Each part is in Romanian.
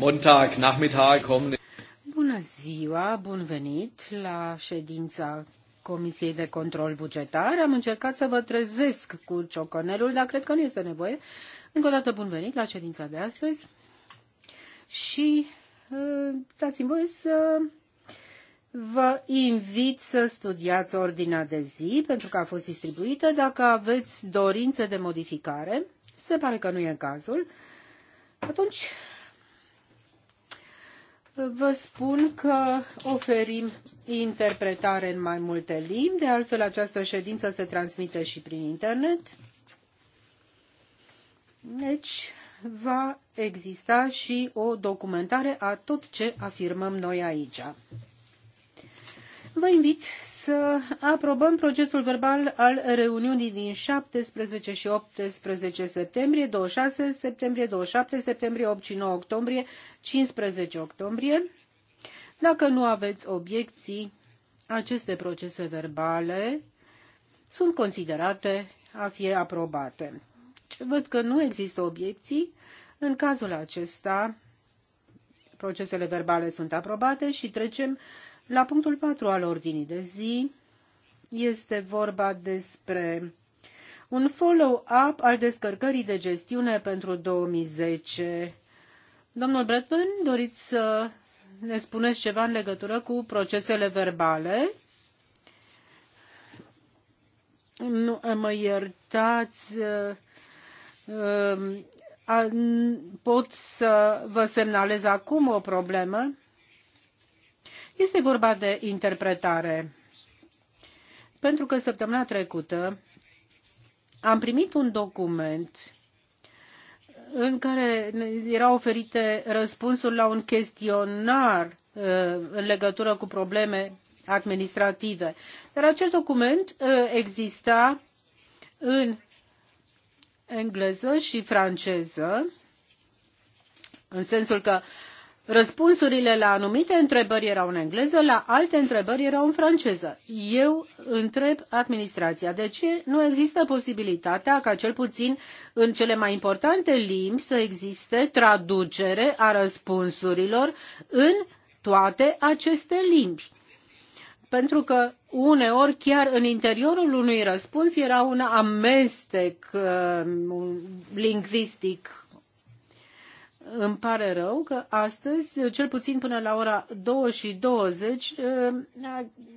Montag, Nachmittag, kommen. Bună ziua, bun venit la ședința Comisiei de Control Bugetar. Am încercat să vă trezesc cu ciocanelul, dar cred că nu este nevoie. Încă o dată bun venit la ședința de astăzi și ă, dați-mi voi să Vă invit să studiați ordinea de zi pentru că a fost distribuită. Dacă aveți dorințe de modificare, se pare că nu e cazul, atunci vă spun că oferim interpretare în mai multe limbi, de altfel această ședință se transmite și prin internet. Deci va exista și o documentare a tot ce afirmăm noi aici. Vă invit să aprobăm procesul verbal al reuniunii din 17 și 18 septembrie, 26 septembrie, 27 septembrie, 8 și 9 octombrie, 15 octombrie. Dacă nu aveți obiecții, aceste procese verbale sunt considerate a fi aprobate. Văd că nu există obiecții. În cazul acesta, procesele verbale sunt aprobate și trecem la punctul 4 al ordinii de zi este vorba despre un follow-up al descărcării de gestiune pentru 2010. Domnul Bretman, doriți să ne spuneți ceva în legătură cu procesele verbale? Nu, mă iertați, uh, uh, pot să vă semnalez acum o problemă? Este vorba de interpretare. Pentru că săptămâna trecută am primit un document în care erau oferite răspunsuri la un chestionar uh, în legătură cu probleme administrative. Dar acel document uh, exista în engleză și franceză, în sensul că Răspunsurile la anumite întrebări erau în engleză, la alte întrebări erau în franceză. Eu întreb administrația de ce nu există posibilitatea ca cel puțin în cele mai importante limbi să existe traducere a răspunsurilor în toate aceste limbi. Pentru că uneori chiar în interiorul unui răspuns era un amestec uh, lingvistic îmi pare rău că astăzi, cel puțin până la ora 2 și 20, eh,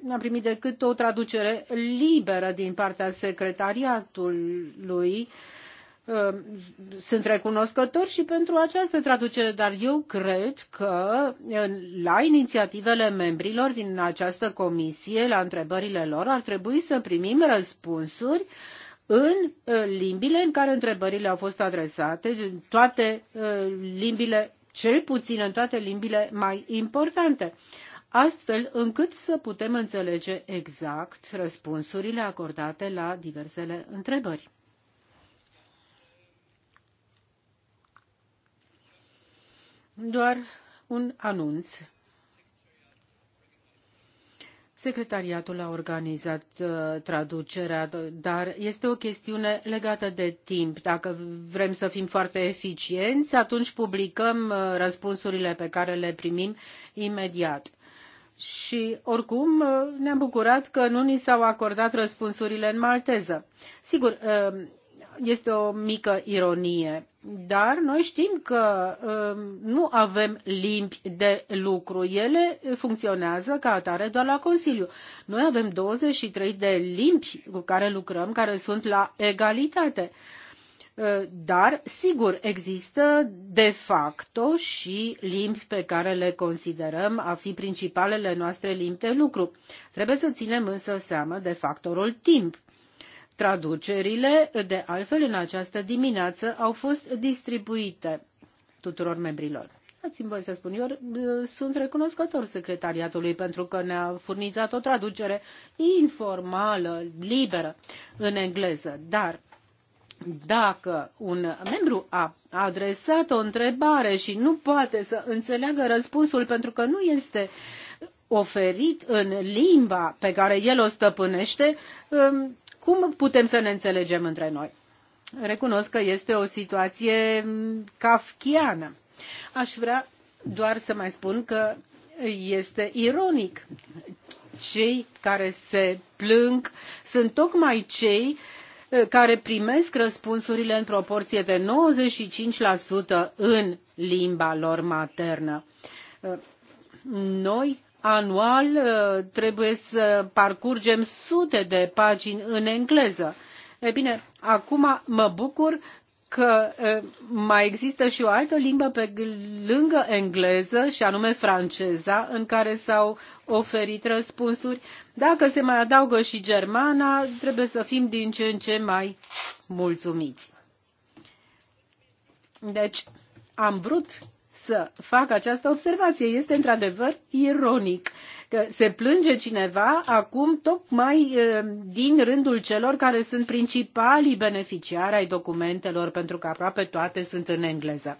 n-am primit decât o traducere liberă din partea secretariatului. Eh, sunt recunoscător și pentru această traducere, dar eu cred că eh, la inițiativele membrilor din această comisie, la întrebările lor, ar trebui să primim răspunsuri uh, în uh, limbile în care întrebările au fost adresate, în toate uh, limbile, cel puțin în toate limbile mai importante, astfel încât să putem înțelege exact răspunsurile acordate la diversele întrebări. Doar un anunț Secretariatul a organizat uh, traducerea, dar este o chestiune legată de timp. Dacă vrem să fim foarte eficienți, atunci publicăm uh, răspunsurile pe care le primim imediat. Și oricum uh, ne-am bucurat că nu ni s-au acordat răspunsurile în malteză. Sigur, uh, este o mică ironie dar noi știm că um, nu avem limbi de lucru. Ele funcționează ca atare doar la Consiliu. Noi avem 23 de limbi cu care lucrăm, care sunt la egalitate uh, dar, sigur, există de facto și limbi pe care le considerăm a fi principalele noastre limbi de lucru. Trebuie să ținem însă seama de factorul timp. Traducerile, de altfel, în această dimineață au fost distribuite tuturor membrilor. ați mi voi să spun, eu uh, sunt recunoscător secretariatului pentru că ne-a furnizat o traducere informală, liberă, în engleză. Dar dacă un membru a adresat o întrebare și nu poate să înțeleagă răspunsul pentru că nu este oferit în limba pe care el o stăpânește, um, cum putem să ne înțelegem între noi? Recunosc că este o situație kafkiană. Aș vrea doar să mai spun că este ironic. Cei care se plâng sunt tocmai cei eh, care primesc răspunsurile în proporție de 95% în limba lor maternă. Eh, noi anual uh, trebuie să parcurgem sute de pagini în engleză. E bine, acum mă bucur că uh, mai există și o altă limbă pe lângă engleză, și anume franceza, în care s-au oferit răspunsuri. Dacă se mai adaugă și germana, trebuie să fim din ce în ce mai mulțumiți. Deci, am vrut să fac această observație. Este într-adevăr ironic că se plânge cineva acum tocmai din rândul celor care sunt principalii beneficiari ai documentelor, pentru că aproape toate sunt în engleză.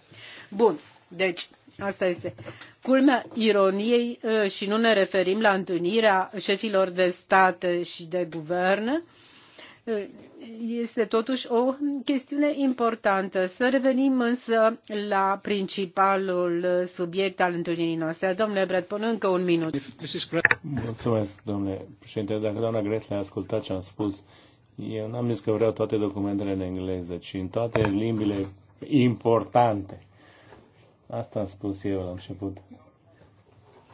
Bun, deci Asta este culmea ironiei și nu ne referim la întâlnirea șefilor de state și de guvern, este totuși o chestiune importantă. Să revenim însă la principalul subiect al întâlnirii noastre. Domnule până încă un minut. Mulțumesc, domnule președinte. Dacă doamna Gresle a ascultat ce am spus, eu n-am zis că vreau toate documentele în engleză, ci în toate limbile importante. Asta am spus eu la început.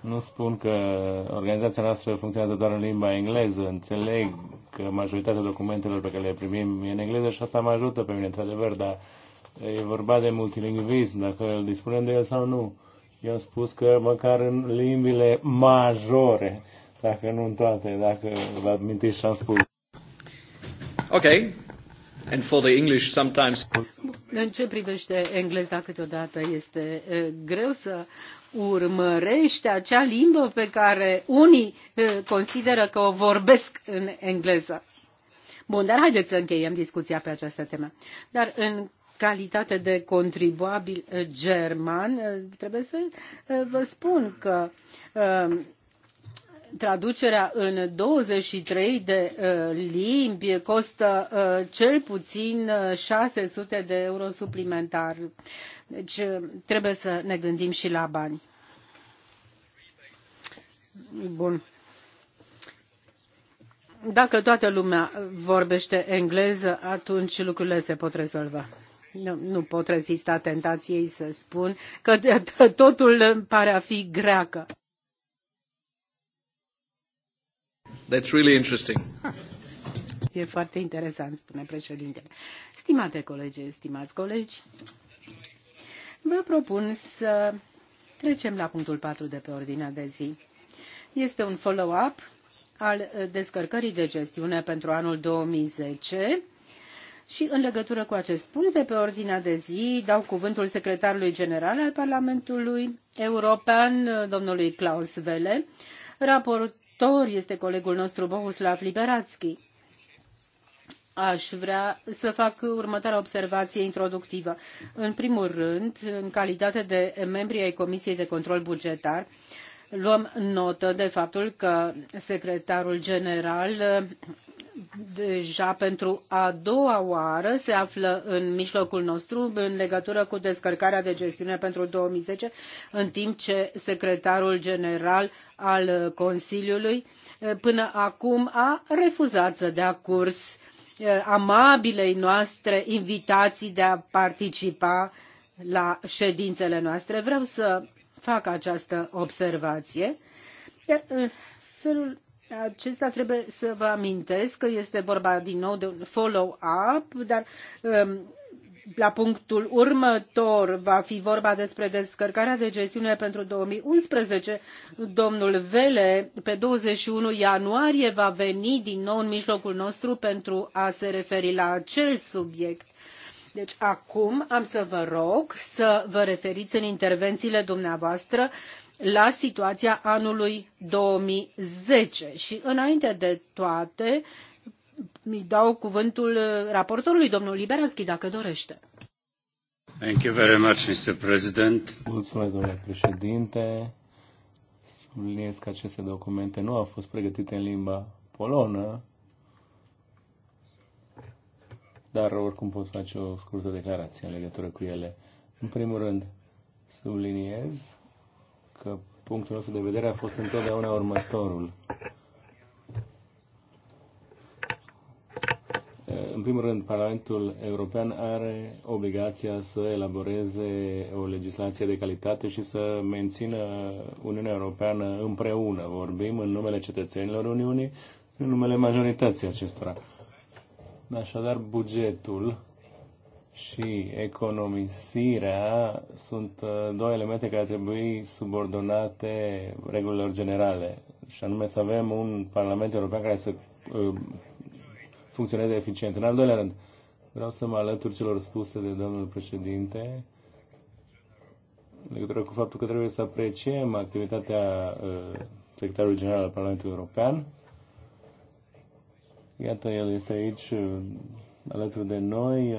Nu spun că organizația noastră funcționează doar în limba engleză. Înțeleg că majoritatea documentelor pe care le primim e în engleză și asta mă ajută pe mine, într-adevăr, dar e vorba de multilingvism, dacă dispunem de el sau nu. Eu am spus că măcar în limbile majore, dacă nu în toate, dacă vă amintiți ce am spus. Ok. And for the English sometimes... În ce privește engleza câteodată este eh, greu să urmărește acea limbă pe care unii eh, consideră că o vorbesc în engleză. Bun, dar haideți să încheiem discuția pe această temă. Dar în calitate de contribuabil german, eh, trebuie să eh, vă spun că traducerea în 23 de uh, limbi costă uh, cel puțin 600 uh, de euro suplimentar. Deci trebuie să ne gândim și la bani. Bun. Dacă toată lumea vorbește engleză, atunci lucrurile se pot rezolva. Nu, nu pot rezista tentației să spun că totul pare a fi greacă. That's really interesting. E foarte interesant, spune președintele. Stimate colegi, stimați colegi, vă propun să trecem la punctul 4 de pe ordinea de zi. Este un follow-up al descărcării de gestiune pentru anul 2010 și în legătură cu acest punct de pe ordinea de zi dau cuvântul secretarului general al Parlamentului European, domnului Klaus Welle, raport raportor este colegul nostru Bohuslav Liberatski. Aș vrea să fac următoarea observație introductivă. În primul rând, în calitate de membri ai Comisiei de Control Bugetar, luăm notă de faptul că secretarul general deja pentru a doua oară se află în mijlocul nostru în legătură cu descărcarea de gestiune pentru 2010, în timp ce secretarul general al Consiliului eh, până acum a refuzat să dea curs eh, amabilei noastre invitații de a participa la ședințele noastre. Vreau să fac această observație. Iar, felul acesta trebuie să vă amintesc că este vorba din nou de un follow-up, dar um, la punctul următor va fi vorba despre descărcarea de gestiune pentru 2011. Domnul Vele, pe 21 ianuarie, va veni din nou în mijlocul nostru pentru a se referi la acel subiect. Deci acum am să vă rog să vă referiți în intervențiile dumneavoastră la situația anului 2010. Și înainte de toate, mi dau cuvântul raportorului, domnul Liberanski, dacă dorește. Thank you very much, Mr. President. Mulțumesc, domnule președinte. Subliniez că aceste documente nu au fost pregătite în limba polonă, dar oricum pot face o scurtă declarație în legătură cu ele. În primul rând, subliniez că punctul nostru de vedere a fost întotdeauna următorul. În primul rând, Parlamentul European are obligația să elaboreze o legislație de calitate și să mențină Uniunea Europeană împreună. Vorbim în numele cetățenilor Uniunii, în numele majorității acestora. Așadar, bugetul și economisirea sunt uh, două elemente care trebuie subordonate regulilor generale. Și anume să avem un Parlament European care să uh, funcționeze eficient. În al doilea rând, vreau să mă alătur celor spuse de domnul președinte în legătură cu faptul că trebuie să apreciem activitatea uh, secretarului general al Parlamentului European. Iată, el este aici alături de noi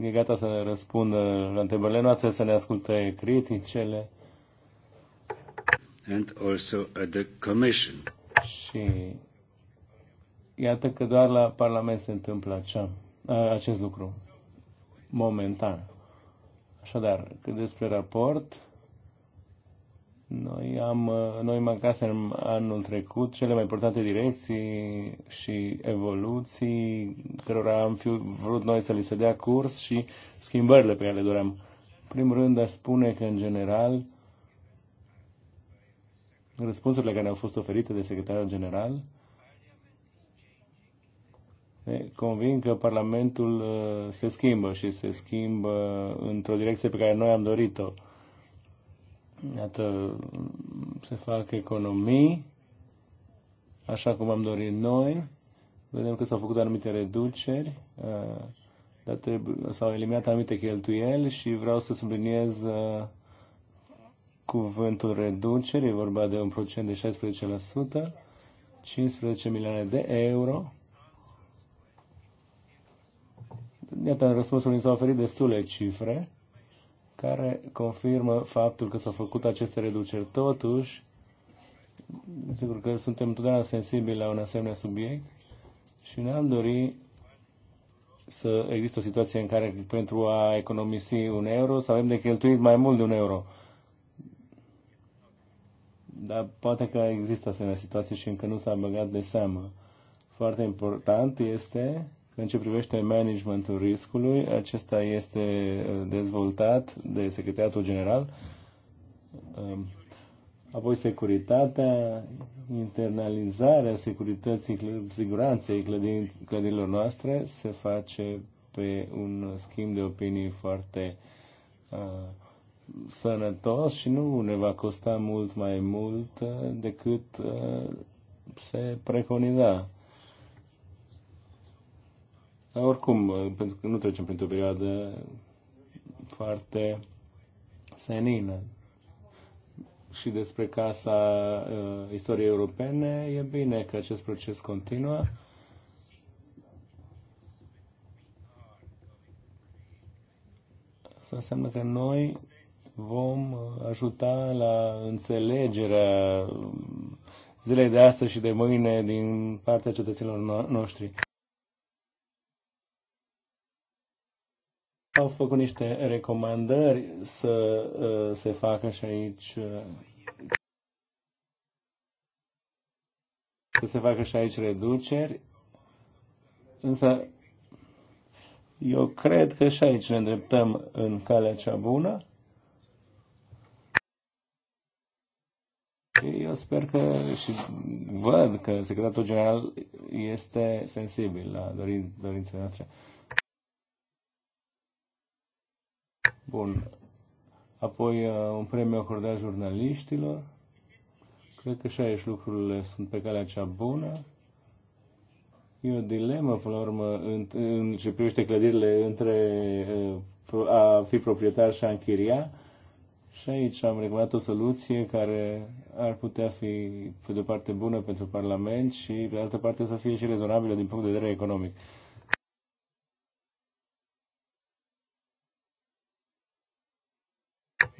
e gata să răspundă la întrebările noastre, să ne asculte criticele. And also at the commission. Și iată că doar la Parlament se întâmplă acea, acest lucru. Momentan. Așadar, cât despre raport, noi am, noi măcasem anul trecut cele mai importante direcții și evoluții cărora am fi vrut noi să li se dea curs și schimbările pe care le doream. În primul rând, aș spune că, în general, răspunsurile care au fost oferite de secretarul general ne convin că Parlamentul uh, se schimbă și se schimbă într-o direcție pe care noi am dorit-o Iată, se fac economii, așa cum am dorit noi. Vedem că s-au făcut anumite reduceri, uh, dar s-au eliminat anumite cheltuieli și vreau să subliniez uh, cuvântul reducere, e vorba de un procent de 16%, 15 milioane de euro. Iată, în răspunsul mi s-au oferit destule cifre care confirmă faptul că s-au făcut aceste reduceri. Totuși, sigur că suntem întotdeauna sensibili la un asemenea subiect și ne-am dorit să există o situație în care pentru a economisi un euro să avem de cheltuit mai mult de un euro. Dar poate că există asemenea situație și încă nu s-a băgat de seamă. Foarte important este în ce privește managementul riscului, acesta este uh, dezvoltat de Secretariatul General. Um, apoi securitatea, internalizarea securității, siguranței clădirilor noastre se face pe un schimb de opinii foarte uh, sănătos și nu ne va costa mult mai mult uh, decât uh, se preconiza. Dar oricum, uh, pentru că nu trecem printr-o perioadă foarte senină. Și despre Casa uh, Istoriei Europene, e bine că acest proces continuă. Asta înseamnă că noi vom uh, ajuta la înțelegerea zilei de astăzi și de mâine din partea cetățenilor noștri. Au făcut niște recomandări să uh, se facă și aici uh, să se facă și aici reduceri, însă eu cred că și aici ne îndreptăm în calea cea bună. Eu sper că și văd că secretarul general este sensibil la dorințele noastre. Bun. Apoi uh, un premiu acordat jurnaliștilor. Cred că și aici lucrurile sunt pe calea cea bună. E o dilemă, până la urmă, în, în ce privește clădirile între uh, a fi proprietar și a închiria. Și aici am recomandat o soluție care ar putea fi, pe de o parte, bună pentru Parlament și, pe de altă parte, să fie și rezonabilă din punct de vedere economic.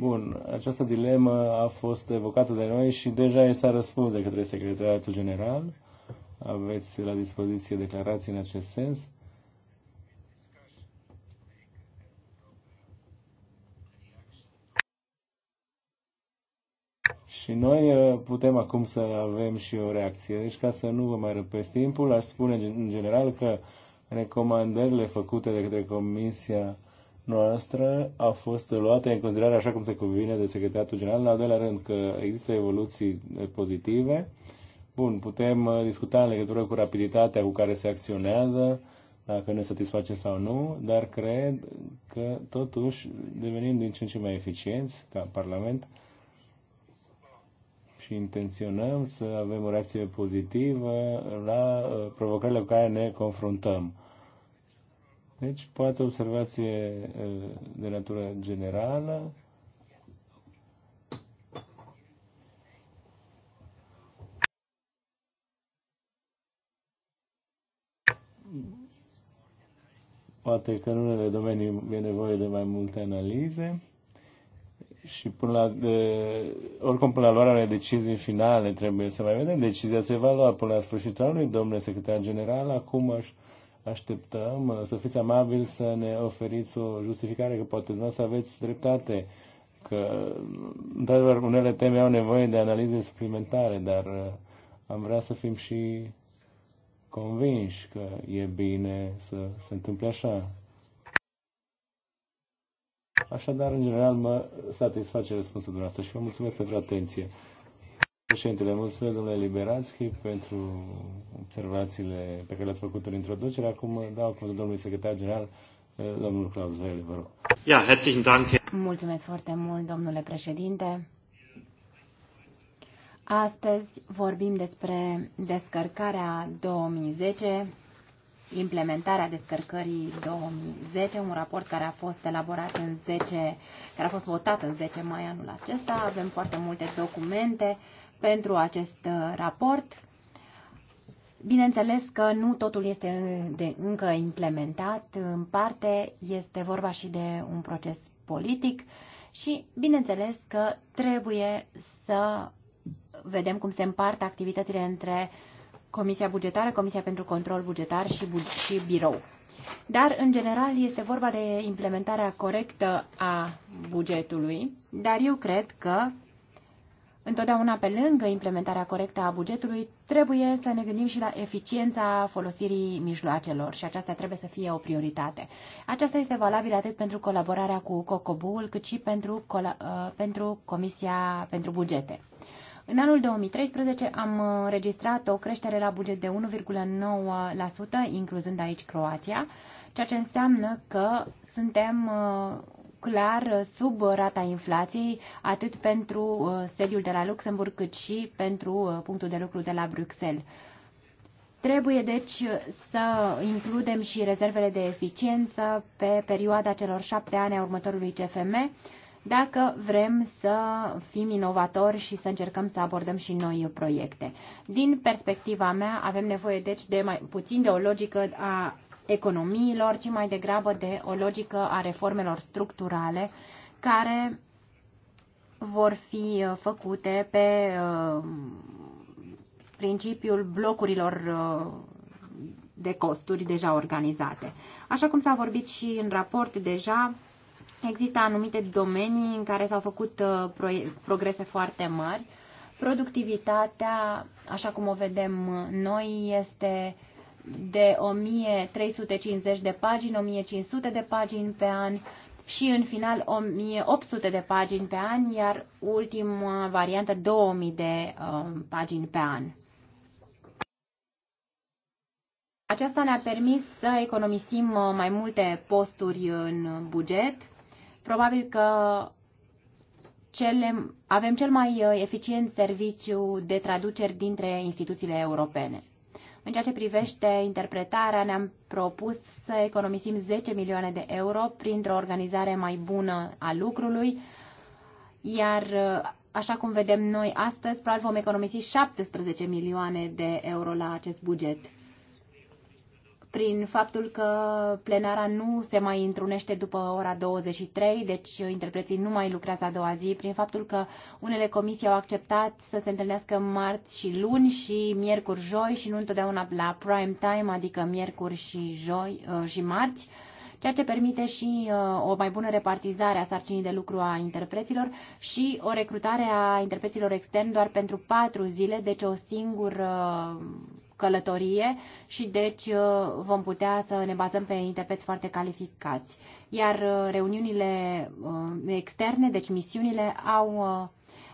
Bun, această dilemă a fost evocată de noi și deja i s-a răspuns de către Secretariatul General. Aveți la dispoziție declarații în acest sens. Și noi uh, putem acum să avem și o reacție. Deci, ca să nu vă mai răpesc timpul, aș spune în general că recomandările făcute de către Comisia noastră a fost luată în considerare așa cum se cuvine de Secretariatul General. În al doilea rând că există evoluții eh, pozitive. Bun, putem eh, discuta în legătură cu rapiditatea cu care se acționează, dacă ne satisface sau nu, dar cred că totuși devenim din ce în ce mai eficienți ca Parlament și intenționăm să avem o reacție pozitivă la eh, provocările cu care ne confruntăm. Deci, poate observație eh, de natură generală. Poate că în unele domenii e nevoie de mai multe analize și până la, de, oricum până la luarea unei decizii finale trebuie să mai vedem. Decizia se va lua până la sfârșitul anului, domnule secretar general. Acum aș așteptăm uh, să fiți amabili să ne oferiți o justificare, că poate dumneavoastră aveți dreptate, că, într-adevăr, unele teme au nevoie de analize suplimentare, dar uh, am vrea să fim și convinși că e bine să se întâmple așa. Așadar, în general, mă satisface răspunsul dumneavoastră și vă mulțumesc pentru atenție. Președintele, mulțumesc domnule Liberațchi pentru observațiile pe care le-ați făcut în introducere. Acum dau cuvântul domnului secretar general, eh, domnul Claus Vele, vă rog. Ja, herzlichen Dank. Mulțumesc foarte mult, domnule președinte. Astăzi vorbim despre descărcarea 2010, implementarea descărcării 2010, un raport care a fost elaborat în 10, care a fost votat în 10 mai anul acesta. Avem foarte multe documente pentru acest uh, raport. Bineînțeles că nu totul este de încă implementat, în parte este vorba și de un proces politic și bineînțeles că trebuie să vedem cum se împart activitățile între Comisia Bugetară, Comisia pentru Control Bugetar și, bu- și Birou. Dar, în general, este vorba de implementarea corectă a bugetului, dar eu cred că Întotdeauna pe lângă implementarea corectă a bugetului, trebuie să ne gândim și la eficiența folosirii mijloacelor și aceasta trebuie să fie o prioritate. Aceasta este valabilă atât pentru colaborarea cu COCOBUL, cât și pentru, uh, pentru Comisia pentru Bugete. În anul 2013 am înregistrat o creștere la buget de 1,9%, incluzând aici Croația, ceea ce înseamnă că suntem uh, clar uh, sub rata inflației, atât pentru uh, sediul de la Luxemburg, cât și pentru uh, punctul de lucru de la Bruxelles. Trebuie deci să includem și rezervele de eficiență pe perioada celor șapte ani a următorului CFM, dacă vrem să fim inovatori și să încercăm să abordăm și noi proiecte. Din perspectiva mea, avem nevoie deci de mai puțin de o logică a economiilor, ci mai degrabă de o logică a reformelor structurale care vor fi uh, făcute pe uh, principiul blocurilor uh, de costuri deja organizate. Așa cum s-a vorbit și în raport deja, există anumite domenii în care s-au făcut progrese foarte mari. Productivitatea, așa cum o vedem noi, este uh, de 1350 de pagini, 1500 de pagini pe an și în final 1800 de pagini pe an, iar ultima variantă 2000 de uh, pagini pe an. Aceasta ne-a permis să economisim uh, mai multe posturi în buget. Probabil că cele, avem cel mai uh, eficient serviciu de traduceri dintre instituțiile europene. În ceea ce privește interpretarea, ne-am propus să economisim 10 milioane de euro printr-o organizare mai bună a lucrului, iar uh, așa cum vedem noi astăzi, probabil vom economisi 17 milioane de euro la acest buget prin faptul că plenara nu se mai întrunește după ora 23, deci interpreții nu mai lucrează a doua zi, prin faptul că unele comisii au acceptat să se întâlnească marți și luni și miercuri, joi și nu întotdeauna la prime time, adică miercuri și joi uh, și marți, ceea ce permite și uh, o mai bună repartizare a sarcinii de lucru a interpreților și o recrutare a interpreților externi doar pentru patru zile, deci o singură călătorie și deci uh, vom putea să ne bazăm pe interpreți foarte calificați. Iar uh, reuniunile uh, externe, deci misiunile, au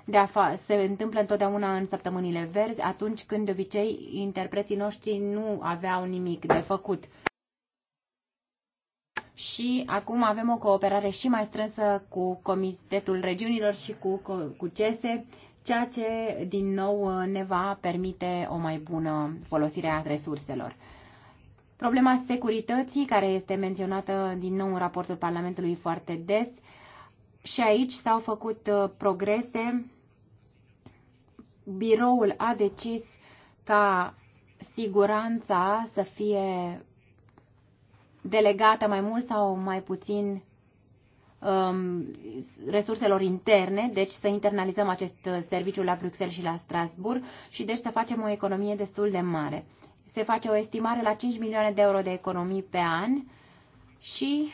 de a fa- se întâmplă întotdeauna în săptămânile verzi, atunci când de obicei interpreții noștri nu aveau nimic de făcut. Și acum avem o cooperare și mai strânsă cu Comitetul Regiunilor și cu, cu CESE ceea ce din nou ne va permite o mai bună folosire a resurselor. Problema securității, care este menționată din nou în raportul Parlamentului foarte des, și aici s-au făcut uh, progrese. Biroul a decis ca siguranța să fie delegată mai mult sau mai puțin um, resurselor interne, deci să internalizăm acest uh, serviciu la Bruxelles și la Strasbourg și deci să facem o economie destul de mare. Se face o estimare la 5 milioane de euro de economii pe an și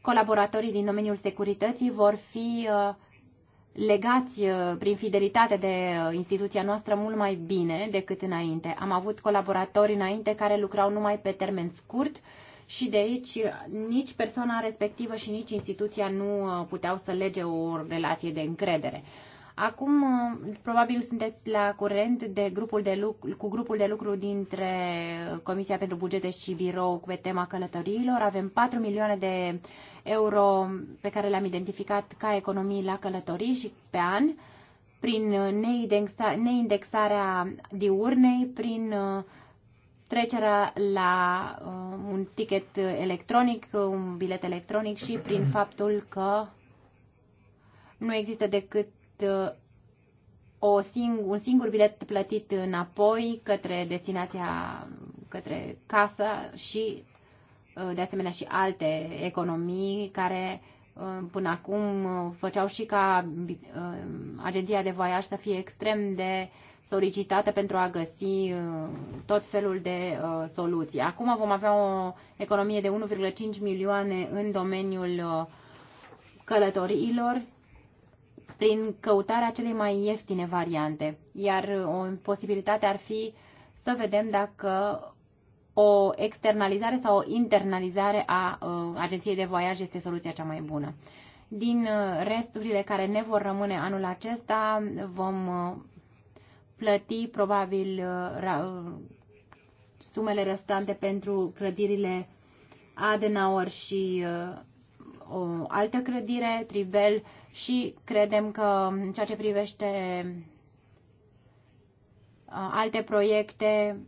colaboratorii din domeniul securității vor fi uh, legați uh, prin fidelitate de instituția noastră mult mai bine decât înainte. Am avut colaboratori înainte care lucrau numai pe termen scurt și de aici nici persoana respectivă și nici instituția nu uh, puteau să lege o relație de încredere. Acum, uh, probabil sunteți la curent de grupul de lucru, cu grupul de lucru dintre uh, Comisia pentru Bugete și Birou pe tema călătoriilor. Avem 4 milioane de euro pe care le-am identificat ca economii la călătorii și pe an, prin neindexarea diurnei, prin uh, trecerea la uh, un ticket electronic, un bilet electronic și prin faptul că nu există decât uh, o sing- un singur bilet plătit înapoi către destinația, către casă și uh, de asemenea și alte economii care până acum făceau și ca agenția de voiaj să fie extrem de solicitate pentru a găsi uh, tot felul de uh, soluții. Acum vom avea o economie de 1,5 milioane în domeniul uh, călătoriilor prin căutarea celei mai ieftine variante. Iar o posibilitate ar fi să vedem dacă o externalizare sau o internalizare a agenției de voiaj este soluția cea mai bună. Din resturile care ne vor rămâne anul acesta, vom plăti probabil uh, uh, sumele restante pentru clădirile Adenauer și uh, o altă clădire, Tribel, și credem că în ceea ce privește alte proiecte,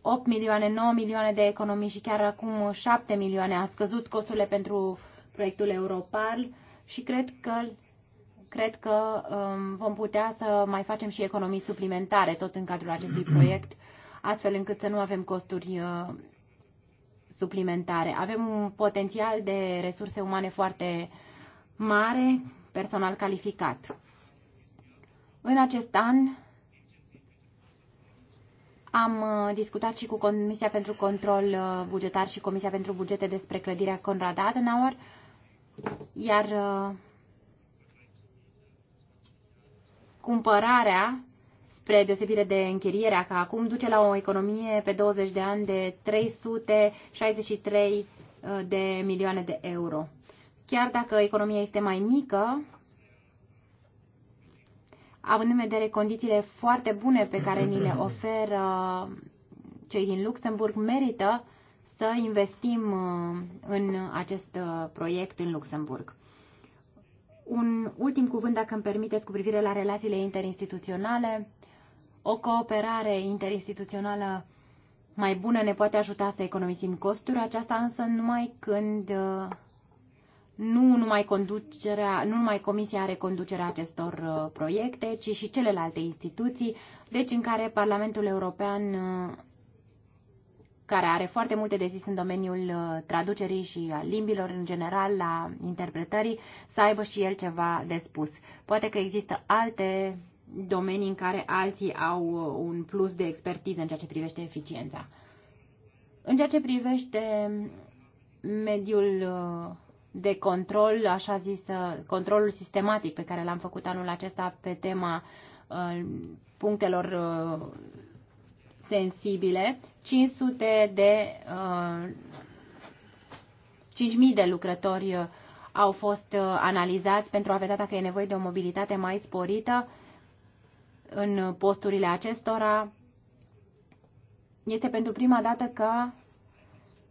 8 milioane, 9 milioane de economii și chiar acum 7 milioane a scăzut costurile pentru proiectul Europarl și cred că cred că um, vom putea să mai facem și economii suplimentare tot în cadrul acestui proiect, astfel încât să nu avem costuri uh, suplimentare. Avem un potențial de resurse umane foarte mare, personal calificat. În acest an am uh, discutat și cu Comisia pentru Control uh, Bugetar și Comisia pentru Bugete despre clădirea Conrad Adenauer, iar cumpărarea, spre deosebire de închirierea, ca acum duce la o economie pe 20 de ani de 363 uh, de milioane de euro. Chiar dacă economia este mai mică, având în vedere condițiile foarte bune pe care ni le oferă cei din Luxemburg, merită să investim uh, în acest uh, proiect în Luxemburg. Un ultim cuvânt, dacă îmi permiteți, cu privire la relațiile interinstituționale. O cooperare interinstituțională mai bună ne poate ajuta să economisim costuri, aceasta însă numai când uh, nu numai, conducerea, nu numai Comisia are conducerea acestor uh, proiecte, ci și celelalte instituții, deci în care Parlamentul European uh, care are foarte multe de zis în domeniul uh, traducerii și a limbilor în general, la interpretării, să aibă și el ceva de spus. Poate că există alte domenii în care alții au uh, un plus de expertiză în ceea ce privește eficiența. În ceea ce privește mediul uh, de control, așa zis, controlul sistematic pe care l-am făcut anul acesta pe tema punctelor sensibile, 500 de uh, 5.000 de lucrători uh, au fost uh, analizați pentru a vedea dacă e nevoie de o mobilitate mai sporită în posturile acestora. Este pentru prima dată că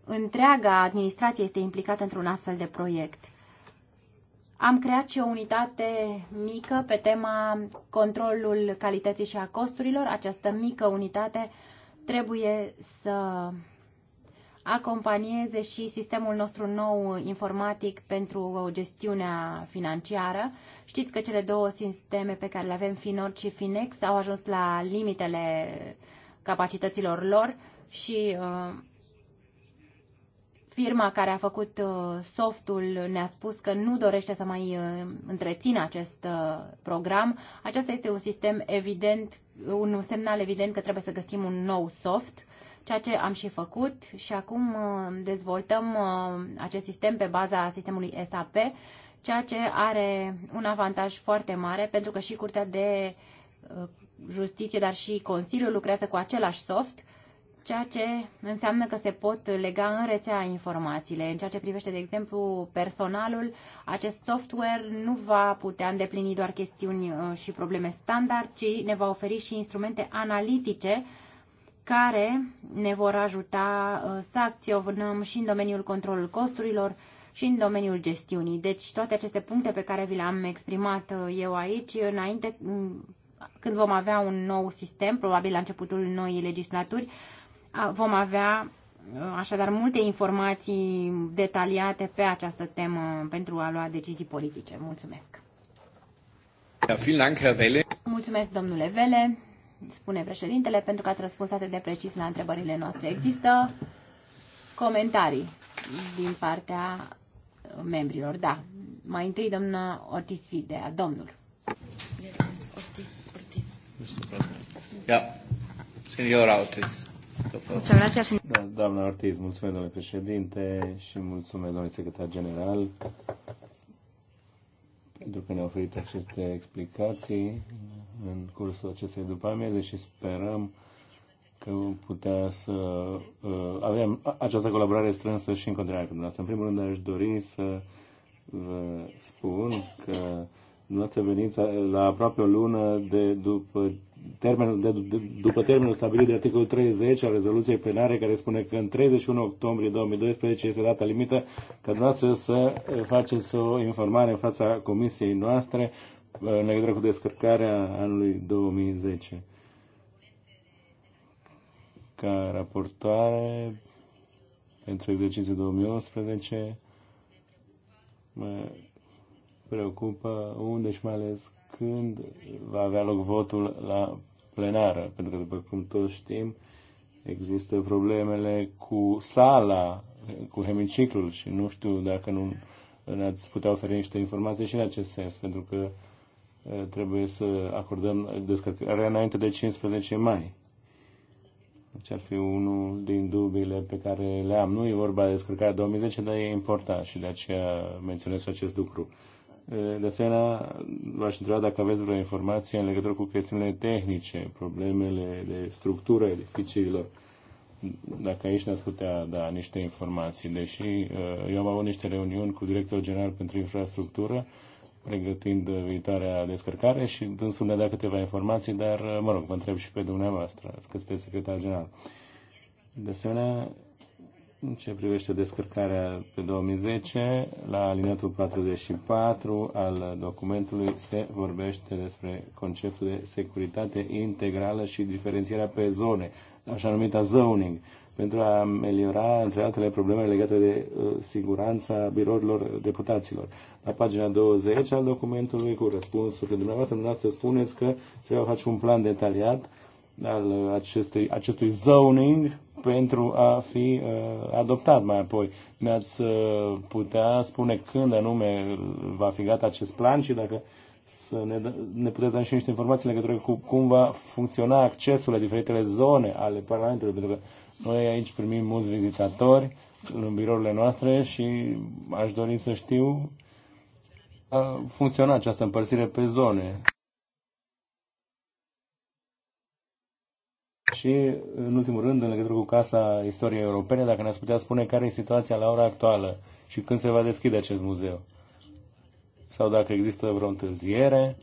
întreaga administrație este implicată într-un astfel de proiect. Am creat și o unitate mică pe tema controlul calității și a costurilor. Această mică unitate trebuie să acompanieze și sistemul nostru nou informatic pentru gestiunea financiară. Știți că cele două sisteme pe care le avem, Finor și Finex, au ajuns la limitele capacităților lor și uh, Firma care a făcut uh, softul ne-a spus că nu dorește să mai uh, întrețină acest uh, program. Acesta este un sistem evident, un semnal evident că trebuie să găsim un nou soft, ceea ce am și făcut și acum dezvoltăm acest sistem pe baza sistemului SAP, ceea ce are un avantaj foarte mare pentru că și Curtea de Justiție, dar și Consiliul lucrează cu același soft ceea ce înseamnă că se pot lega în rețea informațiile. În ceea ce privește, de exemplu, personalul, acest software nu va putea îndeplini doar chestiuni uh, și probleme standard, ci ne va oferi și instrumente analitice care ne vor ajuta uh, să acționăm și în domeniul controlul costurilor și în domeniul gestiunii. Deci toate aceste puncte pe care vi le-am exprimat uh, eu aici, înainte mm, când vom avea un nou sistem, probabil la începutul noii legislaturi, Vom avea uh, așadar multe informații detaliate pe această temă pentru a lua decizii politice. Mulțumesc! Mulțumesc, domnule Vele, spune președintele, pentru că ați răspuns atât de precis la întrebările noastre. Există comentarii din partea membrilor. Da. Mai întâi, doamna Ortiz Fidea, domnul. Ortiz, Ortiz. Yeah, Ortiz. Mulțumesc. Da, doamna Ortiz, mulțumesc, domnule președinte, și mulțumesc, domnule secretar general, pentru că ne-a oferit aceste explicații în cursul acestei după amieze și sperăm că vom putea să uh, avem această colaborare strânsă și în continuare cu dumneavoastră. În primul rând aș dori să vă spun că dumneavoastră veniți la aproape o lună de după termenul, de, de, după termenul stabilit de articolul 30 al rezoluției plenare, care spune că în 31 octombrie 2012 este data limită ca dumneavoastră să eh, faceți o informare în fața comisiei noastre eh, în legătură cu descărcarea anului 2010. Ca raportoare pentru exercițiul 2011 mă preocupă unde și mai ales când va avea loc votul la plenară, pentru că, după cum toți știm, există problemele cu sala, cu hemiciclul și nu știu dacă nu ne-ați putea oferi niște informații și în acest sens, pentru că uh, trebuie să acordăm descărcarea înainte de 15 mai. Deci ar fi unul din dubiile pe care le am. Nu e vorba de descărcarea 2010, dar e important și de aceea menționez acest lucru. De asemenea, v-aș întreba dacă aveți vreo informație în legătură cu chestiunile tehnice, problemele de structură edificiilor. Dacă aici ne-ați putea da niște informații, deși eu am avut niște reuniuni cu directorul general pentru infrastructură, pregătind viitoarea descărcare și dânsul ne dat câteva informații, dar, mă rog, vă întreb și pe dumneavoastră, că sunteți secretar general. De asemenea, în ce privește descărcarea pe 2010, la alineatul 44 al documentului se vorbește despre conceptul de securitate integrală și diferențierea pe zone, așa numita zoning, pentru a ameliora, între altele, probleme legate de uh, siguranța birourilor deputaților. La pagina 20 al documentului, cu răspunsurile dumneavoastră, dumneavoastră spuneți că se va face un plan detaliat al acestui, acestui zoning, pentru a fi uh, adoptat mai apoi. Ne-ați uh, putea spune când anume va fi gata acest plan și dacă să ne, ne puteți da și niște informații legătură cu cum va funcționa accesul la diferitele zone ale Parlamentului, pentru că noi aici primim mulți vizitatori în birourile noastre și aș dori să știu a uh, funcționa această împărțire pe zone. Și, în ultimul rând, în legătură cu Casa Istoriei Europene, dacă ne-ați putea spune care e situația la ora actuală și când se va deschide acest muzeu. Sau dacă există vreo întârziere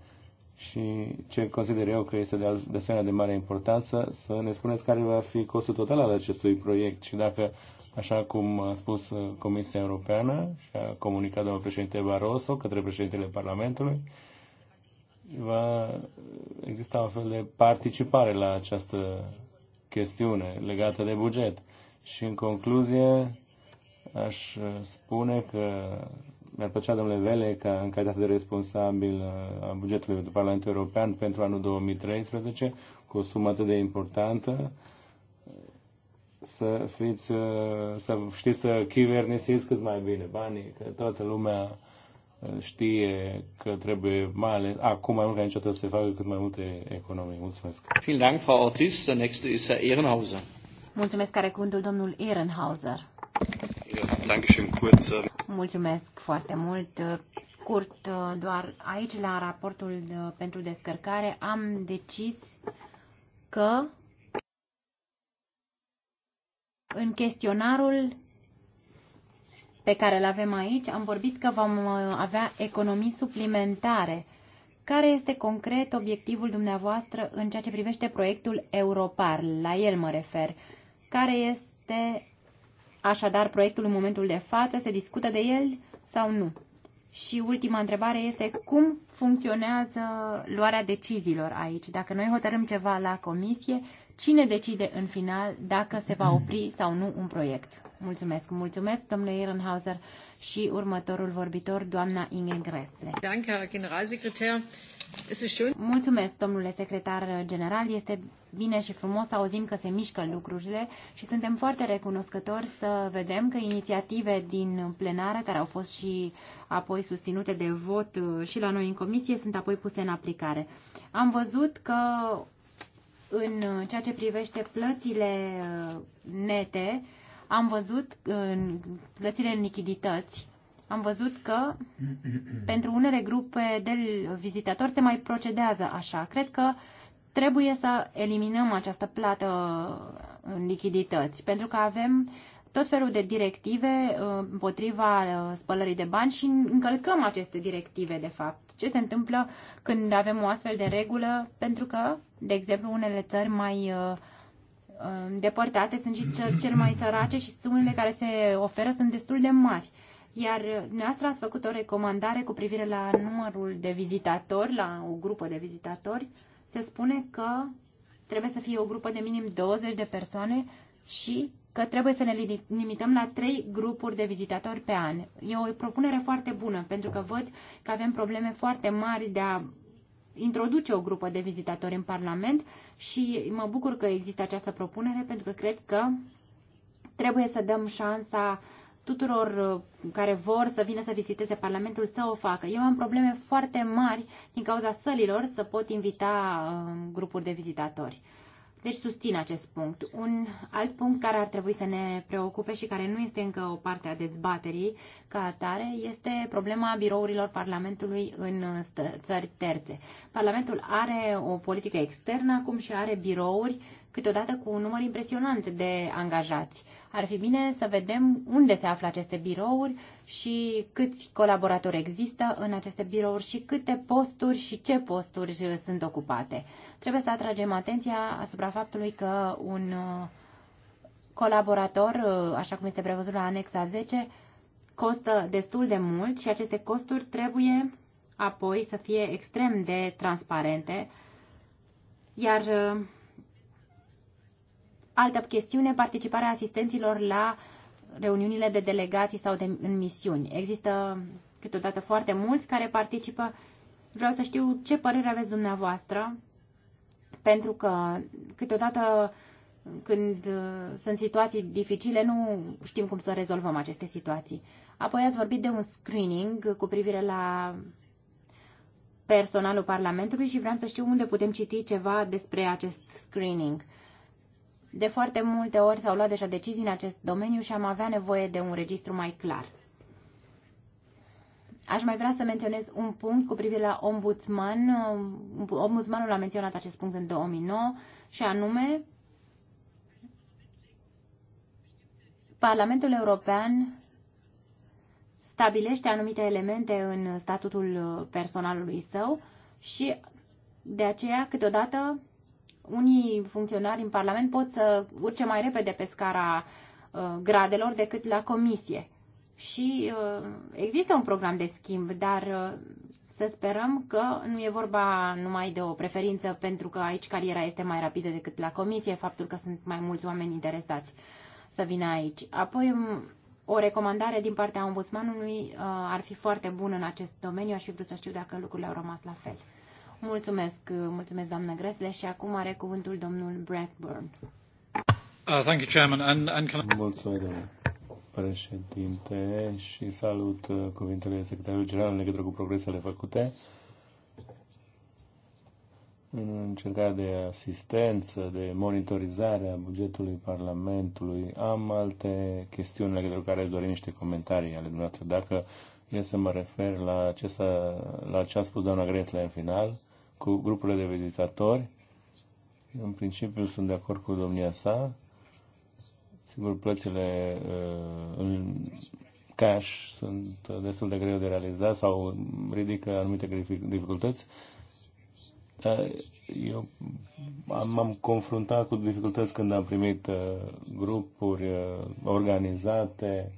și ce consider eu că este de, de asemenea de mare importanță, să ne spuneți care va fi costul total al acestui proiect și dacă, așa cum a spus Comisia Europeană și a comunicat domnul președinte Barroso către președintele Parlamentului, va exista un fel de participare la această chestiune legată de buget. Și în concluzie, aș spune că mi-ar plăcea, domnule Vele, ca în calitate de responsabil uh, a bugetului de Parlamentul European pentru anul 2013, cu o sumă atât de importantă, să fiți, uh, să știți să chiverniseți cât mai bine banii, că toată lumea știe că trebuie mai ales acum mai mult ca niciodată să se facă cât mai multe economii. Mulțumesc. Vielen Dank, Frau Ortiz. Der nächste ist Herr Ehrenhauser. Mulțumesc, care cuvântul domnul Ehrenhauser. Dankeschön, kurz. Äh, Mulțumesc foarte mult. Scurt, äh, doar aici, la raportul pentru descărcare, am decis că în chestionarul pe care îl avem aici, am vorbit că vom uh, avea economii suplimentare. Care este concret obiectivul dumneavoastră în ceea ce privește proiectul Europar? La el mă refer. Care este așadar proiectul în momentul de față? Se discută de el sau nu? Și ultima întrebare este cum funcționează luarea deciziilor aici. Dacă noi hotărâm ceva la comisie, Cine decide în final dacă se va opri sau nu un proiect? Mulțumesc, mulțumesc, domnule Ehrenhauser și următorul vorbitor, doamna Inge Gresle. Danke, generalsecretar. Mulțumesc, domnule secretar general. Este bine și frumos să auzim că se mișcă lucrurile și suntem foarte recunoscători să vedem că inițiative din plenară, care au fost și apoi susținute de vot uh, și la noi în comisie, sunt apoi puse în aplicare. Am văzut că în uh, ceea ce privește plățile uh, nete, am văzut uh, în plățile în lichidități, am văzut că pentru unele grupe de vizitatori se mai procedează așa. Cred că trebuie să eliminăm această plată în lichidități, pentru că avem tot felul de directive uh, împotriva uh, spălării de bani și încălcăm aceste directive, de fapt. Ce se întâmplă când avem o astfel de regulă? Pentru că, de exemplu, unele țări mai uh, depărtate sunt și cel mai sărace și sumele care se oferă sunt destul de mari. Iar dumneavoastră ați făcut o recomandare cu privire la numărul de vizitatori, la o grupă de vizitatori. Se spune că trebuie să fie o grupă de minim 20 de persoane și că trebuie să ne limităm la trei grupuri de vizitatori pe an. E o propunere foarte bună, pentru că văd că avem probleme foarte mari de a introduce o grupă de vizitatori în Parlament și mă bucur că există această propunere, pentru că cred că trebuie să dăm șansa tuturor uh, care vor să vină să viziteze Parlamentul să o facă. Eu am probleme foarte mari din cauza sălilor să pot invita uh, grupuri de vizitatori. Deci susțin acest punct. Un alt punct care ar trebui să ne preocupe și care nu este încă o parte a dezbaterii ca atare este problema birourilor Parlamentului în țări terțe. Parlamentul are o politică externă acum și are birouri câteodată cu un număr impresionant de angajați. Ar fi bine să vedem unde se află aceste birouri și câți colaboratori există în aceste birouri și câte posturi și ce posturi sunt ocupate. Trebuie să atragem atenția asupra faptului că un uh, colaborator, uh, așa cum este prevăzut la anexa 10, costă destul de mult și aceste costuri trebuie apoi să fie extrem de transparente, iar uh, Altă chestiune, participarea asistenților la reuniunile de delegații sau de în misiuni. Există câteodată foarte mulți care participă. Vreau să știu ce părere aveți dumneavoastră, pentru că câteodată când uh, sunt situații dificile, nu știm cum să rezolvăm aceste situații. Apoi ați vorbit de un screening cu privire la personalul Parlamentului și vreau să știu unde putem citi ceva despre acest screening. De foarte multe ori s-au luat deja decizii în acest domeniu și am avea nevoie de un registru mai clar. Aș mai vrea să menționez un punct cu privire la ombudsman. Ombudsmanul a menționat acest punct în 2009 și anume Parlamentul European stabilește anumite elemente în statutul personalului său și de aceea câteodată unii funcționari în Parlament pot să urce mai repede pe scara uh, gradelor decât la comisie. Și uh, există un program de schimb, dar uh, să sperăm că nu e vorba numai de o preferință pentru că aici cariera este mai rapidă decât la comisie, faptul că sunt mai mulți oameni interesați să vină aici. Apoi, um, o recomandare din partea ombudsmanului ar fi foarte bună în acest domeniu. Aș fi vrut să știu dacă lucrurile au rămas la fel. Mulțumesc, mulțumesc doamnă Gresle și acum are cuvântul domnul Blackburn. Uh, thank you, Chairman. And, and can I... Mulțumesc, doamnă președinte, și salut uh, cuvintele secretarului general în legătură cu progresele făcute în încercarea de asistență, de monitorizare a bugetului Parlamentului. Am alte chestiuni legătură cu care aș dori niște comentarii ale dumneavoastră. Dacă e să mă refer la ce, a la ce a spus doamna Gresle în final, cu grupurile de vizitatori. În principiu sunt de acord cu domnia sa. Sigur, plățile uh, în cash sunt destul de greu de realizat sau ridică anumite dificultăți. Eu m-am confruntat cu dificultăți când am primit uh, grupuri uh, organizate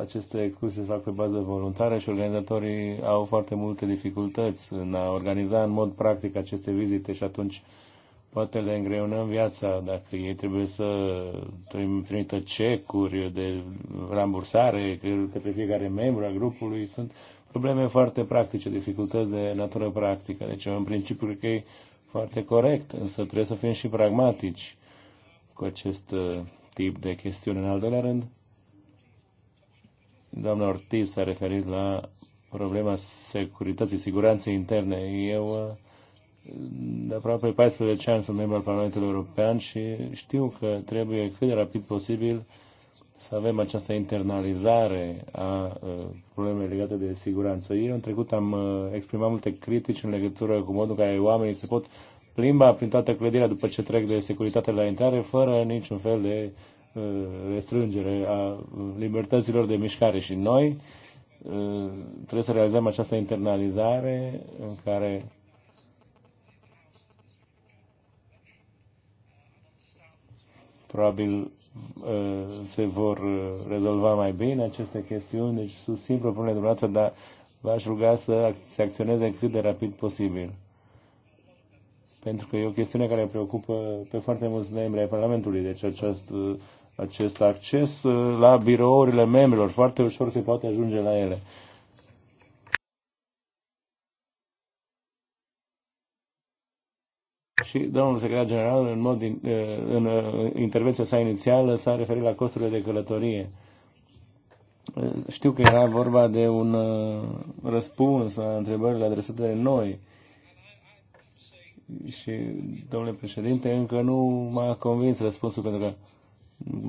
aceste excursii se fac pe bază voluntară și organizatorii au foarte multe dificultăți în a organiza în mod practic aceste vizite și atunci poate le îngreunăm viața dacă ei trebuie să trimită cecuri de rambursare către fiecare membru a grupului. Sunt probleme foarte practice, dificultăți de natură practică. Deci, în principiu, cred că e foarte corect, însă trebuie să fim și pragmatici cu acest uh, tip de chestiuni. În al doilea rând, Doamna Ortiz s-a referit la problema securității, siguranței interne. Eu uh, de aproape 14 ani sunt membru al Parlamentului European și știu că trebuie cât de rapid posibil să avem această internalizare a uh, problemei legate de siguranță. Eu în trecut am uh, exprimat multe critici în legătură cu modul în care oamenii se pot plimba prin toată clădirea după ce trec de securitate la intrare, fără niciun fel de Uh, restrângere a uh, libertăților de mișcare și noi uh, trebuie să realizăm această internalizare în care probabil se vor rezolva mai bine aceste chestiuni, deci susțin propunerea dumneavoastră, dar v-aș ruga să se acționeze cât de rapid posibil. Pentru că e o chestiune care preocupă pe foarte mulți membri ai Parlamentului, deci această acest acces uh, la birourile membrilor. Foarte ușor se poate ajunge la ele. Și domnul secretar general, în, mod, din, uh, în uh, intervenția sa inițială, s-a referit la costurile de călătorie. Știu că era vorba de un răspuns la întrebările adresate de noi. Și, domnule președinte, încă nu m-a convins răspunsul, pentru că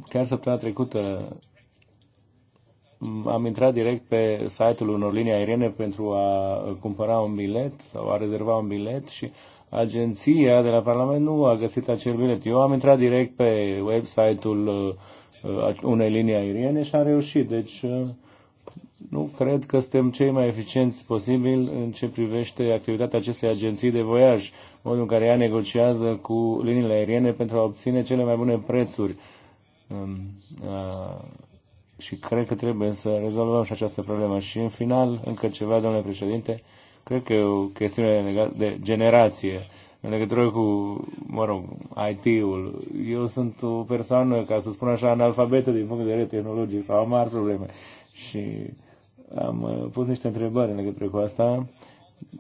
Chiar săptămâna trecută am intrat direct pe site-ul unor linii aeriene pentru a cumpăra un bilet sau a rezerva un bilet și agenția de la Parlament nu a găsit acel bilet. Eu am intrat direct pe website-ul uh, unei linii aeriene și am reușit. Deci uh, nu cred că suntem cei mai eficienți posibil în ce privește activitatea acestei agenții de voiaj, modul în care ea negociază cu liniile aeriene pentru a obține cele mai bune prețuri și cred că trebuie să rezolvăm și această problemă. Și în final, încă ceva, domnule președinte, cred că e o chestiune de generație. În legătură cu, mă rog, IT-ul, eu sunt o persoană, ca să spun așa, analfabetă din punct de vedere tehnologic sau am mari probleme. Și am uh, pus niște întrebări în legătură cu asta,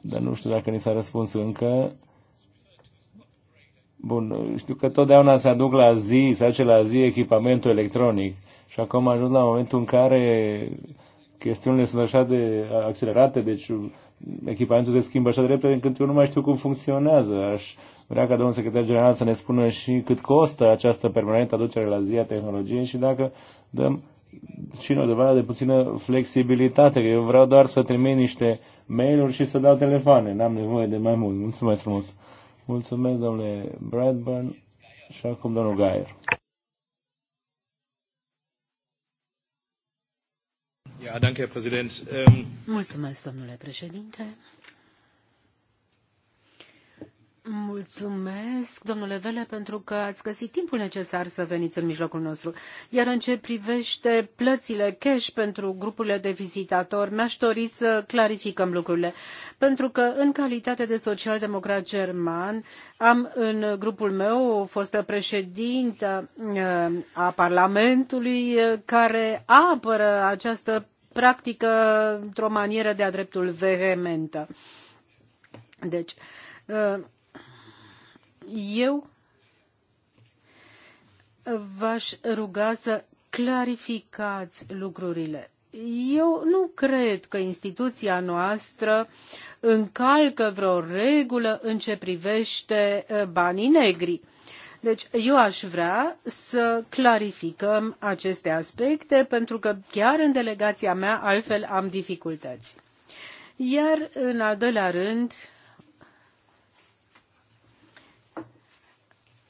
dar nu știu dacă ni s-a răspuns încă Bun, știu că totdeauna se aduc la zi, se aduce la zi echipamentul electronic și acum ajung la momentul în care chestiunile sunt așa de accelerate, deci echipamentul se schimbă așa de repede încât eu nu mai știu cum funcționează. Aș vrea ca domnul secretar general să ne spună și cât costă această permanentă aducere la zi a tehnologiei și dacă dăm și noi dovadă de puțină flexibilitate, că eu vreau doar să trimit niște mail-uri și să dau telefoane, n-am nevoie de mai mult. Mulțumesc frumos! Mulțumesc, domnule Bradburn, și acum domnul Gaier. Ähm, Mulțumesc, domnule președinte. Mulțumesc, domnule Vele, pentru că ați găsit timpul necesar să veniți în mijlocul nostru. Iar în ce privește plățile cash pentru grupurile de vizitatori, mi-aș dori să clarificăm lucrurile. Pentru că, în calitate de social-democrat german, am în grupul meu o fostă președintă eh, a Parlamentului eh, care apără această practică într-o manieră de-a dreptul vehementă. Deci, eh, eu v-aș ruga să clarificați lucrurile. Eu nu cred că instituția noastră încalcă vreo regulă în ce privește eh, banii negri. Deci eu aș vrea să clarificăm aceste aspecte pentru că chiar în delegația mea altfel am dificultăți. Iar în al doilea rând,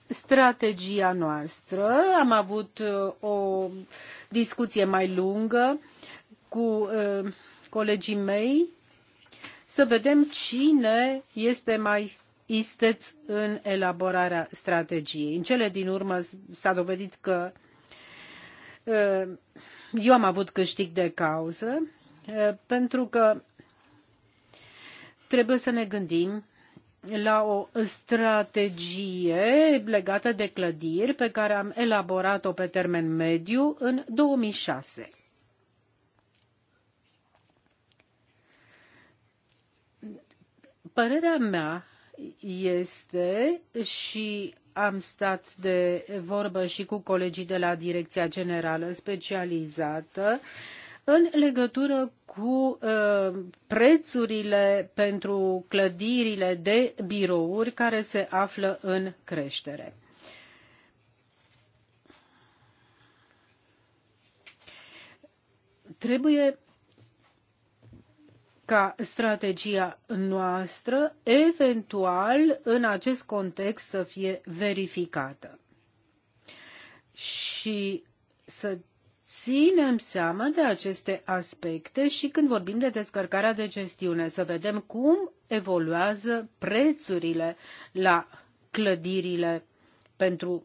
strategia noastră. Am avut uh, o discuție mai lungă cu uh, colegii mei să vedem cine este mai isteț în elaborarea strategiei. În cele din urmă s-a dovedit că uh, eu am avut câștig de cauză pentru că trebuie să ne gândim la o strategie legată de clădiri pe care am elaborat-o pe termen mediu în 2006. Părerea mea este și am stat de vorbă și cu colegii de la Direcția Generală Specializată uh, în legătură cu uh, prețurile pentru clădirile de birouri care se află în creștere. Trebuie ca strategia noastră eventual în acest context să fie verificată și să ținem seama de aceste aspecte și când vorbim de descărcarea de gestiune, să vedem cum evoluează prețurile la clădirile pentru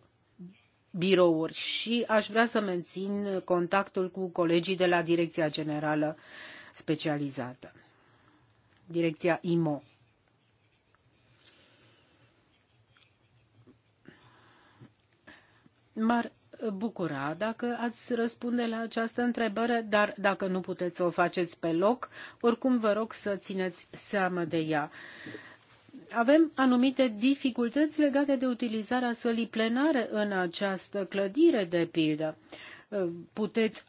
birouri și aș vrea să mențin contactul cu colegii de la Direcția Generală Specializată, Direcția IMO. Mar- bucura dacă ați răspunde la această întrebare, dar dacă nu puteți să o faceți pe loc, oricum vă rog să țineți seamă de ea. Avem anumite dificultăți legate de utilizarea sălii plenare în această clădire, de pildă. Puteți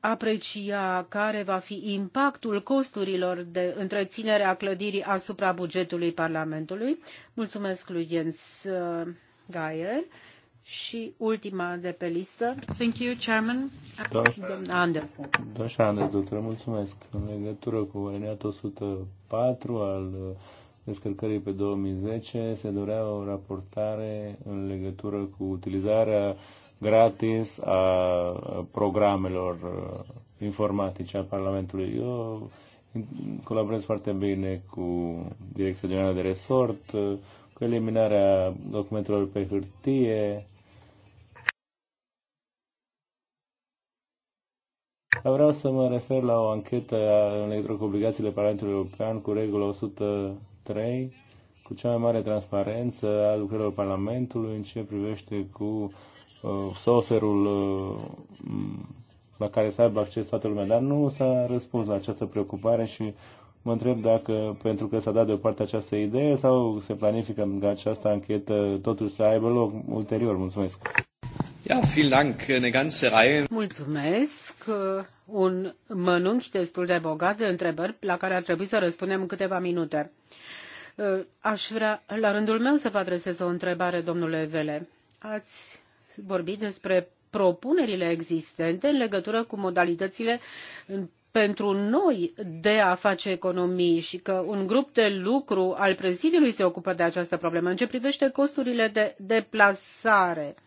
aprecia care va fi impactul costurilor de întreținere a clădirii asupra bugetului Parlamentului. Mulțumesc lui Jens uh, Geier și ultima de pe listă. Thank you, Chairman. Da. Doamna Anderson. Doamna Anderson, mulțumesc. În legătură cu alineatul 104 al uh, descărcării pe 2010 se dorea o raportare în legătură cu utilizarea gratis a programelor uh, informatice a Parlamentului. Eu colaborez foarte bine cu Direcția Generală de Resort, uh, cu eliminarea documentelor pe hârtie, Vreau să mă refer la o anchetă în legătură cu obligațiile Parlamentului European cu regula 103 cu cea mai mare transparență a lucrărilor Parlamentului în ce privește cu uh, software-ul uh, la care să aibă acces toată lumea. Dar nu s-a răspuns la această preocupare și mă întreb dacă, pentru că s-a dat deoparte această idee, sau se planifică ca această anchetă totuși să aibă loc ulterior. Mulțumesc! Ja, vielen Dank. Eine ganze Reihe. Mulțumesc. Un mănunchi destul de bogat de întrebări la care ar trebui să răspundem în câteva minute. Aș vrea, la rândul meu, să vă adresez o întrebare, domnule Vele. Ați vorbit despre propunerile existente în legătură cu modalitățile pentru noi de a face economii și că un grup de lucru al prezidiului se ocupă de această problemă în ce privește costurile de deplasare. Uh,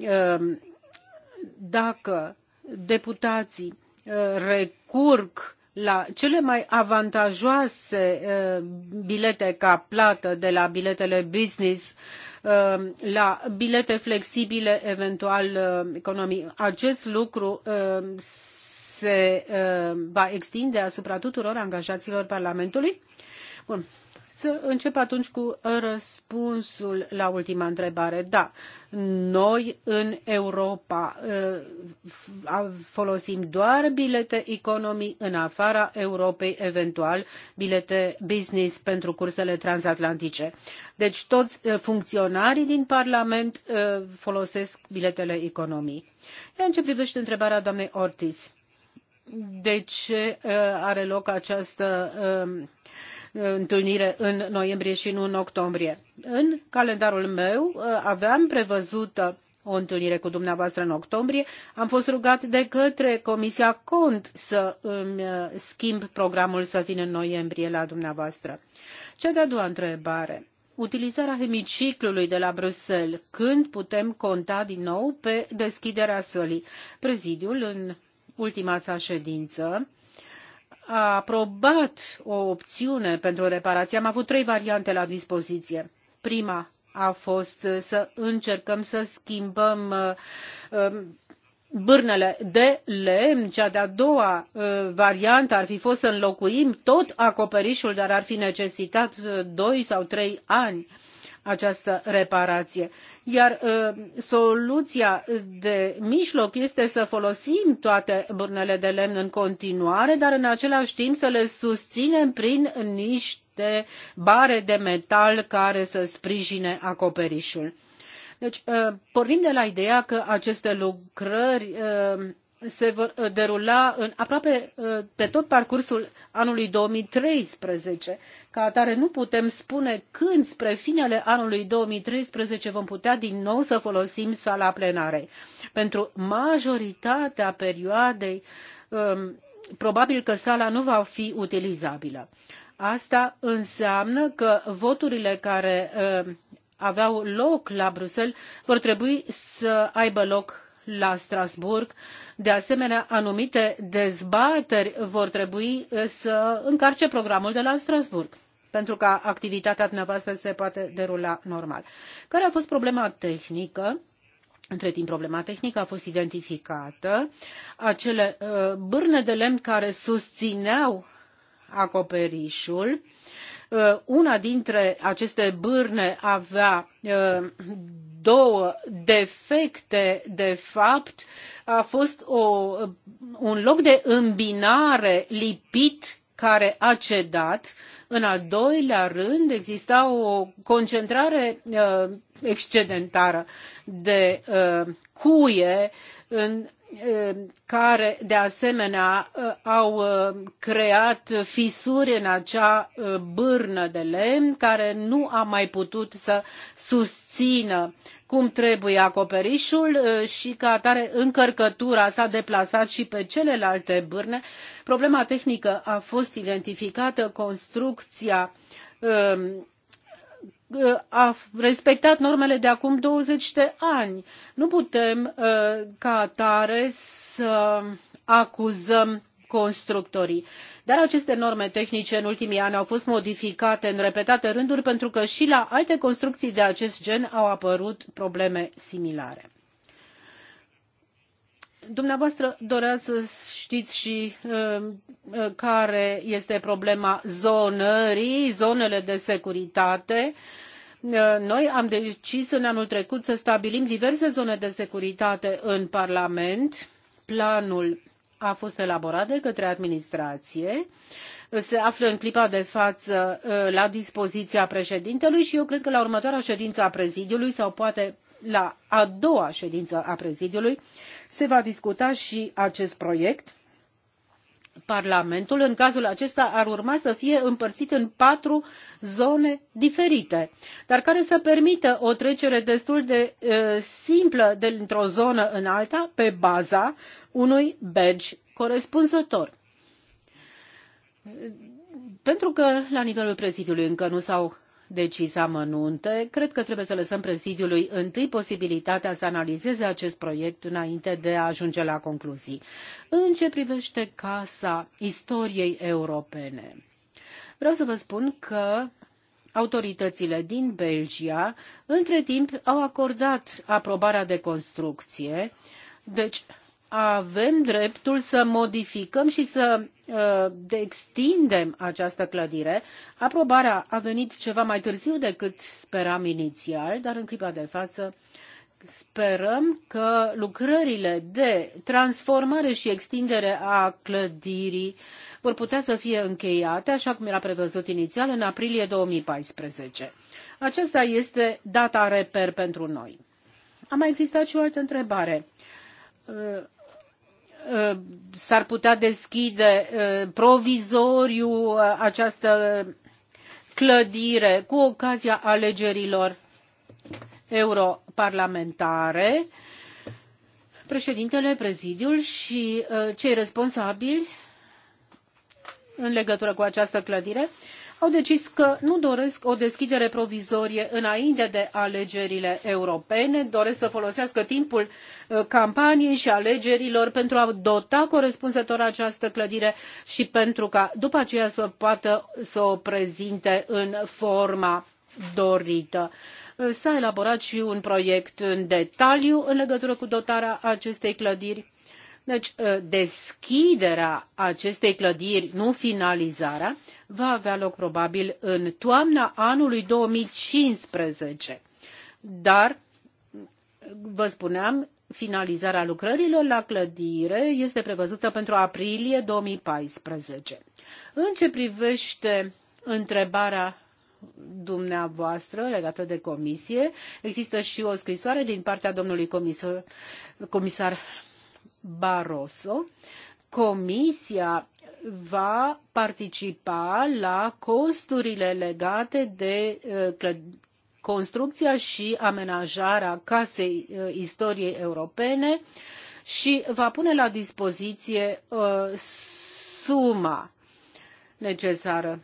Ehm, dacă deputații eh, recurg la cele mai avantajoase eh, bilete ca plată de la biletele business ehm, la bilete flexibile eventual eh, economii. Acest lucru ehm, se va extinde asupra tuturor angajaților Parlamentului? Bun să încep atunci cu răspunsul la ultima întrebare. Da, noi în Europa uh, folosim doar bilete economii în afara Europei, eventual bilete business pentru cursele transatlantice. Deci toți uh, funcționarii din Parlament uh, folosesc biletele economii. Iar în ce privește întrebarea doamnei Ortiz, de ce are loc această întâlnire în noiembrie și nu în octombrie. În calendarul meu uh, aveam prevăzută o întâlnire cu dumneavoastră în octombrie. Am fost rugat de către Comisia Cont să îmi uh, schimb programul să vină în noiembrie la dumneavoastră. Cea de-a doua întrebare. Utilizarea hemiciclului de la Bruxelles. Când putem conta din nou pe deschiderea sălii? Prezidiul în ultima sa ședință a aprobat o opțiune pentru reparație. Am avut trei variante la dispoziție. Prima a fost să încercăm să schimbăm uh, um, bârnele de lemn. Cea de-a doua uh, variantă ar fi fost să înlocuim tot acoperișul, dar ar fi necesitat uh, doi sau trei ani această reparație. Iar uh, soluția de mijloc este să folosim toate bârnele de lemn în continuare, dar în același timp să le susținem prin niște bare de metal care să sprijine acoperișul. Deci, uh, pornim de la ideea că aceste lucrări uh, se vor uh, derula în aproape pe uh, tot parcursul anului 2013. Ca atare nu putem spune când spre finele anului 2013 vom putea din nou să folosim sala plenare. Pentru majoritatea perioadei um, probabil că sala nu va fi utilizabilă. Asta înseamnă că voturile care uh, aveau loc la Bruxelles vor trebui să aibă loc la Strasburg. De asemenea, anumite dezbateri vor trebui eh, să încarce programul de la Strasburg pentru ca activitatea dumneavoastră se poate derula normal. Care a fost problema tehnică? Între timp, problema tehnică a fost identificată. Acele uh, bârne de lemn care susțineau acoperișul uh, Uh, una dintre aceste bârne avea uh, două defecte, de fapt, a fost o, uh, un loc de îmbinare lipit care a cedat. În al doilea rând, exista o concentrare uh, excedentară de uh, cuie în Eh, care de asemenea eh, au eh, creat fisuri în acea bârnă de lemn care nu a mai putut să susțină cum trebuie acoperișul și ca atare încărcătura s-a deplasat și pe celelalte bârne. Problema tehnică a fost identificată, construcția Uh, a respectat normele de acum 20 de ani. Nu putem uh, ca atare să acuzăm constructorii. Dar aceste norme tehnice în ultimii ani au fost modificate în repetate rânduri pentru că și la alte construcții de acest gen au apărut probleme similare. Dumneavoastră doreați să știți și um, uh, care este problema zonării, zonele de securitate. Uh, noi am decis în anul trecut să stabilim diverse zone de securitate în Parlament. Planul a fost elaborat de către administrație, se află în clipa de față uh, la dispoziția președintelui și eu cred că la următoarea ședință a prezidiului sau poate la a doua ședință a prezidiului se va discuta și acest proiect. Parlamentul, în cazul acesta, ar urma să fie împărțit în patru zone diferite, dar care să permită o trecere destul de e, simplă dintr-o zonă în alta pe baza unui badge corespunzător. Pentru că la nivelul prezidiului încă nu s-au decis amănunte. Cred că trebuie să lăsăm prezidiului întâi posibilitatea să analizeze acest proiect înainte de a ajunge la concluzii. În ce privește Casa Istoriei Europene? Vreau să vă spun că autoritățile din Belgia între timp au acordat aprobarea de construcție, deci avem dreptul să modificăm și să de extindem această clădire. Aprobarea a venit ceva mai târziu decât speram inițial, dar în clipa de față sperăm că lucrările de transformare și extindere a clădirii vor putea să fie încheiate, așa cum era prevăzut inițial, în aprilie 2014. Aceasta este data reper pentru noi. A mai existat și o altă întrebare Uh, s-ar putea deschide uh, provizoriu uh, această clădire cu ocazia alegerilor europarlamentare, președintele, prezidiul și cei responsabili în legătură cu această clădire au decis că nu doresc o deschidere provizorie înainte de alegerile europene, doresc să folosească timpul uh, campaniei și alegerilor pentru a dota corespunzător această clădire și pentru ca după aceea să poată să o prezinte în forma dorită. Uh, S-a elaborat și un proiect în detaliu în legătură cu dotarea acestei clădiri. Deci, uh, deschiderea acestei clădiri, nu finalizarea, va avea loc probabil în toamna anului 2015. Dar, vă spuneam, finalizarea lucrărilor la clădire este prevăzută pentru aprilie 2014. În ce privește întrebarea dumneavoastră legată de comisie. Există și o scrisoare din partea domnului comisar, comisar Barroso. Comisia va participa la costurile legate de uh, construcția și amenajarea casei uh, istoriei europene și va pune la dispoziție uh, suma necesară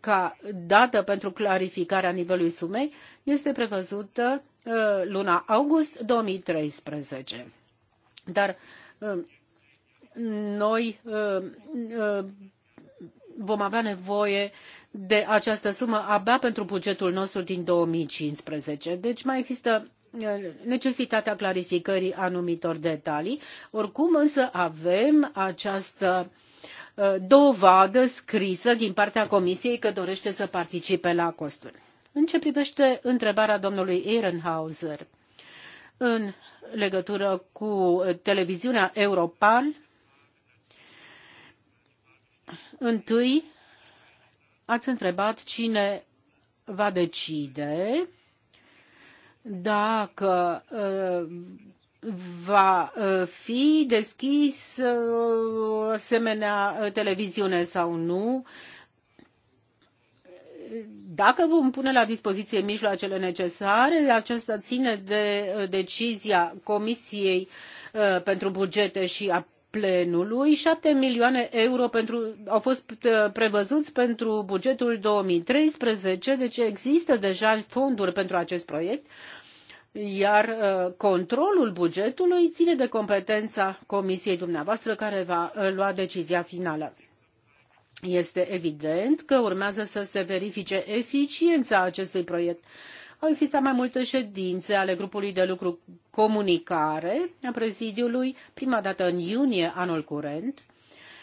ca dată pentru clarificarea nivelului sumei este prevăzută luna august 2013. Dar noi uh, uh, vom avea nevoie de această sumă abia pentru bugetul nostru din 2015. Deci mai există uh, necesitatea clarificării anumitor detalii. Oricum însă avem această dovadă scrisă din partea Comisiei că dorește să participe la costuri. În ce privește întrebarea domnului Ehrenhauser în legătură cu televiziunea Europan, Întâi, ați întrebat cine va decide dacă uh, va uh, fi deschis o uh, asemenea televiziune sau nu. Dacă vom pune la dispoziție mijloacele necesare, aceasta ține de decizia Comisiei pentru Bugete și a plenului, șapte milioane euro pentru, au fost uh, prevăzuți pentru bugetul 2013, deci există deja fonduri pentru acest proiect, iar uh, controlul bugetului ține de competența comisiei dumneavoastră care va uh, lua decizia finală. Este evident că urmează să se verifice eficiența acestui proiect au existat mai multe ședințe ale grupului de lucru comunicare a prezidiului, prima dată în iunie anul curent.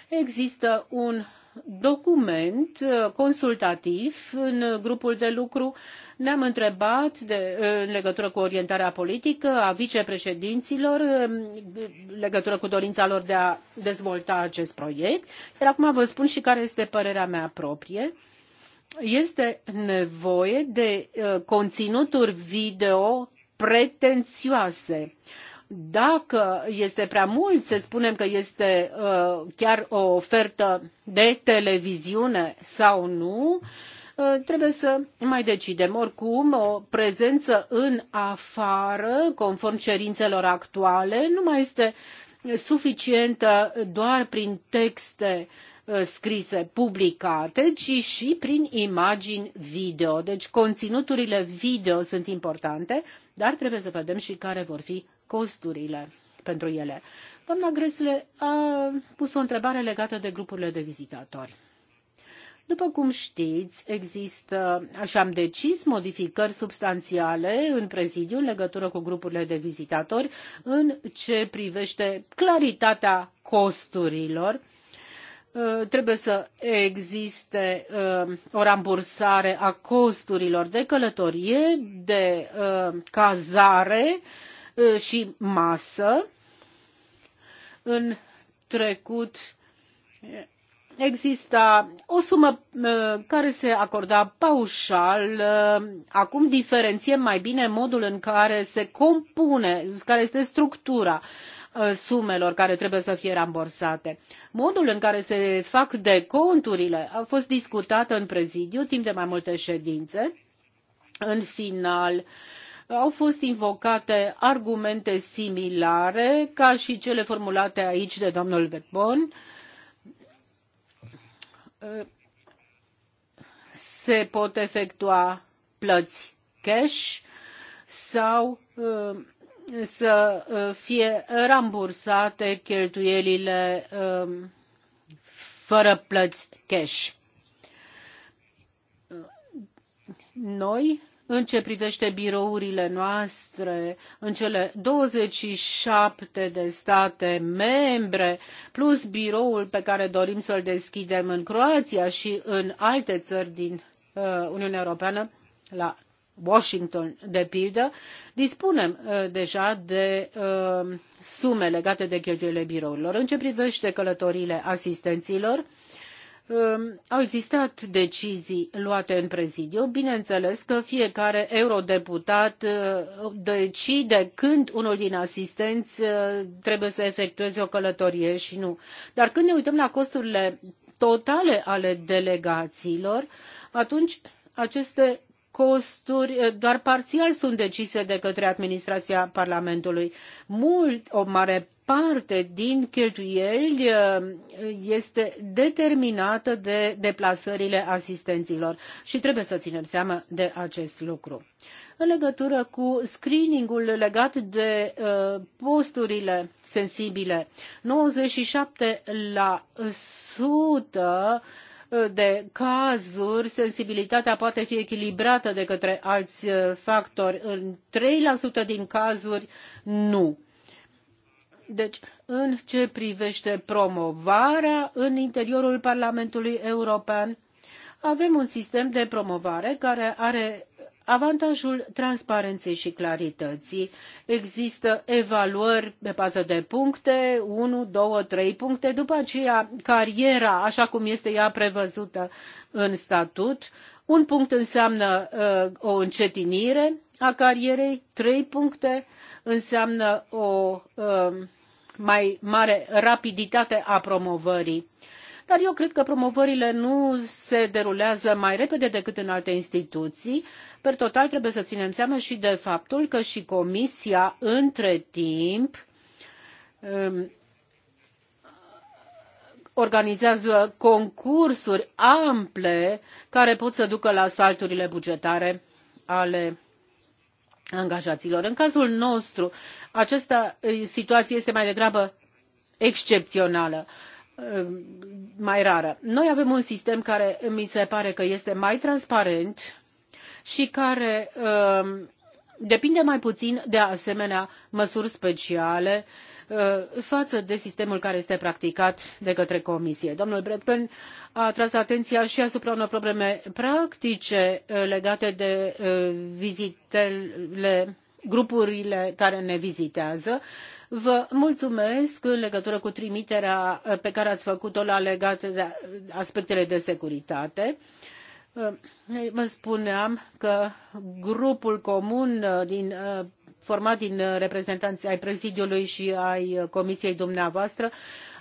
Există un document uh, consultativ în grupul de lucru. Ne-am întrebat de, uh, în legătură cu orientarea politică a vicepreședinților, uh, în legătură cu dorința lor de a dezvolta acest proiect. Iar acum vă spun și care este părerea mea proprie este nevoie de uh, conținuturi video pretențioase. Dacă este prea mult, să spunem că este uh, chiar o ofertă de televiziune sau nu, uh, trebuie să mai decidem. Oricum, o prezență în afară, conform cerințelor actuale, nu mai este suficientă doar prin texte uh, Uh, scrise publicate, ci și prin imagini video. Deci conținuturile video sunt importante, dar trebuie să vedem și care vor fi costurile pentru ele. Doamna Gresle a pus o întrebare legată de grupurile de vizitatori. După cum știți, există și am decis modificări substanțiale în prezidiu în legătură cu grupurile de vizitatori în ce privește claritatea costurilor uh, Uh, trebuie să existe uh, o rambursare a costurilor de călătorie, de uh, cazare și masă. În trecut exista o sumă care se acorda paușal, acum diferențiem mai bine modul în care se compune, care este structura Uh, sumelor care trebuie să fie rambursate. Modul în care se fac deconturile a fost discutat în prezidiu timp de mai multe ședințe. În final, au fost invocate argumente similare ca și cele formulate aici de domnul Vetbon. Uh, se pot efectua plăți cash sau uh, să uh, fie rambursate cheltuielile um, fără plăți cash. Noi, în ce privește birourile noastre, în cele 27 de state membre, plus biroul pe care dorim să-l deschidem în Croația și în alte țări din uh, Uniunea Europeană, la Washington, de pildă, dispunem uh, deja de uh, sume legate de cheltuielile birourilor. În ce privește călătoriile asistenților, um, au existat decizii luate în prezidiu bineînțeles că fiecare eurodeputat uh, decide când unul din asistenți trebuie să efectueze o călătorie și nu dar când ne uităm la costurile totale ale delegațiilor atunci aceste costuri eh, doar parțial sunt decise de către administrația Parlamentului. Mult, o mare parte din cheltuieli eh, este determinată de deplasările asistenților și trebuie să ținem seama de acest lucru. În legătură cu screeningul legat de eh, posturile sensibile, 97% de cazuri, sensibilitatea poate fi echilibrată de către alți uh, factori. În 3% din cazuri, nu. Deci, în ce privește promovarea în interiorul Parlamentului European, avem un sistem de promovare care are avantajul transparenței și clarității. Există evaluări pe bază de puncte, 1, 2, 3 puncte, după aceea cariera, așa cum este ea prevăzută în statut. Un punct înseamnă uh, o încetinire a carierei, trei puncte înseamnă o uh, mai mare rapiditate a promovării. Uh, dar eu cred că promovările nu se derulează mai repede decât în alte instituții. Per total trebuie să ținem seama și de faptul că și Comisia între timp um, organizează concursuri ample care pot să ducă la salturile bugetare ale angajaților. În cazul nostru, această uh, situație este mai degrabă excepțională Um, mai rară. Noi avem un sistem care mi se pare că este mai transparent și care um, depinde mai puțin de asemenea măsuri speciale uh, față de sistemul care este practicat de către comisie. Domnul Bredpen a atras atenția și asupra unor probleme practice uh, legate de uh, vizitele, grupurile care ne vizitează. Vă mulțumesc în legătură cu trimiterea uh, pe care ați făcut-o legată de aspectele de securitate. Uh, vă spuneam că grupul comun uh, din format din reprezentanți ai prezidiului și ai comisiei dumneavoastră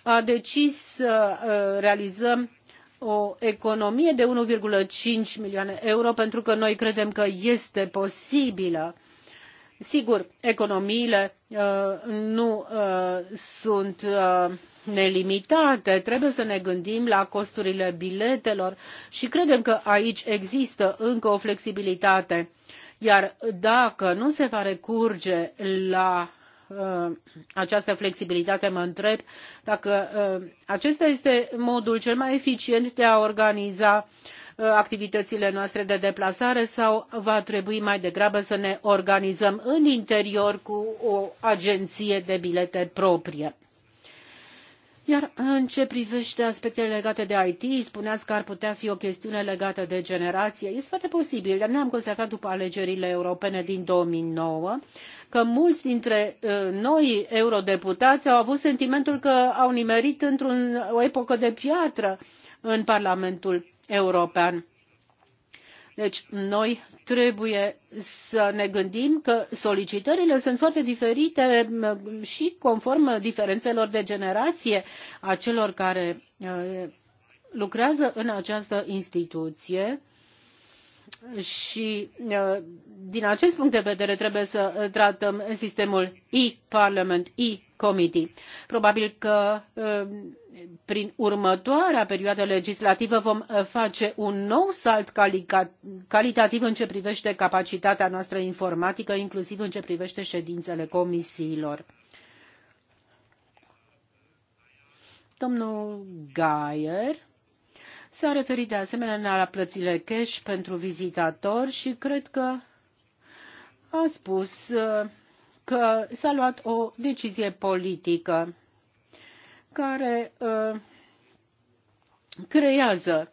a decis să realizăm o economie de unu cinci milioane de euro pentru că noi credem că este posibilă Sigur, economiile uh, nu uh, sunt uh, nelimitate, trebuie să ne gândim la costurile biletelor și credem că aici există încă o flexibilitate. Iar dacă nu se va recurge la această flexibilitate, mă întreb dacă acesta este modul cel mai eficient de a organiza uh, activitățile noastre de deplasare sau va trebui mai degrabă să ne organizăm în interior cu o agenție de bilete proprie? Iar în ce privește aspectele legate de IT, spuneați că ar putea fi o chestiune legată de generație. Este foarte posibil, dar ne-am constatat după alegerile europene din 2009 că mulți dintre uh, noi eurodeputați au avut sentimentul că au nimerit într-o epocă de piatră în Parlamentul european. Deci noi trebuie să ne gândim că solicitările sunt foarte diferite mm, și conform diferențelor de generație a celor care uh, lucrează în această instituție și uh, din acest punct de vedere trebuie să tratăm sistemul e-Parliament, e-Committee. Probabil că uh, prin următoarea perioadă legislativă vom uh, face un nou salt calitativ în ce privește capacitatea noastră informatică, inclusiv în ce privește ședințele comisiilor. Domnul Gaier s-a referit de asemenea la plățile cash pentru vizitatori și cred că a spus uh, că s-a luat o decizie politică care uh, creează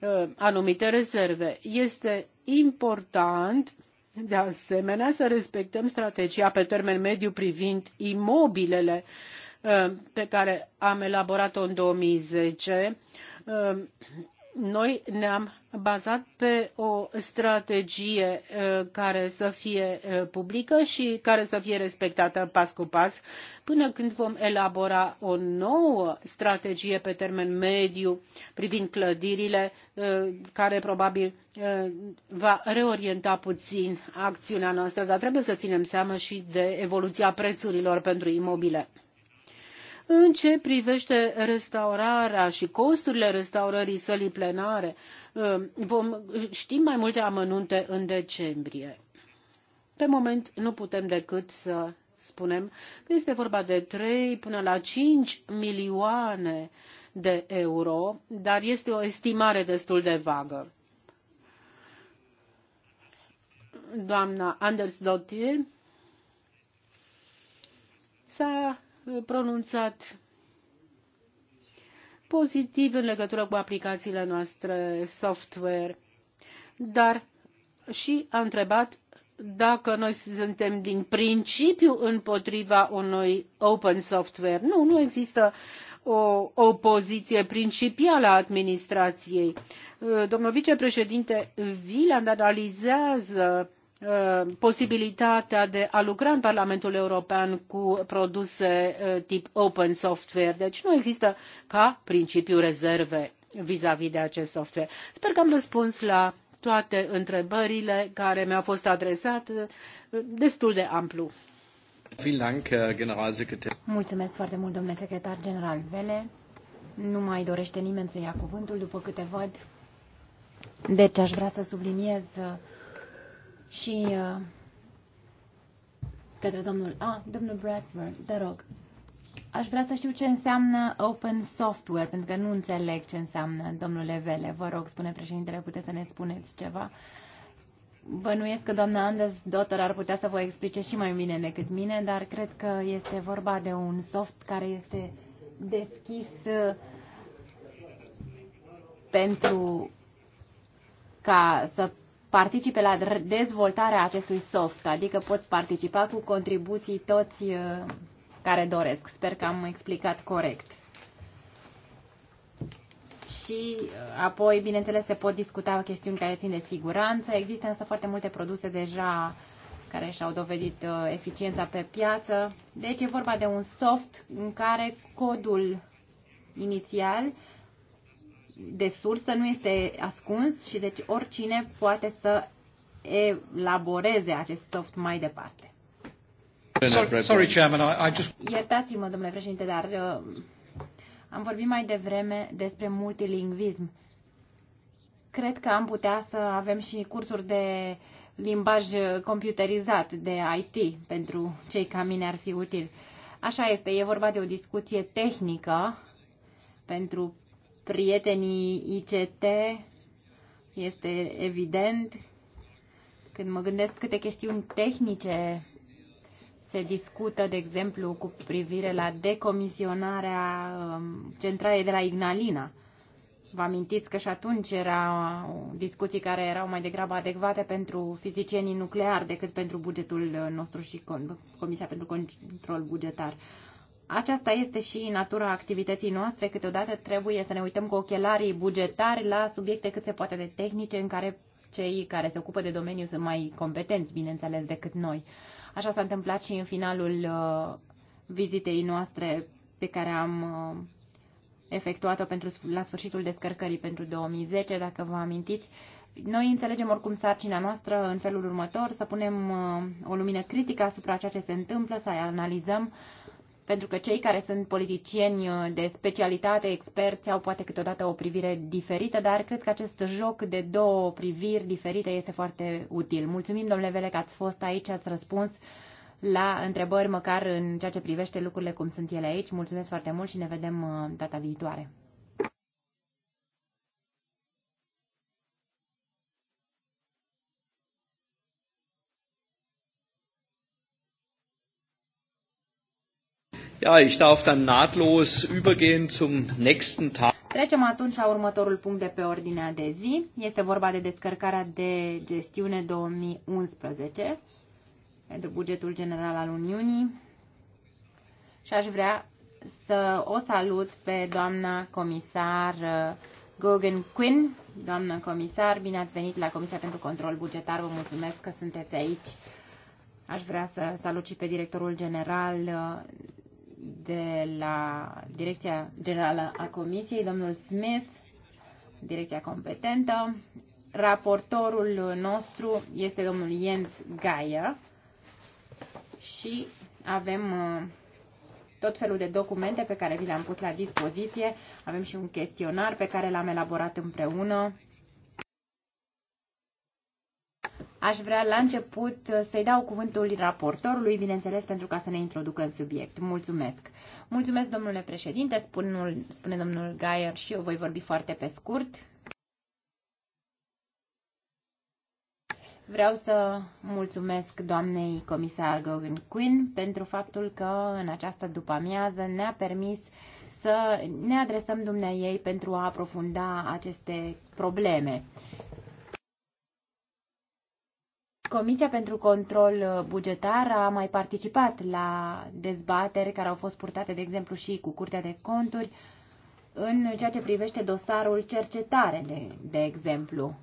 uh, anumite rezerve. Este important de asemenea să respectăm strategia pe termen mediu privind imobilele uh, pe care am elaborat-o în 2010 noi ne-am bazat pe o strategie uh, care să fie uh, publică și care să fie respectată pas cu pas până când vom elabora o nouă strategie pe termen mediu privind clădirile uh, care probabil va reorienta puțin acțiunea noastră, dar trebuie să ținem seama și de evoluția prețurilor pentru imobile. În ce privește restaurarea și costurile restaurării sălii plenare, uh, vom ști mai multe amănunte în decembrie. Pe moment nu putem decât să spunem că este vorba de 3 până la 5 milioane de euro, dar este o estimare destul de vagă. Doamna Anders Dottir s-a Eh, pronunțat pozitiv în legătură cu aplicațiile noastre software, dar și a întrebat dacă noi suntem din principiu împotriva unui open software. Nu, nu există o opoziție principială a administrației. Eh, domnul vicepreședinte vila analizează uh, Uh, posibilitatea de a lucra în Parlamentul European cu produse uh, tip open software. Deci nu există ca principiu rezerve vis-a-vis de acest software. Sper că am răspuns la toate întrebările care mi-au fost adresate uh, destul de amplu. Mulțumesc foarte mult, domnule secretar general Vele. Nu mai dorește nimeni să ia cuvântul după câte văd. Deci aș vrea să subliniez și uh, către domnul A, domnul Bradford, te rog. Aș vrea să știu ce înseamnă open software, pentru că nu înțeleg ce înseamnă, domnule Vele. Vă rog, spune președintele, puteți să ne spuneți ceva. Bănuiesc că doamna Anders Dotter ar putea să vă explice și mai bine decât mine, dar cred că este vorba de un soft care este deschis uh, pentru ca să participe la dezvoltarea acestui soft, adică pot participa cu contribuții toți uh, care doresc. Sper că am explicat corect. Și uh, apoi, bineînțeles, se pot discuta chestiuni care țin de siguranță. Există însă foarte multe produse deja care și-au dovedit uh, eficiența pe piață. Deci e vorba de un soft în care codul inițial de sursă nu este ascuns și deci oricine poate să elaboreze acest soft mai departe. Sorry, Chairman, I, I just... Iertați-mă, domnule președinte, dar uh, am vorbit mai devreme despre multilingvism. Cred că am putea să avem și cursuri de limbaj computerizat, de IT, pentru cei ca mine ar fi util. Așa este, e vorba de o discuție tehnică pentru prietenii ICT, este evident. Când mă gândesc câte chestiuni tehnice se discută, de exemplu, cu privire la decomisionarea um, centralei de la Ignalina. Vă amintiți că și atunci era discuții care erau mai degrabă adecvate pentru fizicienii nucleari decât pentru bugetul uh, nostru și Comisia pentru Control Bugetar. Aceasta este și natura activității noastre. Câteodată trebuie să ne uităm cu ochelarii bugetari la subiecte cât se poate de tehnice în care cei care se ocupă de domeniu sunt mai competenți, bineînțeles, decât noi. Așa s-a întâmplat și în finalul uh, vizitei noastre pe care am uh, efectuat-o pentru, la sfârșitul descărcării pentru 2010, dacă vă amintiți. Noi înțelegem oricum sarcina noastră în felul următor, să punem uh, o lumină critică asupra ceea ce se întâmplă, să analizăm uh, pentru că cei care sunt politicieni uh, de specialitate, experți, au poate câteodată o privire diferită, dar cred că acest joc de două priviri diferite este foarte util. Mulțumim, domnule Vele, că ați fost aici, ați răspuns la întrebări, măcar în ceea ce privește lucrurile cum sunt ele aici. Mulțumesc foarte mult și ne vedem uh, data viitoare. Ja, ich darf dann nahtlos übergehen zum nächsten Tag. Trecem atunci la următorul punct de pe ordinea de zi. Este vorba de descărcarea de gestiune 2011 pentru bugetul general al Uniunii. Și aș vrea să o salut pe doamna comisar Gogan uh, Quinn. Doamna comisar, bine ați venit la Comisia pentru Control Bugetar. Vă mulțumesc că sunteți aici. Aș vrea să salut și pe directorul general uh, de la Direcția Generală a Comisiei, domnul Smith, direcția competentă. Raportorul nostru este domnul Jens Gaia și avem uh, tot felul de documente pe care vi le-am pus la dispoziție. Avem și un chestionar pe care l-am elaborat împreună Aș vrea la început uh, să-i dau cuvântul raportorului, bineînțeles, pentru ca să ne introducă în subiect. Mulțumesc! Mulțumesc, domnule președinte, spune, spune domnul Gaier și eu voi vorbi foarte pe scurt. Vreau să mulțumesc doamnei comisar Gogan Quinn pentru faptul că în această după-amiază ne-a permis să ne adresăm dumneai pentru a aprofunda aceste probleme. Comisia pentru Control uh, Bugetar a mai participat la dezbateri care au fost purtate, de exemplu, și cu Curtea de Conturi în ceea ce privește dosarul cercetare, de, de exemplu.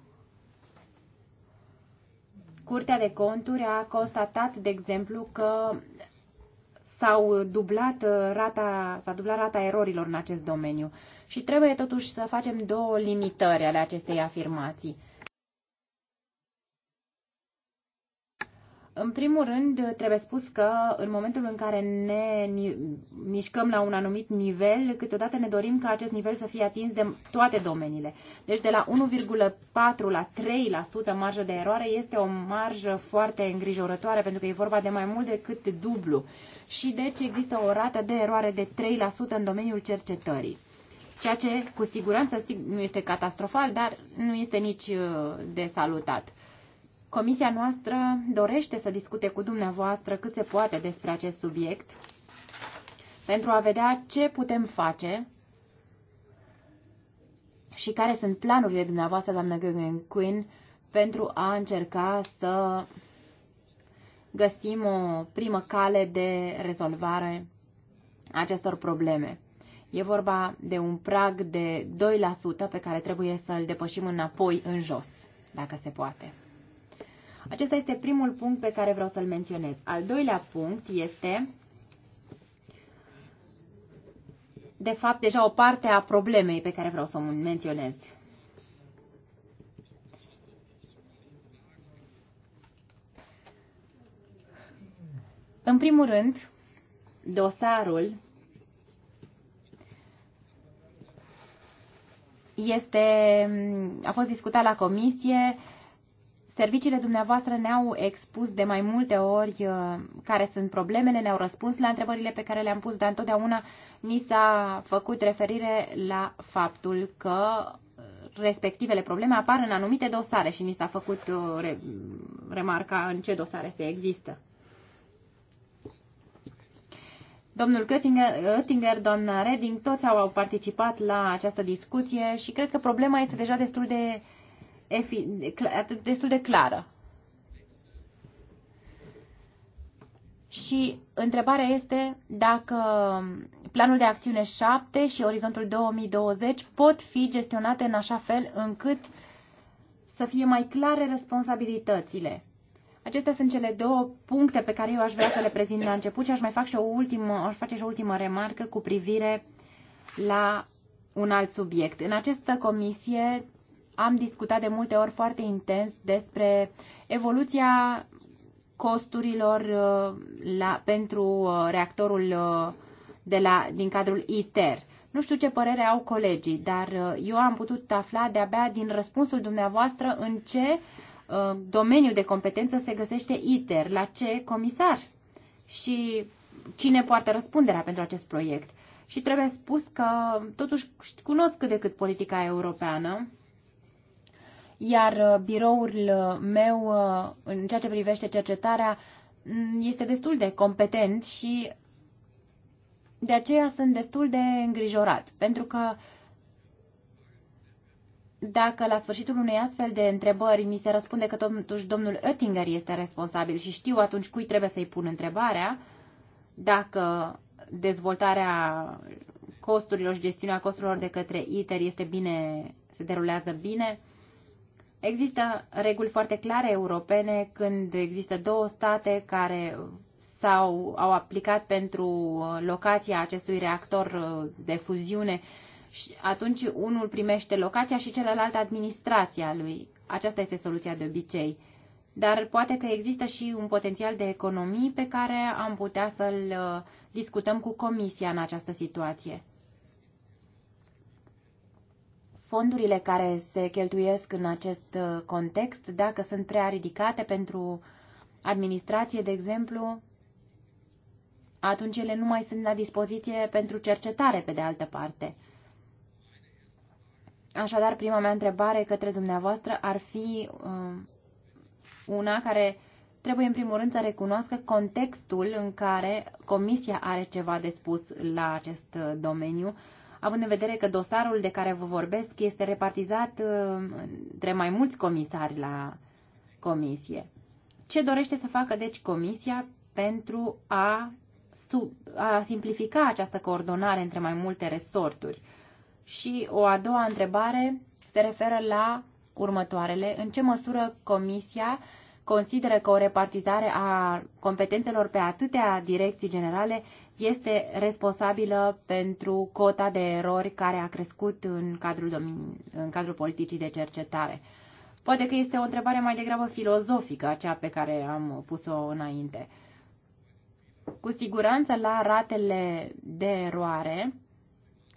Curtea de Conturi a constatat, de exemplu, că s-au dublat uh, rata, s-a dublat rata erorilor în acest domeniu. Și trebuie totuși să facem două limitări ale acestei afirmații. În primul rând, trebuie spus că în momentul în care ne mișcăm la un anumit nivel, câteodată ne dorim ca acest nivel să fie atins de toate domeniile. Deci de la 1,4 la 3% marjă de eroare este o marjă foarte îngrijorătoare, pentru că e vorba de mai mult decât dublu. Și deci există o rată de eroare de 3% în domeniul cercetării ceea ce cu siguranță nu este catastrofal, dar nu este nici uh, de salutat. Comisia noastră dorește să discute cu dumneavoastră cât se poate despre acest subiect pentru a vedea ce putem face și care sunt planurile dumneavoastră, doamnă Gugan Quinn, pentru a încerca să găsim o primă cale de rezolvare a acestor probleme. E vorba de un prag de 2% pe care trebuie să-l depășim înapoi în jos, dacă se poate. Acesta este primul punct pe care vreau să-l menționez. Al doilea punct este, de fapt, deja o parte a problemei pe care vreau să o menționez. În primul rând, dosarul este, a fost discutat la comisie Serviciile dumneavoastră ne-au expus de mai multe ori uh, care sunt problemele, ne-au răspuns la întrebările pe care le-am pus, dar întotdeauna ni s-a făcut referire la faptul că uh, respectivele probleme apar în anumite dosare și ni s-a făcut uh, remarca în ce dosare se există. Domnul Oettinger, doamna Reding, toți au participat la această discuție și cred că problema este deja destul de uh, destul de clară. Și întrebarea este dacă planul de acțiune 7 și orizontul 2020 pot fi gestionate în așa fel încât să fie mai clare responsabilitățile. Acestea sunt cele două puncte pe care eu aș vrea să le prezint la început și aș mai fac și o ultimă, aș face și o ultimă remarcă cu privire la un alt subiect. În această comisie am discutat de multe ori foarte intens despre evoluția costurilor uh, la, pentru uh, reactorul uh, de la, din cadrul ITER. Nu știu ce părere au colegii, dar eu am putut afla de-abia din răspunsul dumneavoastră în ce domeniu de competență se găsește ITER, la ce comisar și cine poartă răspunderea pentru acest proiect. Și trebuie spus că totuși cunosc cât de cât politica europeană iar uh, biroul uh, meu, uh, în ceea ce privește cercetarea, mm, este destul de competent și de aceea sunt destul de îngrijorat, pentru că dacă la sfârșitul unei astfel de întrebări mi se răspunde că totuși domnul Oettinger este responsabil și știu atunci cui trebuie să-i pun întrebarea, dacă dezvoltarea costurilor și gestiunea costurilor de către ITER este bine, se derulează bine, Există reguli foarte clare europene când există două state care sau au aplicat pentru uh, locația acestui reactor uh, de fuziune și atunci unul primește locația și celălalt administrația lui. Aceasta este soluția de obicei. Dar poate că există și un potențial de economii pe care am putea să-l uh, discutăm cu Comisia în această situație fondurile care se cheltuiesc în acest uh, context, dacă sunt prea ridicate pentru administrație, de exemplu, atunci ele nu mai sunt la dispoziție pentru cercetare, pe de altă parte. Așadar, prima mea întrebare către dumneavoastră ar fi um, una care trebuie în primul rând să recunoască contextul în care Comisia are ceva de spus la acest uh, domeniu, având în vedere că dosarul de care vă vorbesc este repartizat uh, între mai mulți comisari la comisie. Ce dorește să facă, deci, comisia pentru a, sub, a simplifica această coordonare între mai multe resorturi? Și o a doua întrebare se referă la următoarele. În ce măsură comisia consideră că o repartizare a competențelor pe atâtea direcții generale este responsabilă pentru cota de erori care a crescut în cadrul, domin- în cadrul politicii de cercetare. Poate că este o întrebare mai degrabă filozofică, aceea pe care am pus-o înainte. Cu siguranță, la ratele de eroare,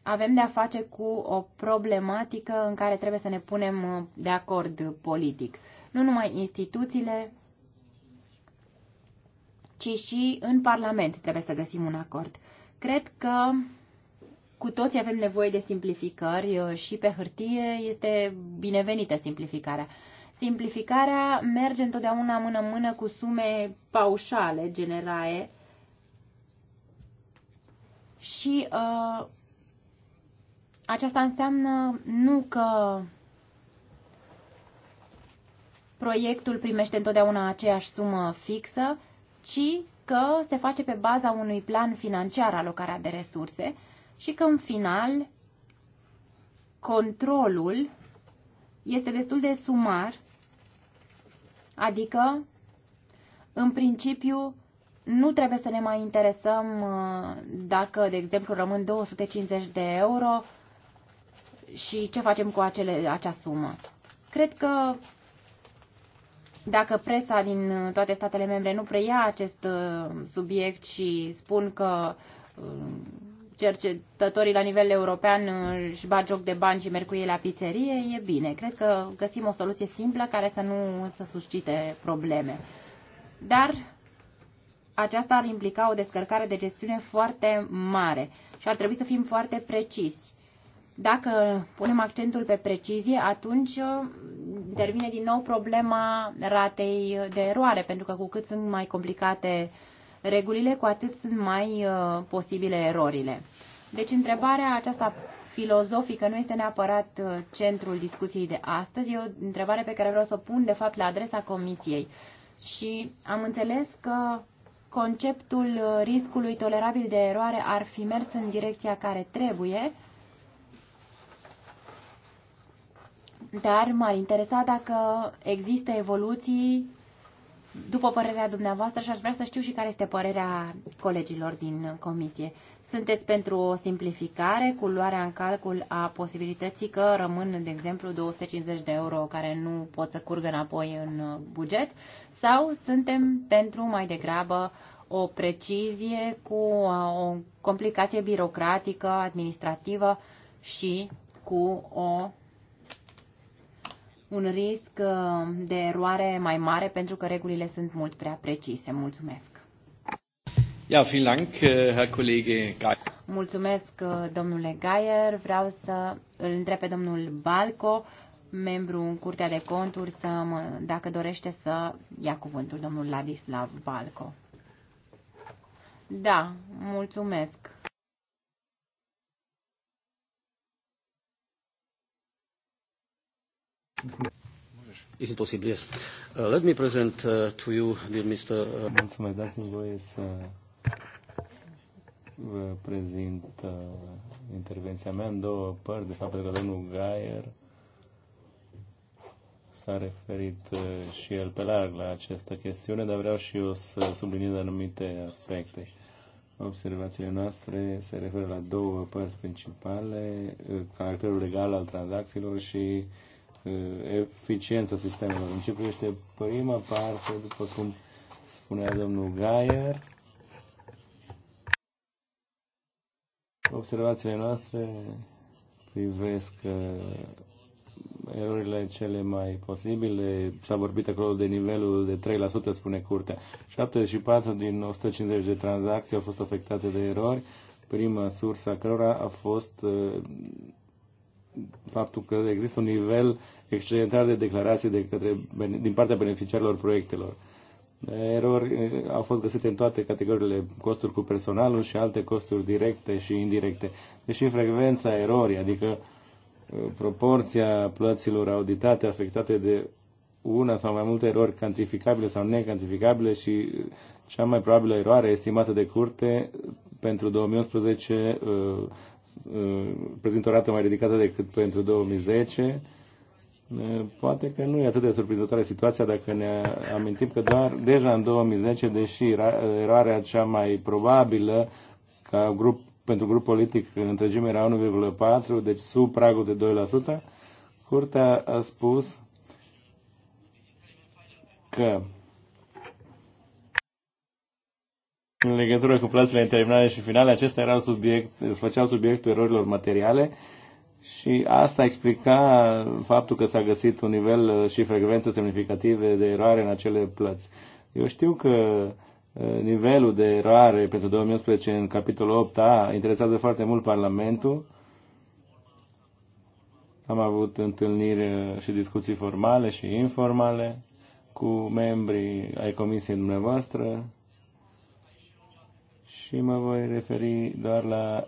avem de-a face cu o problematică în care trebuie să ne punem de acord politic. Nu numai instituțiile, ci și în Parlament trebuie să găsim un acord. Cred că cu toții avem nevoie de simplificări uh, și pe hârtie este binevenită simplificarea. Simplificarea merge întotdeauna mână-mână cu sume paușale, generale și uh, aceasta înseamnă nu că proiectul primește întotdeauna aceeași sumă fixă, ci că se face pe baza unui plan financiar alocarea de resurse și că în final controlul este destul de sumar, adică în principiu nu trebuie să ne mai interesăm uh, dacă, de exemplu, rămân 250 de euro și ce facem cu acele, acea sumă. Cred că dacă presa din uh, toate statele membre nu preia acest uh, subiect și spun că uh, cercetătorii la nivel european își bat joc de bani și merg cu ei la pizzerie, e bine. Cred că găsim o soluție simplă care să nu să suscite probleme. Dar aceasta ar implica o descărcare de gestiune foarte mare și ar trebui să fim foarte precisi. Dacă punem accentul pe precizie, atunci uh, intervine din nou problema ratei de eroare, pentru că cu cât sunt mai complicate regulile, cu atât sunt mai uh, posibile erorile. Deci întrebarea aceasta filozofică nu este neapărat uh, centrul discuției de astăzi, e o întrebare pe care vreau să o pun de fapt la adresa comisiei. Și am înțeles că conceptul riscului tolerabil de eroare ar fi mers în direcția care trebuie, Dar m-ar interesa dacă există evoluții după părerea dumneavoastră și aș vrea să știu și care este părerea colegilor din comisie. Sunteți pentru o simplificare cu luarea în calcul a posibilității că rămân, de exemplu, 250 de euro care nu pot să curgă înapoi în buget sau suntem pentru mai degrabă o precizie cu o complicație birocratică, administrativă și cu o un risc uh, de eroare mai mare pentru că regulile sunt mult prea precise. Mulțumesc! Ja, vielen Dank, uh, Herr Kollege Geier. Mulțumesc, uh, domnule Gaier. Vreau să îl întreb pe domnul Balco, membru în Curtea de Conturi, să mă, dacă dorește să ia cuvântul, domnul Ladislav Balco. Da, mulțumesc. Is it possible? Yes. Uh, let me present uh, to you, dear Mr. Uh, Mulțumesc, dați-mi voie să vă prezint uh, intervenția mea în două părți, de fapt, că domnul Gaier s-a referit uh, și el pe larg la această chestiune, dar vreau și eu să subliniez anumite aspecte. Observațiile noastre se referă la două părți principale, uh, caracterul legal al tranzacțiilor și uh, Eh, eficiența sistemelor. În ce privește prima parte, după cum spunea domnul Gaier, observațiile noastre privesc eh, erorile cele mai posibile. S-a vorbit acolo de nivelul de 3%, spune curtea. 74 din 150 de tranzacții au fost afectate de erori. Prima sursă a cărora a fost eh, faptul că există un nivel excedentar de declarații de către, din partea beneficiarilor proiectelor. Erori eh, au fost găsite în toate categoriile costuri cu personalul și alte costuri directe și indirecte. Deși frecvența erorii, adică eh, proporția plăților auditate afectate de una sau mai multe erori cantificabile sau necantificabile și eh, cea mai probabilă eroare estimată de curte pentru 2011 Uh, prezintă o rată mai ridicată decât pentru 2010, uh, Poate că nu e atât de surprinzătoare situația dacă ne amintim că doar deja în 2010, deși eroarea cea mai probabilă ca grup, pentru grup politic în întregime era 1,4, deci sub pragul de 2%, Curtea a spus că În legătură cu plățile interminale și finale, acestea erau subiect, făceau subiectul erorilor materiale și asta explica faptul că s-a găsit un nivel uh, și frecvență semnificative de eroare în acele plăți. Eu știu că uh, nivelul de eroare pentru 2011 în capitolul 8 a interesat de foarte mult Parlamentul. Am avut întâlniri uh, și discuții formale și informale cu membrii ai comisiei dumneavoastră și mă voi referi doar la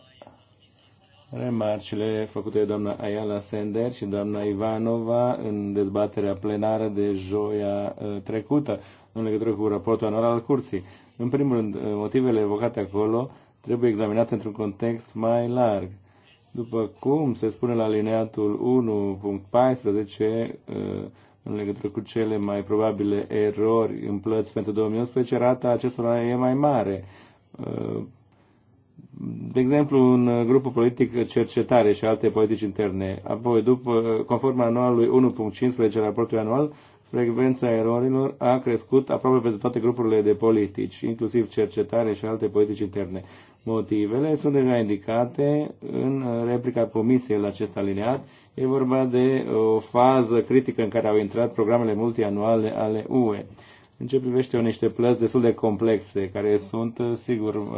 remarcile făcute de doamna Ayala Sender și doamna Ivanova în dezbaterea plenară de joia uh, trecută în legătură cu raportul anual al curții. În primul rând, uh, motivele evocate acolo trebuie examinate într-un context mai larg. După cum se spune la alineatul 1.14, uh, în legătură cu cele mai probabile erori în plăți pentru 2011, rata acestora e mai mare de exemplu, un grup politic cercetare și alte politici interne. Apoi, după, conform anualului 1.15 raportului anual, frecvența erorilor a crescut aproape pentru toate grupurile de politici, inclusiv cercetare și alte politici interne. Motivele sunt deja indicate în replica comisiei la acest aliniat. E vorba de o fază critică în care au intrat programele multianuale ale UE. În ce privește niște plăți destul de complexe, care sunt, uh, sigur, uh,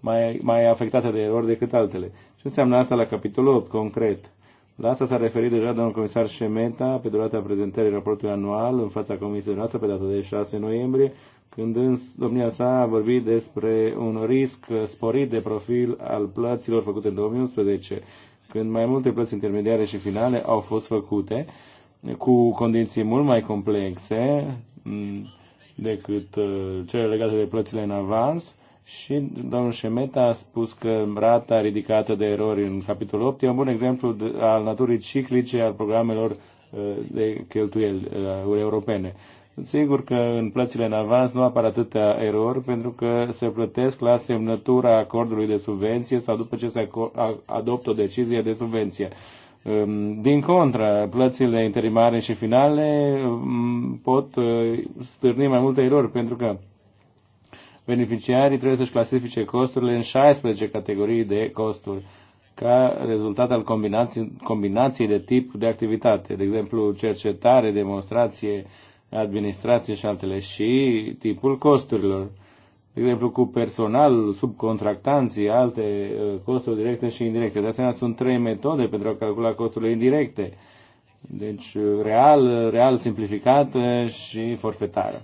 mai, mai afectate de erori decât altele. Ce înseamnă asta la capitolul 8, concret? La asta s-a referit deja domnul comisar Șemeta pe durata prezentării raportului anual în fața comisiei noastre pe data de 6 noiembrie, când îns, domnia sa a vorbit despre un risc sporit de profil al plăților făcute în 2011, când mai multe plăți intermediare și finale au fost făcute cu condiții mult mai complexe, decât uh, cele legate de plățile în avans. Și domnul Șemeta a spus că rata ridicată de erori în capitolul 8 e un bun exemplu al naturii ciclice al programelor uh, de cheltuieli uh, europene. Sigur că în plățile în avans nu apar atâtea erori pentru că se plătesc la semnătura acordului de subvenție sau după ce se adoptă o decizie de subvenție. Ehm, din contra, plățile interimare și finale ehm, pot eh, stârni mai multe erori, pentru că beneficiarii trebuie să-și clasifice costurile în 16 categorii de costuri ca rezultat al combinații, combinației de tip de activitate, de exemplu cercetare, demonstrație, administrație și altele, și tipul costurilor de exemplu, cu personal, subcontractanții, alte uh, costuri directe și indirecte. De asemenea, sunt trei metode pentru a calcula costurile indirecte. Deci, uh, real, real simplificat și forfetară.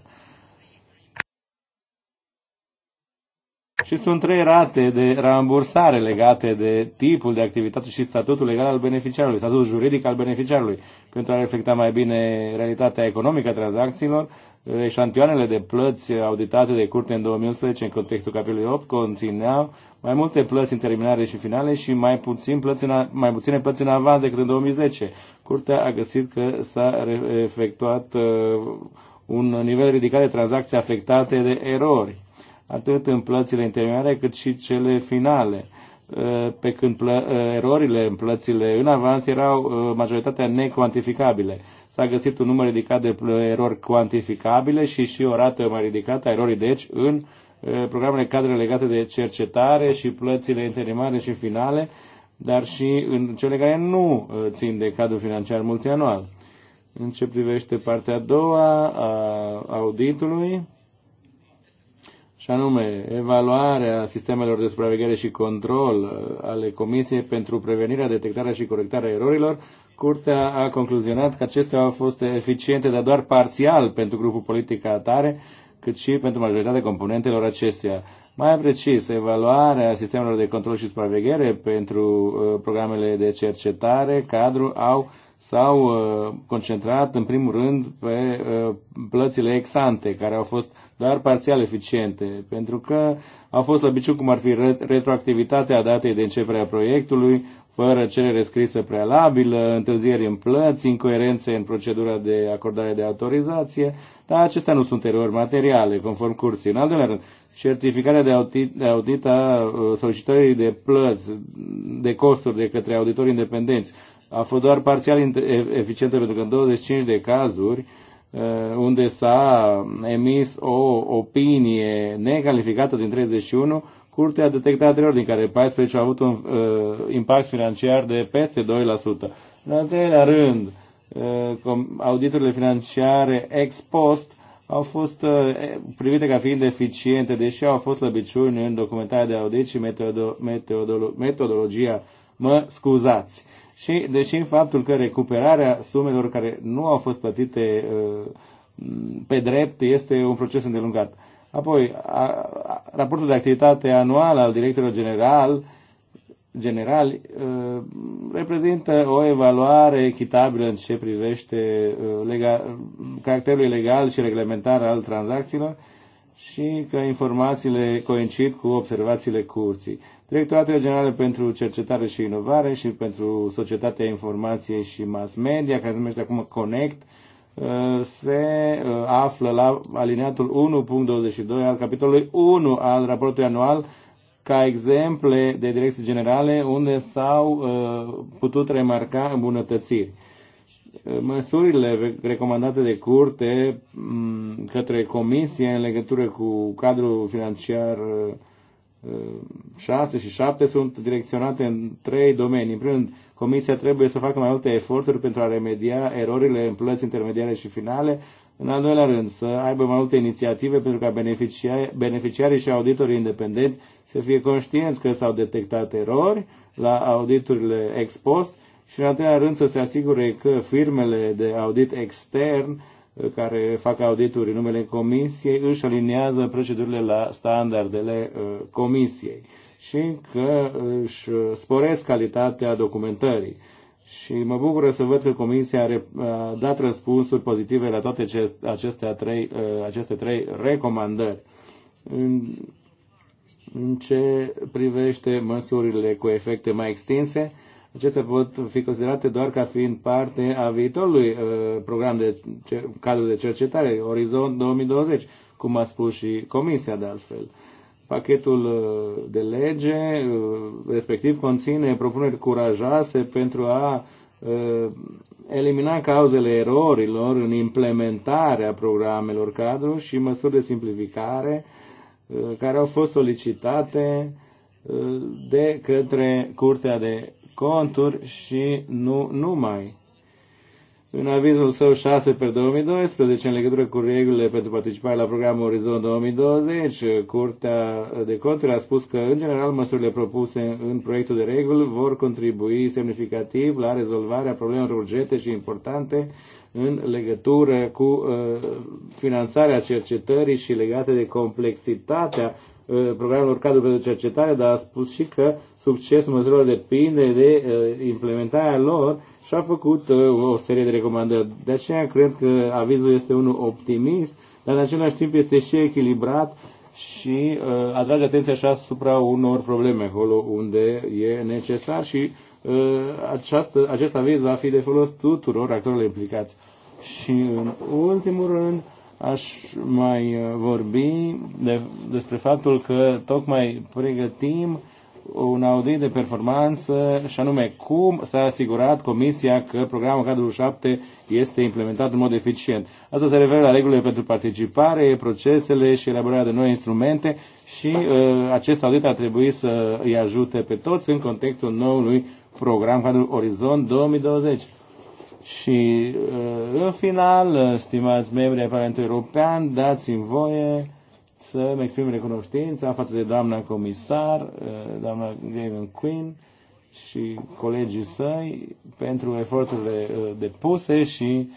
Și sunt trei rate de rambursare legate de tipul de activitate și statutul legal al beneficiarului, statutul juridic al beneficiarului, pentru a reflecta mai bine realitatea economică a tranzacțiilor. Eșantioanele de plăți auditate de curte în 2011 în contextul capitolului 8 conțineau mai multe plăți interminare și finale și mai, puțin plăți în, mai puține plăți în avans decât în 2010. Curtea a găsit că s-a efectuat uh, un nivel ridicat de tranzacții afectate de erori atât în plățile interioare cât și cele finale uh, pe când plă, uh, erorile în plățile în avans erau uh, majoritatea necuantificabile. S-a găsit un număr ridicat de erori cuantificabile și și o rată mai ridicată a erorii, deci, în programele cadre legate de cercetare și plățile interimare și finale, dar și în cele care nu țin de cadrul financiar multianual. În ce privește partea a doua a auditului, și anume evaluarea sistemelor de supraveghere și control uh, ale Comisiei pentru prevenirea, detectarea și corectarea erorilor, Curtea a concluzionat că acestea au fost eficiente, dar doar parțial pentru grupul politic atare, cât și pentru majoritatea componentelor acestea. Mai precis, evaluarea sistemelor de control și supraveghere pentru uh, programele de cercetare, cadru, au s-au uh, concentrat în primul rând pe uh, plățile exante, care au fost dar parțial eficiente, pentru că a fost slăbiciuni cum ar fi retroactivitatea datei de începere a proiectului, fără cerere scrisă prealabilă, întârzieri în plăți, incoerențe în procedura de acordare de autorizație, dar acestea nu sunt erori materiale, conform curții. În al doilea rând, certificarea de audit, de audit a uh, solicitării de plăți, de costuri de către auditori independenți, a fost doar parțial eficientă pentru că în 25 de cazuri Uh, unde s-a emis o opinie necalificată din 31, Curtea a detectat trei ori, din care 14 au avut un uh, impact financiar de peste 2%. În al treilea rând, uh, auditurile financiare ex post au fost uh, privite ca fiind eficiente, deși au fost slăbiciuni în documentarea de audit și metodo- metodolo- metodologia. Mă scuzați. Uh, și deși faptul că recuperarea sumelor care nu au fost plătite uh, pe drept este un proces îndelungat. Apoi, a, a, raportul de activitate anual al directorului general general uh, reprezintă o evaluare echitabilă în ce privește uh, legal, caracterul legal și reglementar al tranzacțiilor și că informațiile coincid cu observațiile curții. Directoratele Generale pentru Cercetare și Inovare și pentru Societatea Informației și Mass Media, care se numește acum Connect, uh, se uh, află la alineatul 1.22 al capitolului 1 al raportului anual ca exemple de direcții generale unde s-au uh, putut remarca îmbunătățiri măsurile recomandate de curte mm, către comisie în legătură cu cadrul financiar 6 uh, și 7 sunt direcționate în trei domenii. În primul rând, Comisia trebuie să facă mai multe eforturi pentru a remedia erorile în plăți intermediare și finale. În al doilea rând, să aibă mai multe inițiative pentru ca beneficiarii și auditorii independenți să fie conștienți că s-au detectat erori la auditurile ex post și, în al treilea rând, să se asigure că firmele de audit extern care fac audituri în numele Comisiei își alinează procedurile la standardele uh, Comisiei și că își sporesc calitatea documentării. Și mă bucură să văd că Comisia a uh, dat răspunsuri pozitive la toate aceste trei, uh, aceste trei recomandări. În, în ce privește măsurile cu efecte mai extinse, acestea pot fi considerate doar ca fiind parte a viitorului uh, program de cadru de cercetare, Orizont 2020, cum a spus și Comisia de altfel. Pachetul uh, de lege, uh, respectiv, conține propuneri curajoase pentru a uh, elimina cauzele erorilor în implementarea programelor cadru și măsuri de simplificare care au fost solicitate de către Curtea de conturi și nu numai. În avizul său 6 pe 2012, în legătură cu regulile pentru participare la programul Orizont 2020, Curtea de Conturi a spus că, în general, măsurile propuse în proiectul de reguli vor contribui semnificativ la rezolvarea problemelor urgente și importante în legătură cu uh, finanțarea cercetării și legate de complexitatea Uh, programelor cadru pentru cercetare, dar a spus și că succesul măsurilor depinde de uh, implementarea lor și a făcut uh, o serie de recomandări. De aceea cred că avizul este unul optimist, dar în același timp este și echilibrat și uh, atrage atenția și asupra unor probleme acolo unde e necesar și uh, această, acest aviz va fi de folos tuturor actorilor implicați. Și în ultimul rând, uh, aș mai uh, vorbi de, despre faptul că tocmai pregătim un audit de performanță și anume cum s-a asigurat Comisia că programul cadrul 7 este implementat în mod eficient. Asta se referă la regulile pentru participare, procesele și elaborarea de noi instrumente și uh, acest audit ar trebui să îi ajute pe toți în contextul noului program cadrul Orizont 2020. Și uh, în final, uh, stimați membri ai Parlamentului European, dați-mi voie să-mi exprim recunoștința față de doamna comisar, uh, doamna Gavin Quinn și colegii săi pentru eforturile depuse și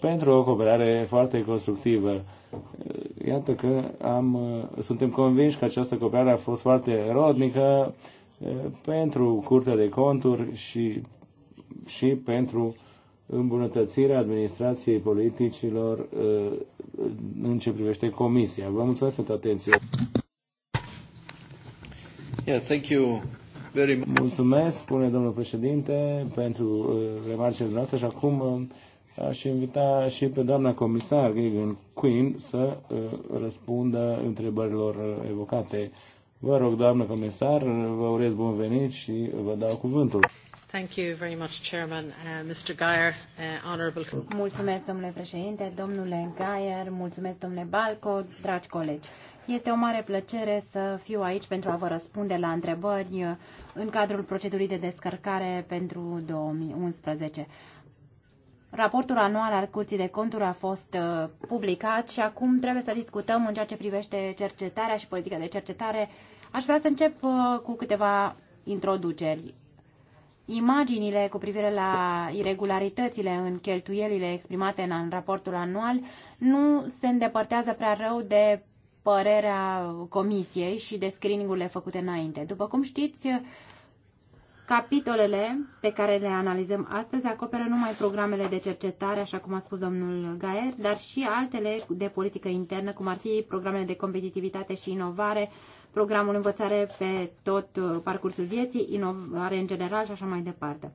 pentru o cooperare foarte constructivă. Iată că am, suntem convinși că această cooperare a fost foarte rodnică pentru Curtea de Conturi și, și pentru uh, îmbunătățirea administrației politicilor uh, în ce privește Comisia. Vă mulțumesc pentru atenție. Yeah, thank you very much. Mulțumesc, spune domnul președinte, pentru uh, remarcele noastre și acum uh, aș invita și pe doamna comisar Vivian Queen să răspundă întrebărilor evocate. Vă rog, doamnă comisar, vă urez bun venit și vă dau cuvântul. Thank you very much, Chairman. Uh, Mr. Geyer, uh, Mulțumesc, domnule președinte, domnule Geyer, mulțumesc, domnule Balco, dragi colegi. Este o mare plăcere să fiu aici pentru a vă răspunde la întrebări uh, în cadrul procedurii de descărcare pentru 2011. Raportul anual al Curții de Conturi a fost uh, publicat și acum trebuie să discutăm în ceea ce privește cercetarea și politica de cercetare. Aș vrea să încep uh, cu câteva introduceri imaginile cu privire la irregularitățile în cheltuielile exprimate în raportul anual nu se îndepărtează prea rău de părerea comisiei și de screeningurile făcute înainte. După cum știți, capitolele pe care le analizăm astăzi acoperă numai programele de cercetare, așa cum a spus domnul Gaer, dar și altele de politică internă, cum ar fi programele de competitivitate și inovare, programul învățare pe tot uh, parcursul vieții, inovare în general și așa mai departe.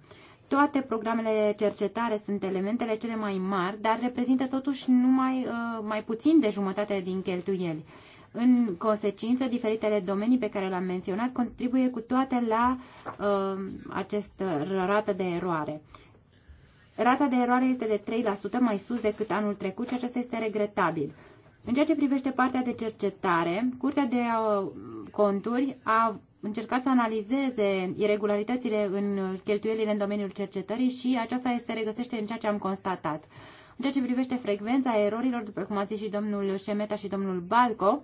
Toate programele cercetare sunt elementele cele mai mari, dar reprezintă totuși numai uh, mai puțin de jumătate din cheltuieli. În consecință, diferitele domenii pe care le-am menționat contribuie cu toate la uh, această rată de eroare. Rata de eroare este de 3% mai sus decât anul trecut și acesta este regretabil. În ceea ce privește partea de cercetare, Curtea de uh, Conturi a încercat să analizeze irregularitățile în cheltuielile în domeniul cercetării și aceasta se regăsește în ceea ce am constatat. În ceea ce privește frecvența erorilor, după cum a zis și domnul Șemeta și domnul Balco,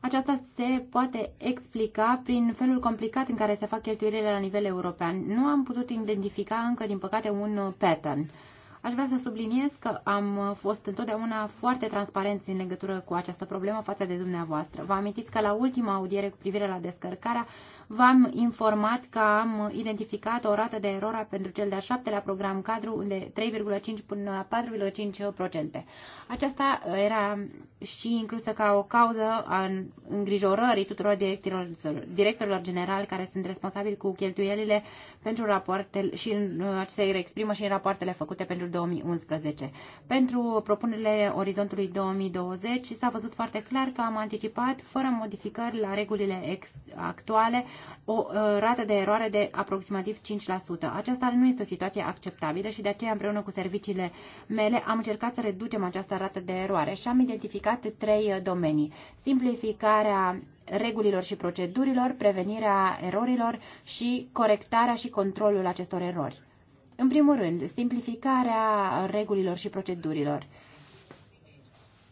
aceasta se poate explica prin felul complicat în care se fac cheltuielile la nivel european. Nu am putut identifica încă, din păcate, un pattern. Aș vrea să subliniez că am fost întotdeauna foarte transparenți în legătură cu această problemă față de dumneavoastră. Vă amintiți că la ultima audiere cu privire la descărcarea V-am informat că am identificat o rată de eroare pentru cel de-al șaptelea program cadru de 3,5 până la 4,5%. Aceasta era și inclusă ca o cauză a îngrijorării tuturor directorilor, directorilor generali care sunt responsabili cu cheltuielile pentru rapoartele și se exprimă și în rapoartele făcute pentru 2011. Pentru propunerile orizontului 2020 s-a văzut foarte clar că am anticipat, fără modificări la regulile actuale, o uh, rată de eroare de aproximativ 5%. Aceasta nu este o situație acceptabilă și de aceea împreună cu serviciile mele am încercat să reducem această rată de eroare și am identificat trei uh, domenii. Simplificarea regulilor și procedurilor, prevenirea erorilor și corectarea și controlul acestor erori. În primul rând, simplificarea regulilor și procedurilor.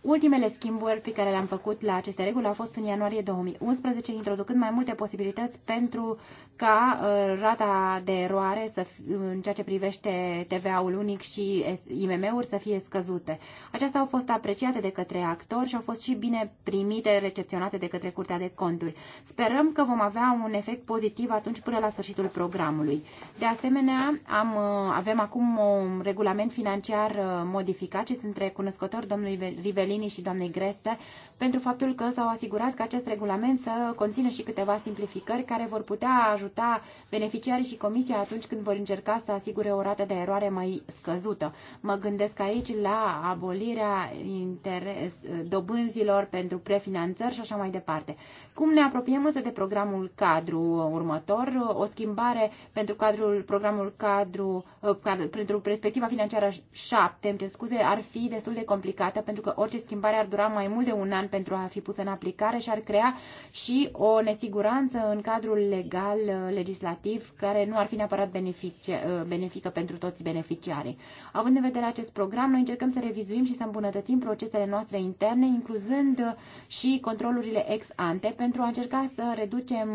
Ultimele schimbări pe care le-am făcut la aceste reguli au fost în ianuarie 2011, introducând mai multe posibilități pentru ca uh, rata de eroare să, în ceea ce privește TVA-ul unic și IMM-uri să fie scăzute. Acestea au fost apreciate de către actori și au fost și bine primite, recepționate de către Curtea de Conturi. Sperăm că vom avea un efect pozitiv atunci până la sfârșitul programului. De asemenea, am, uh, avem acum un regulament financiar uh, modificat și sunt recunoscător domnului Rivelin Angelini și doamnei Greste pentru faptul că s-au asigurat că acest regulament să conțină și câteva simplificări care vor putea ajuta beneficiarii și comisia atunci când vor încerca să asigure o rată de eroare mai scăzută. Mă gândesc aici la abolirea interes, dobânzilor pentru prefinanțări și așa mai departe. Cum ne apropiem însă de programul cadru următor, o schimbare pentru cadrul, programul cadru, eh, cadru pentru perspectiva financiară 7, îmi scuze, ar fi destul de complicată pentru că orice schimbare ar dura mai mult de un an pentru a fi pusă în aplicare și ar crea și o nesiguranță în cadrul legal, uh, legislativ, care nu ar fi neapărat benefice, uh, benefică pentru toți beneficiarii. Având în vedere acest program, noi încercăm să revizuim și să îmbunătățim procesele noastre interne, incluzând uh, și controlurile ex ante, pentru a încerca să reducem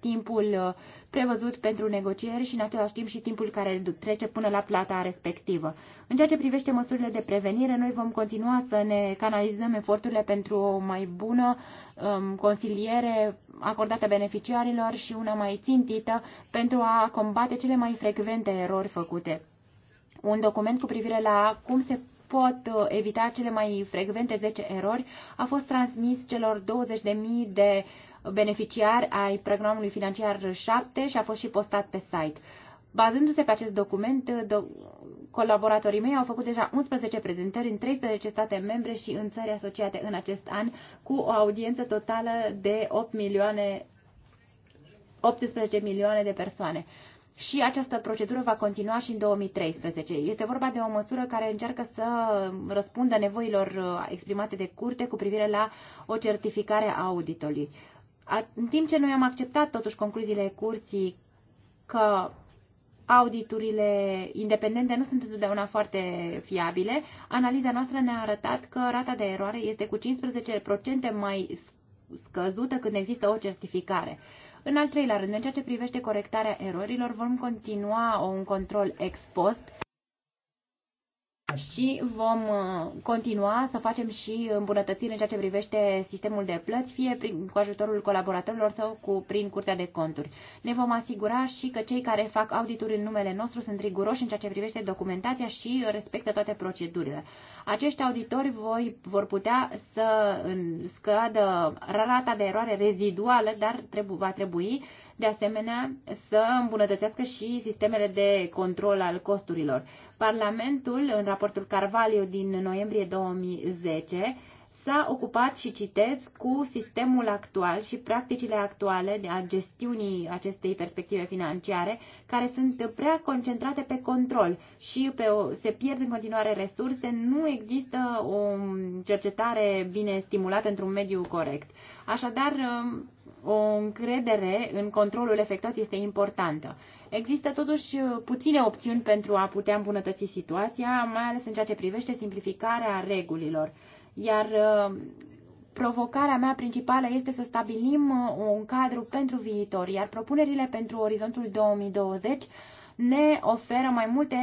timpul prevăzut pentru negocieri și în același timp și timpul care trece până la plata respectivă. În ceea ce privește măsurile de prevenire, noi vom continua să ne canalizăm eforturile pentru o mai bună um, consiliere acordată beneficiarilor și una mai țintită pentru a combate cele mai frecvente erori făcute. Un document cu privire la cum se pot uh, evita cele mai frecvente 10 erori a fost transmis celor 20.000 de beneficiar ai programului financiar 7 și a fost și postat pe site. Bazându-se pe acest document, do- colaboratorii mei au făcut deja 11 prezentări în 13 state membre și în țări asociate în acest an, cu o audiență totală de 8 milioane, 18 milioane de persoane. Și această procedură va continua și în 2013. Este vorba de o măsură care încearcă să răspundă nevoilor uh, exprimate de curte cu privire la o certificare a auditului. În timp ce noi am acceptat totuși concluziile curții că auditurile independente nu sunt întotdeauna foarte fiabile, analiza noastră ne-a arătat că rata de eroare este cu 15% mai scăzută când există o certificare. În al treilea rând, în ceea ce privește corectarea erorilor, vom continua un control ex post și vom uh, continua să facem și îmbunătățiri în ceea ce privește sistemul de plăți, fie prin, cu ajutorul colaboratorilor sau cu, prin Curtea de Conturi. Ne vom asigura și că cei care fac audituri în numele nostru sunt riguroși în ceea ce privește documentația și respectă toate procedurile. Acești auditori voi, vor putea să scadă rata de eroare reziduală, dar trebu- va trebui de asemenea să îmbunătățească și sistemele de control al costurilor. Parlamentul, în raportul Carvalho din noiembrie 2010, s-a ocupat și citez cu sistemul actual și practicile actuale de a gestiunii acestei perspective financiare, care sunt prea concentrate pe control și pe o, se pierd în continuare resurse, nu există o cercetare bine stimulată într-un mediu corect. Așadar, o încredere în controlul efectuat este importantă. Există totuși puține opțiuni pentru a putea îmbunătăți situația, mai ales în ceea ce privește simplificarea regulilor. Iar uh, provocarea mea principală este să stabilim uh, un cadru pentru viitor, iar propunerile pentru orizontul 2020 ne oferă mai multe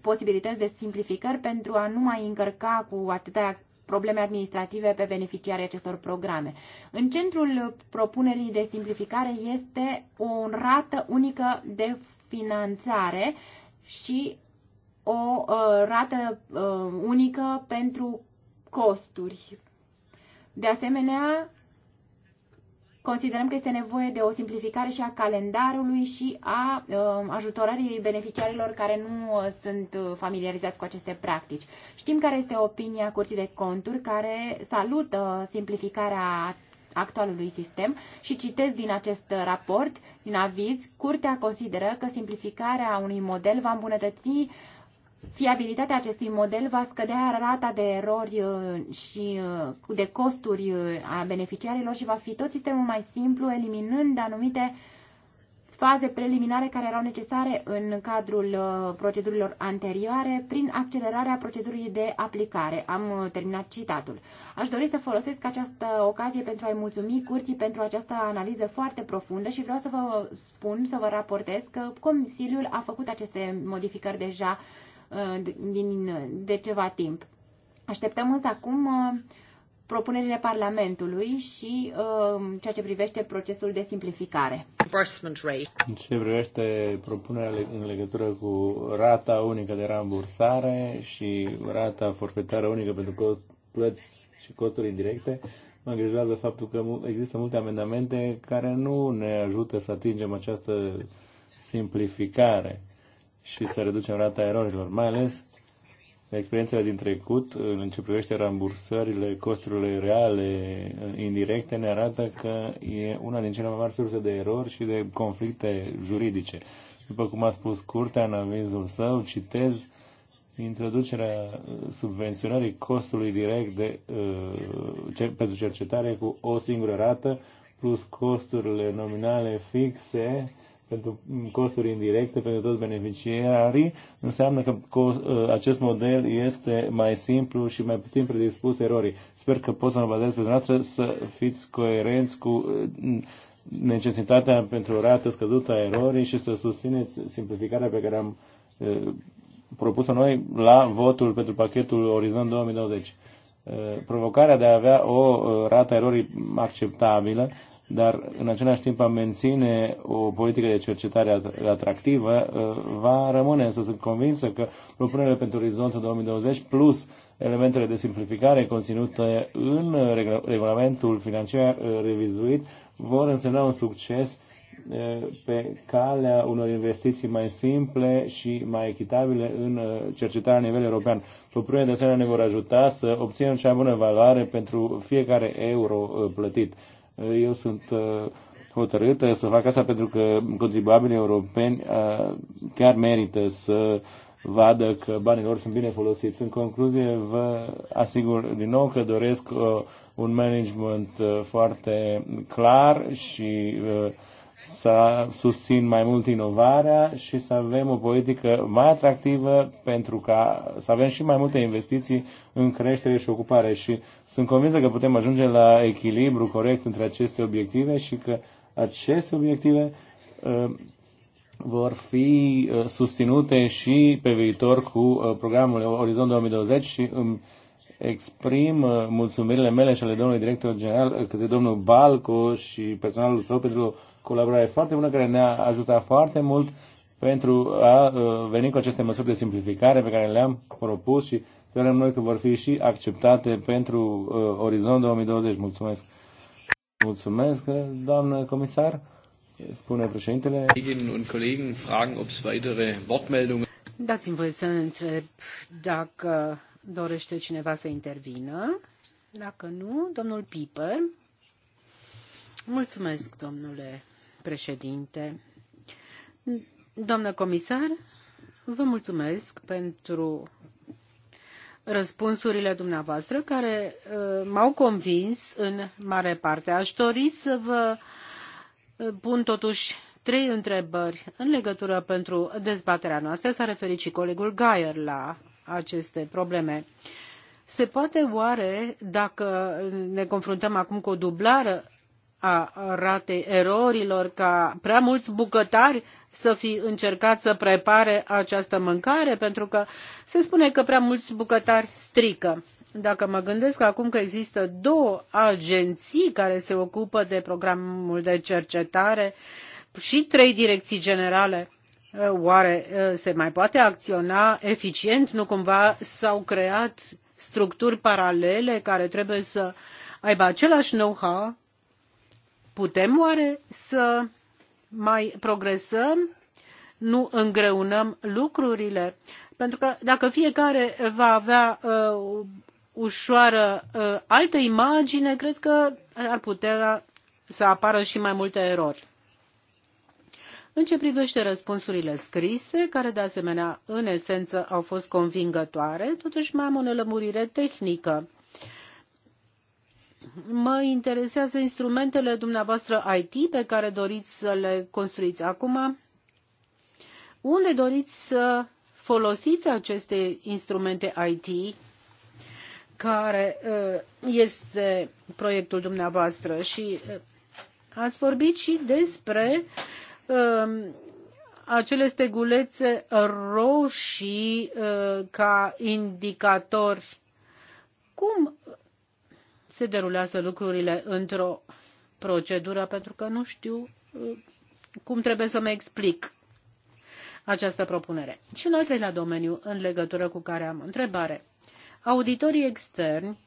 posibilități de simplificări pentru a nu mai încărca cu atâtea probleme administrative pe beneficiarii acestor programe. În centrul propunerii de simplificare este o rată unică de finanțare și o uh, rată uh, unică pentru costuri. De asemenea, Considerăm că este nevoie de o simplificare și a calendarului și a uh, ajutorării beneficiarilor care nu uh, sunt uh, familiarizați cu aceste practici. Știm care este opinia Curții de Conturi, care salută simplificarea actualului sistem și citez din acest raport, din aviz, Curtea consideră că simplificarea unui model va îmbunătăți uh, fiabilitatea acestui model va scădea rata de erori uh, și uh, de costuri uh, a beneficiarilor și va fi tot sistemul mai simplu, eliminând anumite faze preliminare care erau necesare în cadrul procedurilor anterioare prin accelerarea procedurii de aplicare. Am terminat citatul. Aș dori să folosesc această ocazie pentru a-i mulțumi curții pentru această analiză foarte profundă și vreau să vă spun, să vă raportez că Consiliul a făcut aceste modificări deja Uh, din, uh, de ceva timp. Așteptăm însă acum uh, propunerile Parlamentului și ceea ce privește procesul de simplificare. Ce privește propunerea în legătură cu rata unică de rambursare și rata forfetară unică pentru plăți și costuri indirecte, mă îngrijorează faptul că există multe amendamente care nu ne ajută să atingem această simplificare și să reducem rata erorilor, mai ales experiențele din trecut în ce privește rambursările, costurile reale, indirecte, ne arată că e una din cele mai mari surse de erori și de conflicte juridice. După cum a spus Curtea în avizul său, citez, introducerea uh, subvenționării costului direct de, uh, pentru cercetare cu o singură rată plus costurile nominale fixe pentru costuri indirecte, pentru toți beneficiarii, înseamnă că ă, acest model este mai simplu și mai puțin predispus erorii. Sper că pot să mă bazez pe dumneavoastră să fiți coerenți cu ă, necesitatea pentru o rată scăzută a erorii și să susțineți simplificarea pe care am ă, propus-o noi la votul pentru pachetul Orizont 2020. Provocarea de a avea o rată erorii acceptabilă dar în același timp a menține o politică de cercetare atractivă uh, va rămâne, însă sunt convinsă că propunerile pentru orizontul 2020 plus elementele de simplificare conținute în regulamentul financiar uh, revizuit vor însemna un succes uh, pe calea unor investiții mai simple și mai echitabile în cercetarea la nivel european. Propunerile de asemenea ne vor ajuta să obținem cea bună valoare pentru fiecare euro plătit. Eu sunt uh, hotărâtă să fac asta pentru că contribuabilii europeni uh, chiar merită să vadă că banii lor sunt bine folosiți. În concluzie, vă asigur din nou că doresc uh, un management foarte clar și să susțin mai mult inovarea și să avem o politică mai atractivă pentru ca să avem și mai multe investiții în creștere și ocupare. Și sunt convins că putem ajunge la echilibru corect între aceste obiective și că aceste obiective uh, vor fi uh, susținute și pe viitor cu uh, programul Orizont 2020 și îmi exprim mulțumirile mele și ale domnului director general către domnul Balco și personalul său pentru colaborare foarte bună care ne-a ajutat foarte mult pentru a uh, veni cu aceste măsuri de simplificare pe care le-am propus și sperăm noi că vor fi și acceptate pentru uh, Orizont 2020. Mulțumesc! Mulțumesc, doamnă comisar, spune președintele. Dați-mi voie să întreb dacă dorește cineva să intervină. Dacă nu, domnul Piper. Mulțumesc, domnule președinte. Doamnă comisar, vă mulțumesc pentru răspunsurile dumneavoastră care uh, m-au convins în mare parte. Aș dori să vă uh, pun totuși trei întrebări în legătură pentru dezbaterea noastră. S-a referit și colegul Gaier la aceste probleme. Se poate oare, dacă ne confruntăm acum cu o dublare a ratei erorilor, ca prea mulți bucătari să fi încercat să prepare această mâncare, pentru că se spune că prea mulți bucătari strică. Dacă mă gândesc acum că există două agenții care se ocupă de programul de cercetare și trei direcții generale, oare se mai poate acționa eficient? Nu cumva s-au creat structuri paralele care trebuie să aibă același know-how Putem oare să mai progresăm? Nu îngreunăm lucrurile? Pentru că dacă fiecare va avea uh, ușoară uh, altă imagine, cred că ar putea să apară și mai multe erori. În ce privește răspunsurile scrise, care de asemenea în esență au fost convingătoare, totuși mai am o nelămurire tehnică mă interesează instrumentele dumneavoastră IT pe care doriți să le construiți acum. Unde doriți să folosiți aceste instrumente IT care uh, este proiectul dumneavoastră și uh, ați vorbit și despre uh, acele stegulețe roșii ca indicatori. Cum se derulează lucrurile într-o procedură pentru că nu știu uh, cum trebuie să mă explic această propunere. Și în al treilea domeniu în legătură cu care am întrebare. Auditorii externi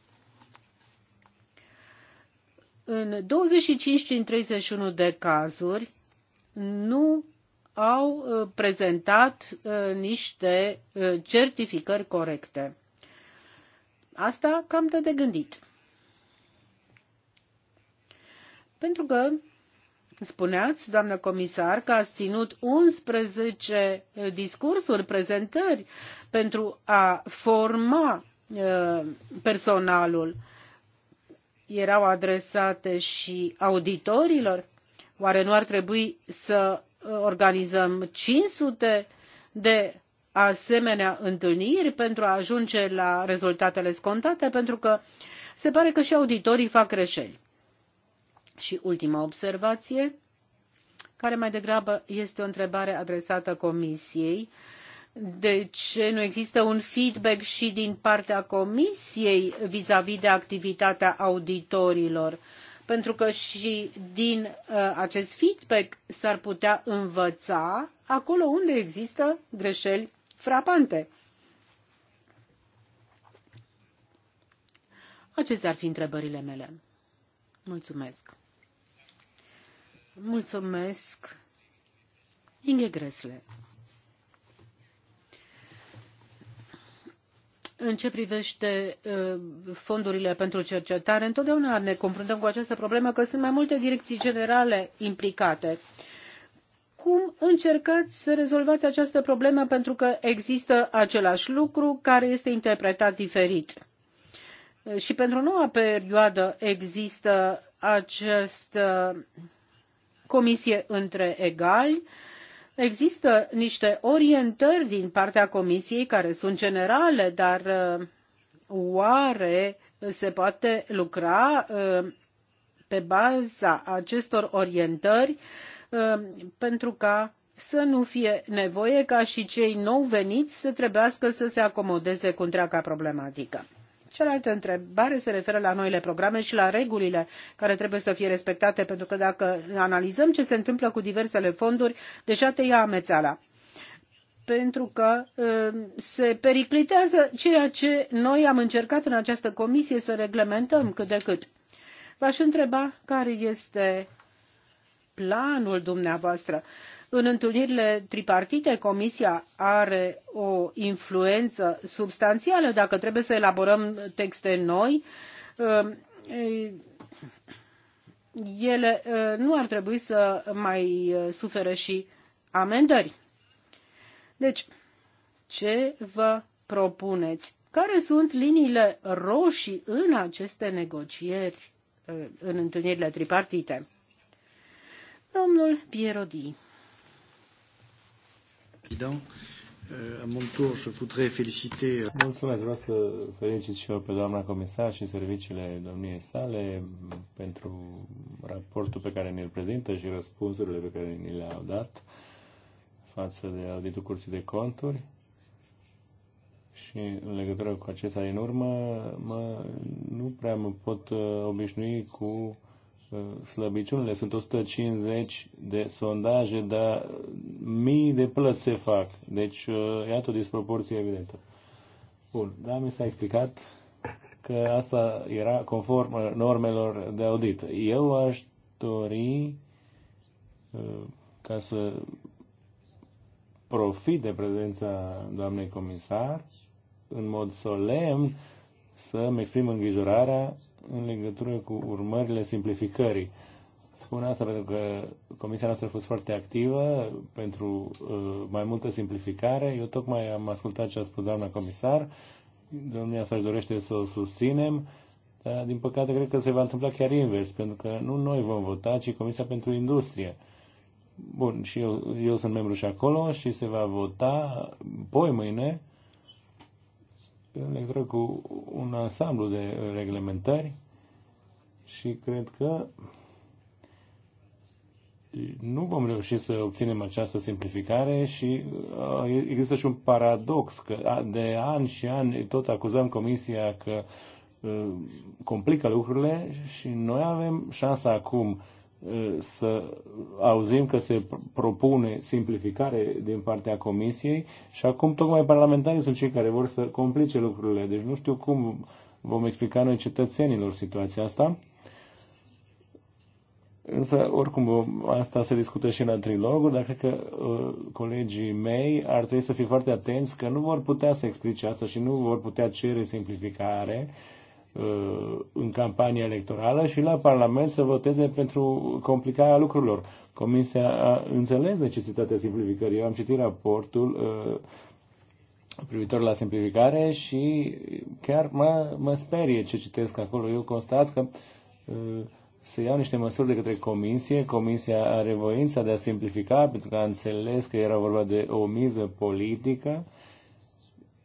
în 25 din 31 de cazuri nu au uh, prezentat uh, niște certificări corecte. Asta cam de gândit. Pentru că spuneați, doamnă comisar, că ați ținut 11 eh, discursuri, prezentări pentru a forma eh, personalul. Erau adresate și auditorilor. Oare nu ar trebui să eh, organizăm 500 de asemenea întâlniri pentru a ajunge la rezultatele scontate, pentru că se pare că și auditorii fac greșeli. Și ultima observație, care mai degrabă este o întrebare adresată Comisiei. De ce nu există un feedback și din partea Comisiei vis-a-vis -vis de activitatea auditorilor? Pentru că și din uh, acest feedback s-ar putea învăța acolo unde există greșeli frapante. Acestea ar fi întrebările mele. Mulțumesc. Mulțumesc. în ce privește uh, fondurile pentru cercetare întotdeauna ne confruntăm cu această problemă că sunt mai multe direcții generale implicate. Cum încercați să rezolvați această problemă pentru că există același lucru care este interpretat diferit? Și pentru noua perioadă există această uh, comisie între egali. Există niște orientări din partea comisiei care sunt generale, dar uh, oare se poate lucra uh, pe baza acestor orientări uh, pentru ca să nu fie nevoie ca și cei nou veniți să trebuiască să se acomodeze cu întreaga problematică. Cealaltă întrebare se referă la noile programe și la regulile care trebuie să fie respectate, pentru că dacă analizăm ce se întâmplă cu diversele fonduri, deja te ia amețeala pentru că um, se periclitează ceea ce noi am încercat în această comisie să reglementăm cât de cât. V-aș întreba care este planul dumneavoastră. În întâlnirile tripartite, Comisia are o influență substanțială dacă trebuie să elaborăm texte noi. Uh, ele uh, nu ar trebui să mai uh, sufere și amendări. Deci, ce vă propuneți? Care sunt liniile roșii în aceste negocieri, în întâlnirile tripartite? Domnul Pierodi. Président. Euh, à mon tour, je voudrais féliciter... Euh, Mulțumesc, vreau să felicit și eu pe doamna comisar și serviciile domniei sale pentru raportul pe care ne-l prezintă și răspunsurile pe care ni le-au dat față de auditul Curții de Conturi. Și în legătură cu acesta din urmă, mă, nu prea mă pot uh, obișnui cu slăbiciunile sunt 150 de sondaje, dar mii de plăți se fac. Deci, uh, iată o disproporție evidentă. Bun, dar mi s-a explicat că asta era conform uh, normelor de audit. Eu aș dori uh, ca să profit de prezența doamnei comisar în mod solemn să-mi exprim îngrijorarea în legătură cu urmările simplificării. Spun asta pentru că comisia noastră a fost foarte activă pentru uh, mai multă simplificare. Eu tocmai am ascultat ce a spus doamna comisar. Domnia sa își dorește să o susținem. Dar, din păcate, cred că se va întâmpla chiar invers, pentru că nu noi vom vota, ci Comisia pentru Industrie. Bun, și eu, eu sunt membru și acolo și se va vota poi mâine în legătură cu un ansamblu de reglementări și cred că nu vom reuși să obținem această simplificare și uh, există și un paradox că de ani și ani tot acuzăm Comisia că uh, complică lucrurile și noi avem șansa acum Eh, să auzim că se propune simplificare din partea Comisiei și acum tocmai parlamentarii sunt cei care vor să complice lucrurile. Deci nu știu cum vom explica noi cetățenilor situația asta. Însă, oricum, asta se discută și în triloguri, dar cred că uh, colegii mei ar trebui să fie foarte atenți că nu vor putea să explice asta și nu vor putea cere simplificare uh, Uh, în campania electorală și la Parlament să voteze pentru complicarea lucrurilor. Comisia a înțeles necesitatea simplificării. Eu am citit raportul uh, privitor la simplificare și chiar mă, mă sperie ce citesc acolo. Eu constat că uh, se iau niște măsuri de către comisie. Comisia are voința de a simplifica pentru că a înțeles că era vorba de o miză politică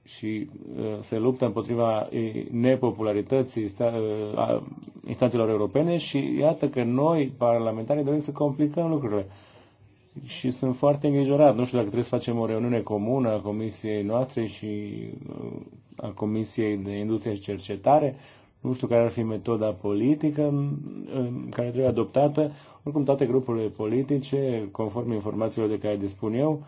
și uh, se luptă împotriva nepopularității uh, instanțelor europene și iată că noi, parlamentarii, dorim să complicăm lucrurile. Și sunt foarte îngrijorat. Nu știu dacă trebuie să facem o reuniune comună a Comisiei noastre și uh, a Comisiei de Industrie și Cercetare. Nu știu care ar fi metoda politică care trebuie adoptată. Oricum, toate grupurile politice, conform informațiilor de care dispun eu,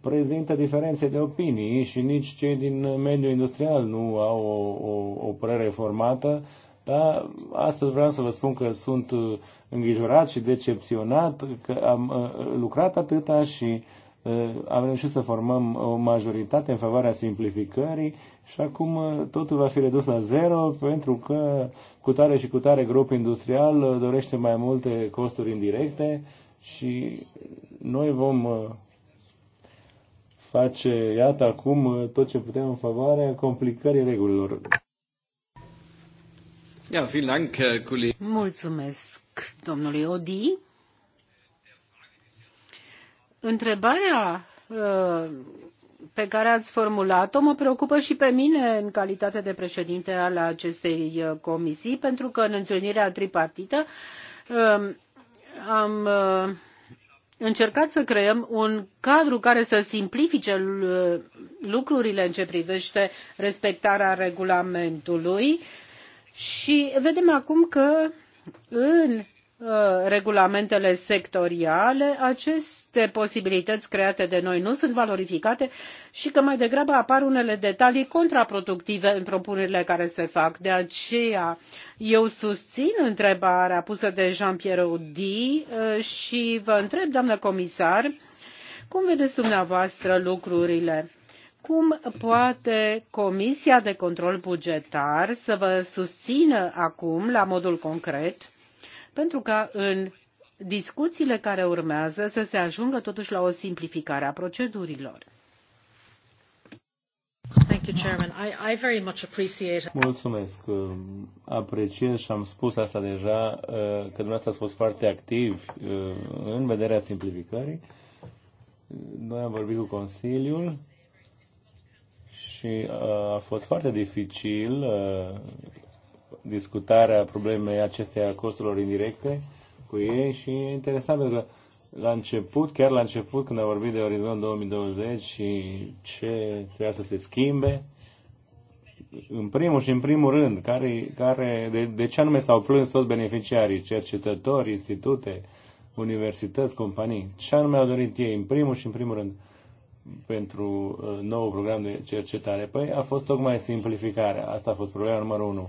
prezintă diferențe de opinii și nici cei din mediul industrial nu au o, o, o părere formată, dar astăzi vreau să vă spun că sunt uh, îngrijorat și decepționat că am uh, lucrat atâta și uh, am reușit să formăm o majoritate în favoarea simplificării și acum totul va fi redus la zero pentru că cu tare și cu tare grup industrial dorește mai multe costuri indirecte și noi vom face, iată, acum uh, tot ce putem în favoarea complicării regulilor. Mulțumesc, domnului Odi. Întrebarea uh, pe care ați formulat-o mă preocupă și pe mine în calitate de președinte al acestei uh, comisii, pentru că în întâlnirea tripartită am încercat să creăm un cadru care să simplifice uh, lucrurile în ce privește respectarea regulamentului și vedem acum că în Uh, regulamentele sectoriale, aceste posibilități create de noi nu sunt valorificate și că mai degrabă apar unele detalii contraproductive în propunerile care se fac. De aceea eu susțin întrebarea pusă de Jean-Pierre Audi uh, și vă întreb, doamnă comisar, cum vedeți dumneavoastră lucrurile? Cum poate Comisia de Control Bugetar să vă susțină acum la modul concret pentru ca în discuțiile care urmează să se ajungă totuși la o simplificare a procedurilor. Mulțumesc. Uh, apreciez și am spus asta deja, uh, că dumneavoastră ați fost foarte activ uh, în vederea simplificării. Noi am vorbit cu Consiliul și a fost foarte dificil discutarea problemei acesteia costurilor indirecte cu ei și e interesant pentru că la început, chiar la început, când am vorbit de Orizont 2020 și ce trebuia să se schimbe, în primul și în primul rând, care, care, de, de ce anume s-au plâns toți beneficiarii, cercetători, institute, universități, companii, ce anume au dorit ei, în primul și în primul rând, pentru uh, nou program de cercetare? Păi a fost tocmai simplificarea, asta a fost problema numărul unu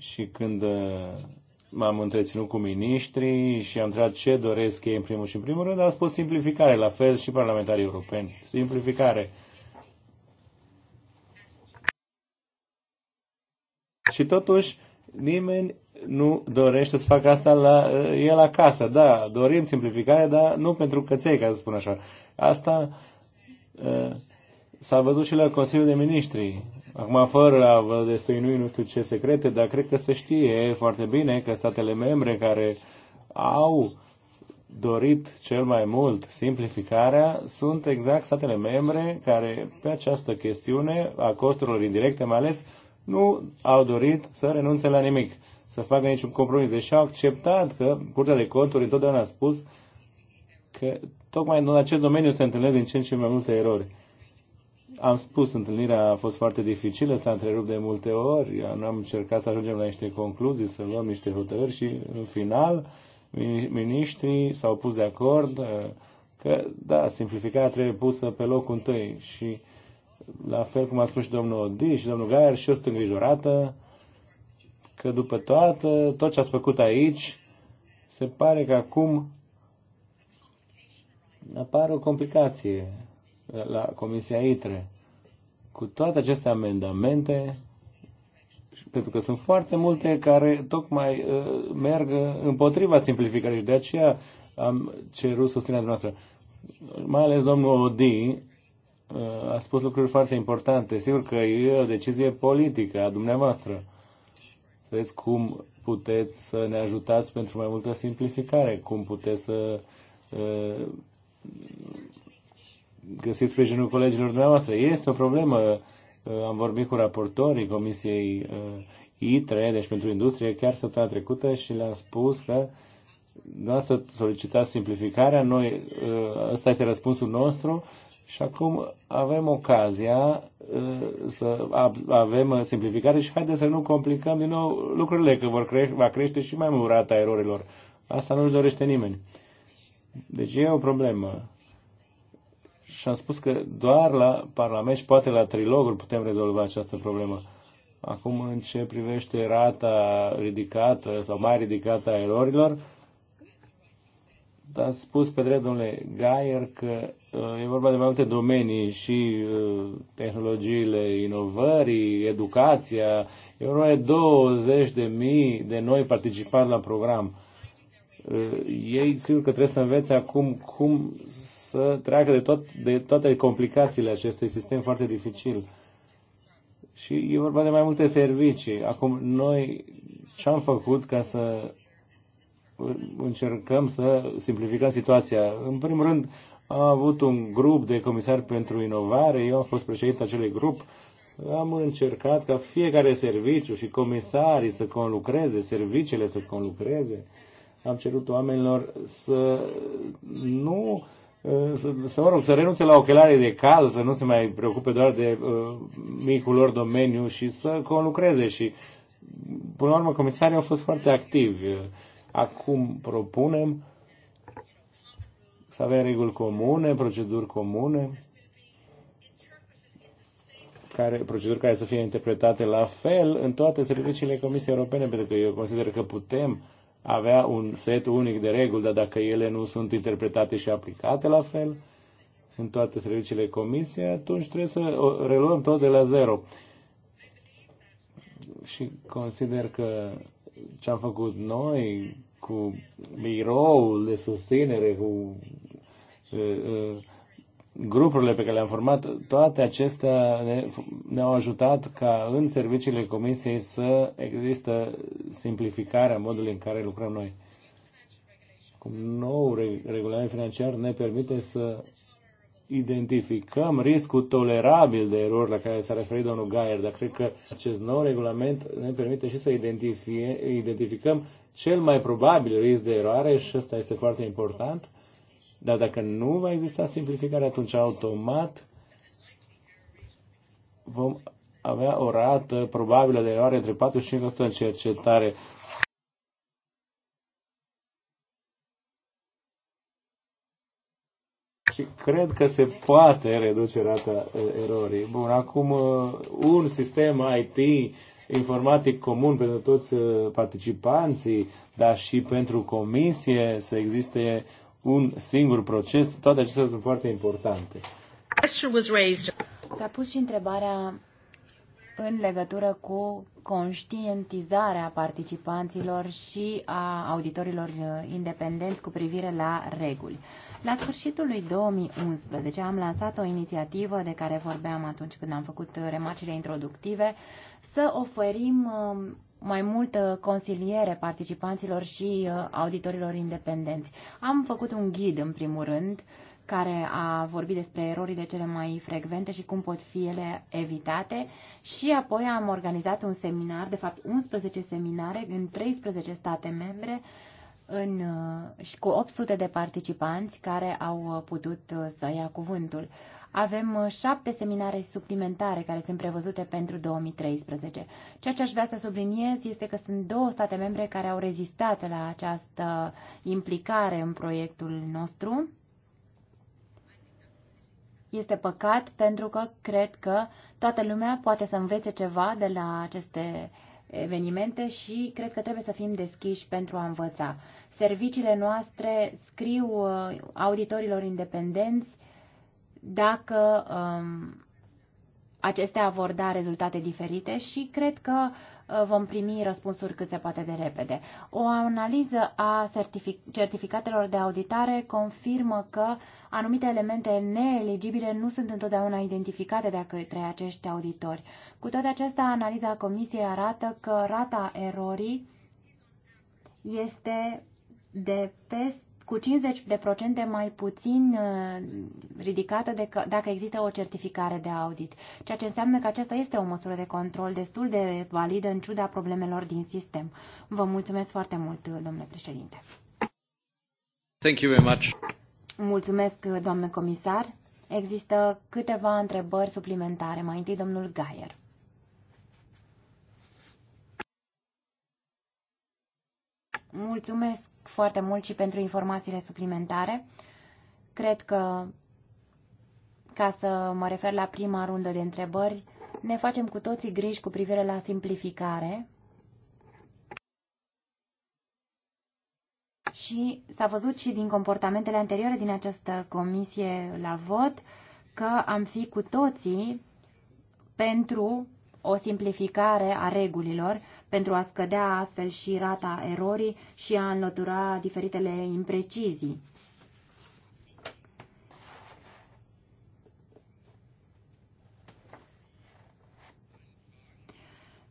și când uh, m-am întreținut cu miniștrii și am întrebat ce doresc ei în primul și în primul rând, au spus simplificare, la fel și parlamentarii europeni. Simplificare. Și totuși, nimeni nu dorește să facă asta la uh, el acasă. Da, dorim simplificare, dar nu pentru căței, ca să spun așa. Asta uh, s-a văzut și la Consiliul de Ministri. Acum, fără a vă destăinui nu știu ce secrete, dar cred că se știe foarte bine că statele membre care au dorit cel mai mult simplificarea sunt exact statele membre care pe această chestiune a costurilor indirecte mai ales nu au dorit să renunțe la nimic, să facă niciun compromis, deși au acceptat că Curtea de Conturi întotdeauna a spus că tocmai în acest domeniu se întâlnesc din ce în ce mai multe erori am spus, întâlnirea a fost foarte dificilă, s-a întrerupt de multe ori, noi am încercat să ajungem la niște concluzii, să luăm niște hotărâri și în final miniștrii s-au pus de acord uh, că, da, simplificarea trebuie pusă pe locul întâi și la fel cum a spus și domnul Odi și domnul Gaier, și eu sunt îngrijorată că după toată, tot ce ați făcut aici, se pare că acum apare o complicație la Comisia ITRE. Cu toate aceste amendamente, pentru că sunt foarte multe care tocmai uh, merg împotriva simplificării și de aceea am cerut susținerea noastră. Mai ales domnul Odi uh, a spus lucruri foarte importante. Sigur că e o decizie politică a dumneavoastră. Să vedeți cum puteți să ne ajutați pentru mai multă simplificare, cum puteți să uh, găsiți sprijinul colegilor dumneavoastră. Este o problemă. Uh, am vorbit cu raportorii Comisiei uh, ITRE, deci pentru industrie, chiar săptămâna trecută și le-am spus că noastră solicitați simplificarea, noi, uh, ăsta este răspunsul nostru și acum avem ocazia să avem simplificare și haideți să nu complicăm din nou lucrurile, că vor crește, va crește și mai mult rata erorilor. Asta nu-și dorește nimeni. Deci e o problemă și am spus că doar la Parlament și poate la triloguri putem rezolva această problemă. Acum, în ce privește rata ridicată sau mai ridicată a erorilor, a spus pe drept, domnule Gaier, că uh, e vorba de mai multe domenii și uh, tehnologiile inovării, educația. E vorba de 20.000 de mii de noi participanți la program. Eh, ei sigur că trebuie să învețe acum cum să treacă de, tot, de toate complicațiile acestui sistem foarte dificil. Și e vorba de mai multe servicii. Acum, noi ce am făcut ca să încercăm să simplificăm situația? În primul rând, am avut un grup de comisari pentru inovare, eu am fost președinte acelui grup, am încercat ca fiecare serviciu și comisarii să conlucreze, serviciile să conlucreze. Uh, am cerut oamenilor să nu să, să, mă rog, să renunțe la ochelare de caz, să nu se mai preocupe doar de uh, micul lor domeniu și să conlucreze și până la urmă comisarii au fost foarte activi. Acum propunem să avem reguli comune, proceduri comune, care, proceduri care să fie interpretate la fel în toate serviciile Comisiei Europene, pentru că eu consider că putem uh, avea un set unic de reguli, dar dacă ele nu sunt interpretate și aplicate la fel în toate serviciile comisiei, atunci trebuie să o reluăm tot de la zero. Și consider că ce am făcut noi cu biroul de susținere, cu uh, uh, grupurile pe care le-am format, toate acestea ne, ne-au ajutat ca în serviciile Comisiei să există simplificarea modului în care lucrăm noi. Cum nou regulament financiar ne permite să identificăm riscul tolerabil de erori la care s-a referit domnul Gaier, dar cred că acest nou regulament ne permite și să identificăm cel mai probabil risc de eroare și ăsta este foarte important dar dacă nu va exista simplificare, atunci automat vom avea o rată probabilă de eroare între 4 și 5% în cercetare. Și cred că se poate reduce rata uh, erorii. Bun, acum uh, un sistem IT informatic comun pentru toți uh, participanții, dar și pentru comisie să existe un singur proces, toate acestea sunt foarte importante. S-a pus și întrebarea în legătură cu conștientizarea participanților și a auditorilor uh, independenți cu privire la reguli. La sfârșitul lui 2011 am lansat o inițiativă de care vorbeam atunci când am făcut uh, remarcile introductive, să oferim um, mai multă consiliere participanților și uh, auditorilor independenți. Am făcut un ghid, în primul rând, care a vorbit despre erorile cele mai frecvente și cum pot fi ele evitate și apoi am organizat un seminar, de fapt 11 seminare în 13 state membre în, uh, și cu 800 de participanți care au uh, putut să ia cuvântul avem uh, șapte seminare suplimentare care sunt prevăzute pentru 2013. Ceea ce aș vrea să subliniez este că sunt două state membre care au rezistat la această implicare în proiectul nostru. Este păcat pentru că cred că toată lumea poate să învețe ceva de la aceste evenimente și cred că trebuie să fim deschiși pentru a învăța. Serviciile noastre scriu uh, auditorilor independenți dacă um, acestea vor da rezultate diferite și cred că uh, vom primi răspunsuri cât se poate de repede. O analiză a certific- certificatelor de auditare confirmă că anumite elemente neeligibile nu sunt întotdeauna identificate de către acești auditori. Cu toate acestea, analiza comisiei arată că rata erorii este de peste cu 50% mai puțin uh, ridicată dacă există o certificare de audit, ceea ce înseamnă că aceasta este o măsură de control destul de validă în ciuda problemelor din sistem. Vă mulțumesc foarte mult, uh, domnule președinte. Thank you very much. Mulțumesc, uh, doamnă comisar. Există câteva întrebări suplimentare. Mai întâi, domnul Gaier. Mulțumesc, foarte mult și pentru informațiile suplimentare. Cred că, ca să mă refer la prima rundă de întrebări, ne facem cu toții griji cu privire la simplificare și s-a văzut și din comportamentele anterioare din această comisie la vot că am fi cu toții pentru o simplificare a regulilor pentru a scădea astfel și rata erorii și a înlătura diferitele imprecizii.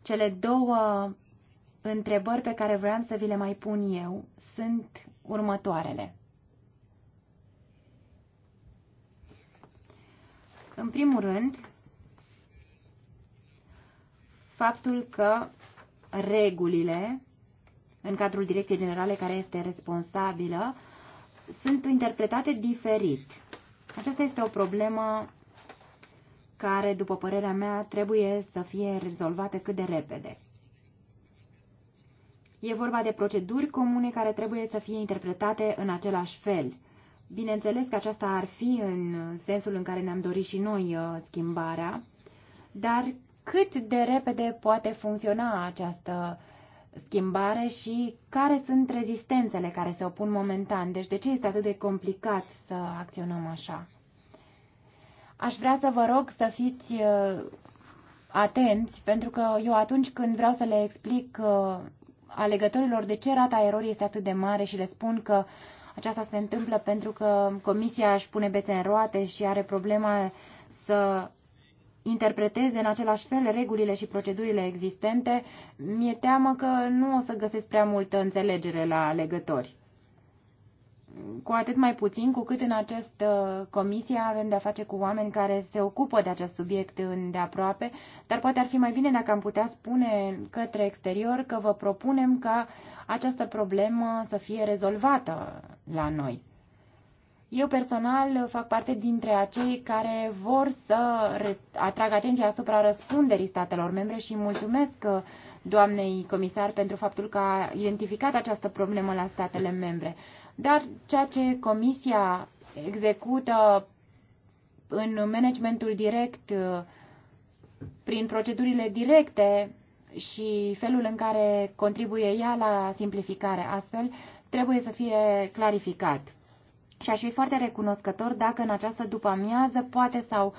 Cele două întrebări pe care vreau să vi le mai pun eu sunt următoarele. În primul rând, faptul că regulile în cadrul Direcției Generale care este responsabilă sunt interpretate diferit. Aceasta este o problemă care, după părerea mea, trebuie să fie rezolvată cât de repede. E vorba de proceduri comune care trebuie să fie interpretate în același fel. Bineînțeles că aceasta ar fi în sensul în care ne-am dorit și noi uh, schimbarea, dar cât de repede poate funcționa această schimbare și care sunt rezistențele care se opun momentan. Deci de ce este atât de complicat să acționăm așa? Aș vrea să vă rog să fiți uh, atenți, pentru că eu atunci când vreau să le explic uh, alegătorilor de ce rata erorii este atât de mare și le spun că aceasta se întâmplă pentru că comisia își pune bețe în roate și are problema să interpreteze în același fel regulile și procedurile existente, mi-e teamă că nu o să găsesc prea multă înțelegere la legători. Cu atât mai puțin cu cât în această comisie avem de-a face cu oameni care se ocupă de acest subiect îndeaproape, dar poate ar fi mai bine dacă am putea spune către exterior că vă propunem ca această problemă să fie rezolvată la noi. Eu personal fac parte dintre acei care vor să atrag atenția asupra răspunderii statelor membre și mulțumesc uh, doamnei comisar pentru faptul că a identificat această problemă la statele membre. Dar ceea ce comisia execută în managementul direct, uh, prin procedurile directe și felul în care contribuie ea la simplificare astfel, trebuie să fie clarificat. Și aș fi foarte recunoscător dacă în această după-amiază, poate sau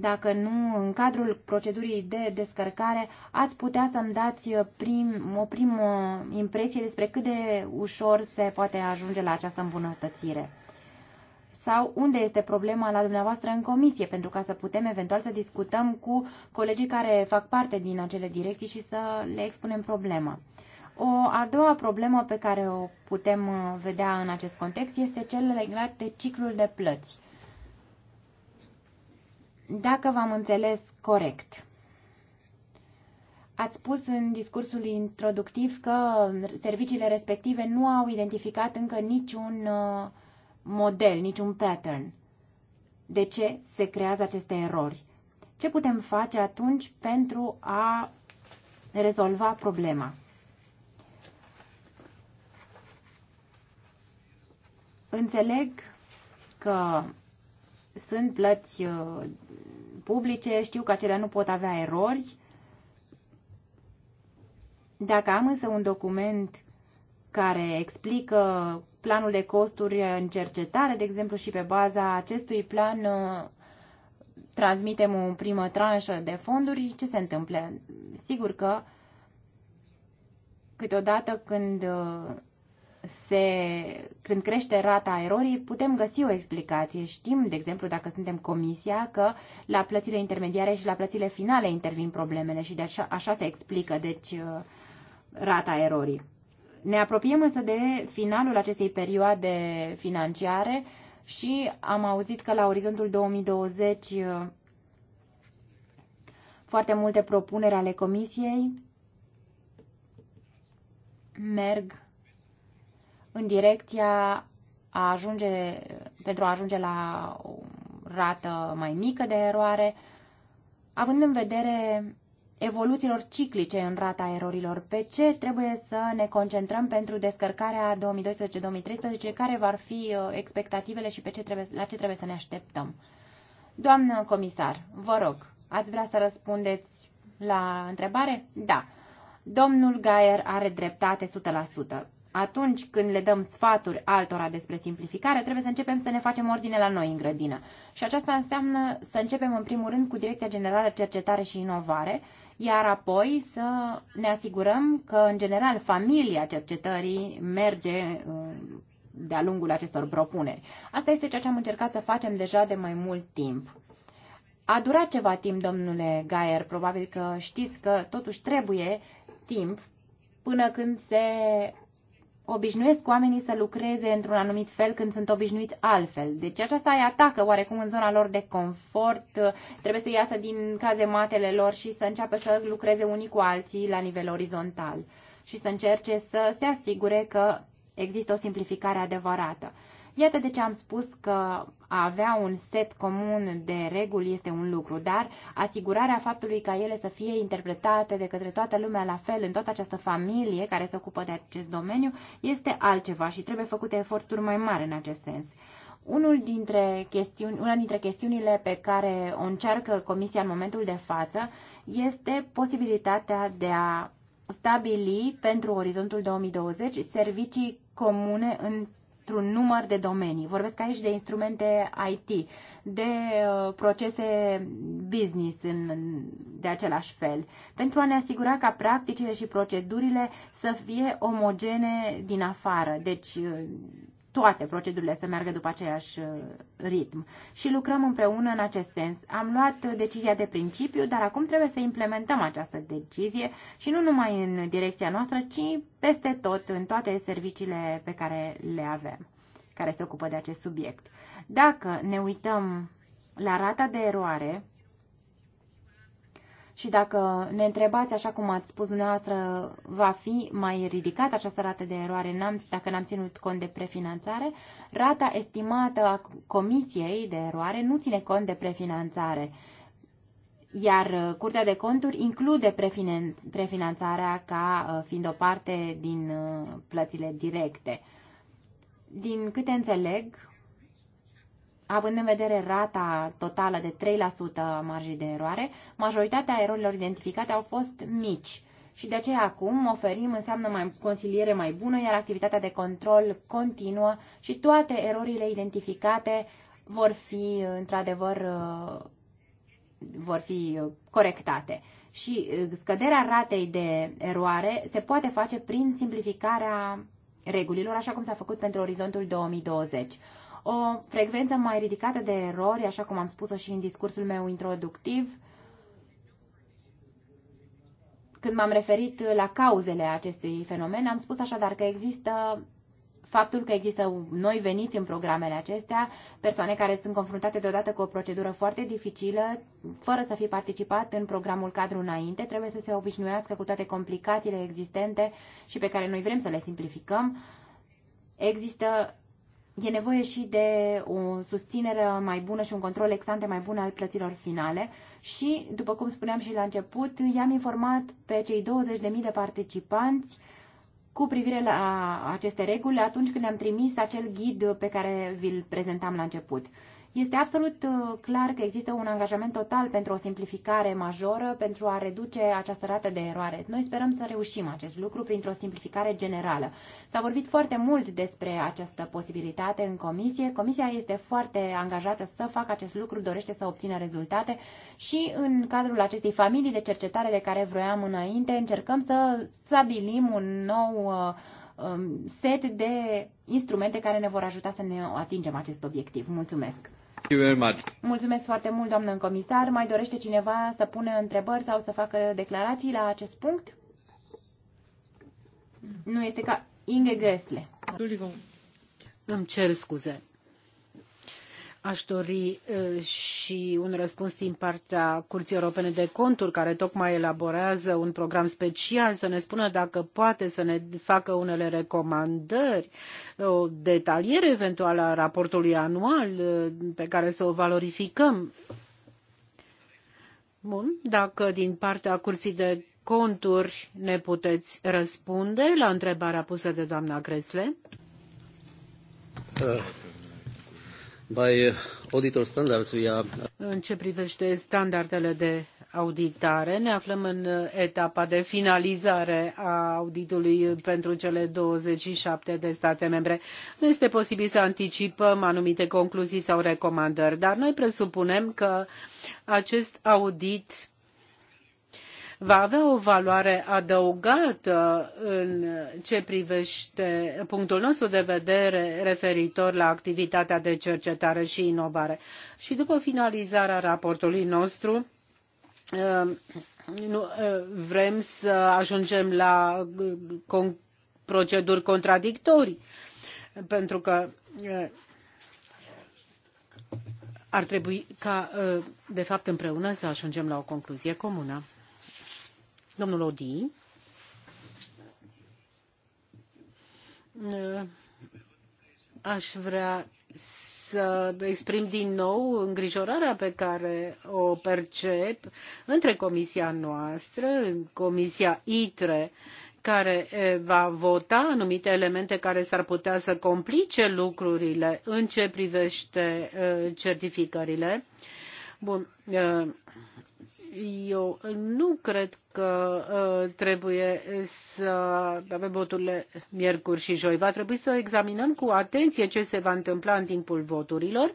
dacă nu, în cadrul procedurii de descărcare, ați putea să-mi dați uh, prim, o primă impresie despre cât de ușor se poate ajunge la această îmbunătățire. Sau unde este problema la dumneavoastră în comisie, pentru ca să putem eventual să discutăm cu colegii care fac parte din acele direcții și să le expunem problema. O a doua problemă pe care o putem uh, vedea în acest context este cel legat de ciclul de plăți. Dacă v-am înțeles corect, ați spus în discursul introductiv că serviciile respective nu au identificat încă niciun uh, model, niciun pattern. De ce se creează aceste erori? Ce putem face atunci pentru a rezolva problema? Înțeleg că sunt plăți uh, publice, știu că acelea nu pot avea erori. Dacă am însă un document care explică planul de costuri în cercetare, de exemplu, și pe baza acestui plan uh, transmitem o primă tranșă de fonduri, ce se întâmplă? Sigur că câteodată când uh, se, când crește rata erorii, putem găsi o explicație. Știm, de exemplu, dacă suntem comisia, că la plățile intermediare și la plățile finale intervin problemele și de așa, așa se explică, deci, uh, rata erorii. Ne apropiem însă de finalul acestei perioade financiare și am auzit că la orizontul 2020 uh, foarte multe propuneri ale comisiei merg în direcția a ajunge, pentru a ajunge la o rată mai mică de eroare, având în vedere evoluțiilor ciclice în rata erorilor, pe ce trebuie să ne concentrăm pentru descărcarea 2012-2013, care vor fi uh, expectativele și pe ce trebuie, la ce trebuie să ne așteptăm. Doamnă comisar, vă rog, ați vrea să răspundeți la întrebare? Da. Domnul Gaier are dreptate 100% atunci când le dăm sfaturi altora despre simplificare, trebuie să începem să ne facem ordine la noi în grădină. Și aceasta înseamnă să începem în primul rând cu Direcția Generală Cercetare și Inovare, iar apoi să ne asigurăm că, în general, familia cercetării merge uh, de-a lungul acestor propuneri. Asta este ceea ce am încercat să facem deja de mai mult timp. A durat ceva timp, domnule Gaier, probabil că știți că totuși trebuie timp până când se obișnuiesc oamenii să lucreze într-un anumit fel când sunt obișnuiți altfel. Deci aceasta îi atacă oarecum în zona lor de confort, trebuie să iasă din cazematele lor și să înceapă să lucreze unii cu alții la nivel orizontal și să încerce să se asigure că există o simplificare adevărată. Iată de ce am spus că a avea un set comun de reguli este un lucru, dar asigurarea faptului ca ele să fie interpretate de către toată lumea la fel în toată această familie care se ocupă de acest domeniu este altceva și trebuie făcute eforturi mai mari în acest sens. Unul dintre chestiuni, una dintre chestiunile pe care o încearcă Comisia în momentul de față este posibilitatea de a stabili pentru orizontul 2020 servicii comune în într-un număr de domenii. Vorbesc aici de instrumente IT, de uh, procese business în, de același fel, pentru a ne asigura ca practicile și procedurile să fie omogene din afară. Deci uh, toate procedurile să meargă după aceeași uh, ritm. Și lucrăm împreună în acest sens. Am luat decizia de principiu, dar acum trebuie să implementăm această decizie și nu numai în direcția noastră, ci peste tot, în toate serviciile pe care le avem, care se ocupă de acest subiect. Dacă ne uităm la rata de eroare, și dacă ne întrebați, așa cum ați spus dumneavoastră, va fi mai ridicat această rată de eroare n-am, dacă n-am ținut cont de prefinanțare, rata estimată a comisiei de eroare nu ține cont de prefinanțare. Iar uh, Curtea de Conturi include prefinanțarea ca uh, fiind o parte din uh, plățile directe. Din câte înțeleg, având în vedere rata totală de 3% marjii de eroare, majoritatea erorilor identificate au fost mici și de aceea acum oferim înseamnă mai, consiliere mai bună, iar activitatea de control continuă și toate erorile identificate vor fi într-adevăr vor fi corectate. Și uh, scăderea ratei de eroare se poate face prin simplificarea regulilor, așa cum s-a făcut pentru orizontul 2020 o frecvență mai ridicată de erori, așa cum am spus-o și în discursul meu introductiv, când m-am referit la cauzele acestui fenomen, am spus așadar că există faptul că există noi veniți în programele acestea, persoane care sunt confruntate deodată cu o procedură foarte dificilă, fără să fi participat în programul cadru înainte, trebuie să se obișnuiască cu toate complicațiile existente și pe care noi vrem să le simplificăm. Există E nevoie și de o susținere mai bună și un control exante mai bun al plăților finale și, după cum spuneam și la început, i-am informat pe cei 20.000 de participanți cu privire la aceste reguli atunci când le-am trimis acel ghid pe care vi-l prezentam la început. Este absolut uh, clar că există un angajament total pentru o simplificare majoră, pentru a reduce această rată de eroare. Noi sperăm să reușim acest lucru printr-o simplificare generală. S-a vorbit foarte mult despre această posibilitate în comisie. Comisia este foarte angajată să facă acest lucru, dorește să obțină rezultate și în cadrul acestei familii de cercetare de care vroiam înainte, încercăm să stabilim un nou uh, um, set de instrumente care ne vor ajuta să ne atingem acest obiectiv. Mulțumesc! Mulțumesc foarte mult, doamnă comisar. Mai dorește cineva să pună întrebări sau să facă declarații la acest punct? Nu este ca Inge Gresle. Îmi cer scuze. Aș dori și un răspuns din partea Curții Europene de Conturi, care tocmai elaborează un program special, să ne spună dacă poate să ne facă unele recomandări, o detaliere eventuală a raportului anual pe care să o valorificăm. Bun, dacă din partea Curții de Conturi ne puteți răspunde la întrebarea pusă de doamna Gresle. Uh în ce privește standardele de auditare, ne aflăm în etapa de finalizare a auditului pentru cele 27 de state membre. Nu este posibil să anticipăm anumite concluzii sau recomandări, dar noi presupunem că acest audit va avea o valoare adăugată în ce privește punctul nostru de vedere referitor la activitatea de cercetare și inovare. Și după finalizarea raportului nostru, um, nu, uh, vrem să ajungem la con proceduri contradictorii, pentru că uh, ar trebui ca, uh, de fapt, împreună să ajungem la o concluzie comună. Domnul Odi. Ă, aș vrea să exprim din nou îngrijorarea pe care o percep între comisia noastră, comisia ITRE, care va vota anumite elemente care s-ar putea să complice lucrurile în ce privește certificările. Bun eu nu cred că uh, trebuie să avem voturile miercuri și joi. Va trebui să examinăm cu atenție ce se va întâmpla în timpul voturilor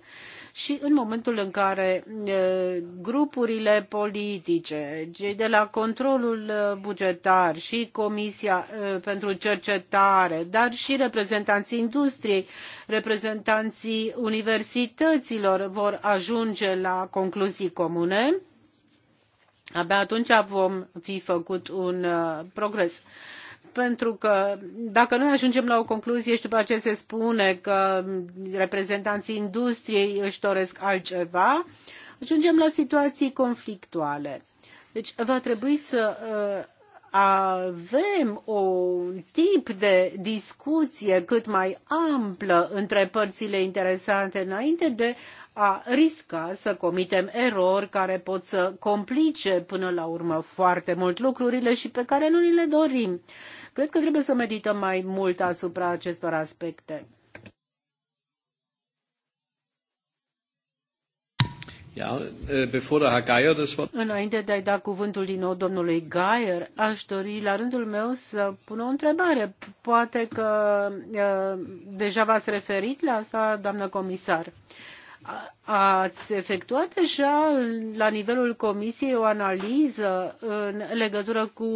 și în momentul în care uh, grupurile politice, cei de la controlul uh, bugetar și Comisia pentru Cercetare, dar și reprezentanții industriei, reprezentanții universităților vor ajunge la concluzii comune abia atunci vom fi făcut un uh, progres pentru că dacă noi ajungem la o concluzie și după aceea se spune că reprezentanții industriei își doresc altceva, ajungem la situații conflictuale. Deci va trebui să uh, avem un tip de discuție cât mai amplă între părțile interesante înainte de a risca să comitem erori care pot să complice până la urmă foarte mult lucrurile și pe care nu ni le dorim. Cred că trebuie să medităm mai mult asupra acestor aspecte. Eh, Înainte de a-i da cuvântul din nou domnului Geier, aș dori la rândul meu să pun o întrebare. Poate că eh, deja v-ați referit la asta, doamnă comisar. Ați efectuat deja la nivelul Comisiei o analiză în legătură cu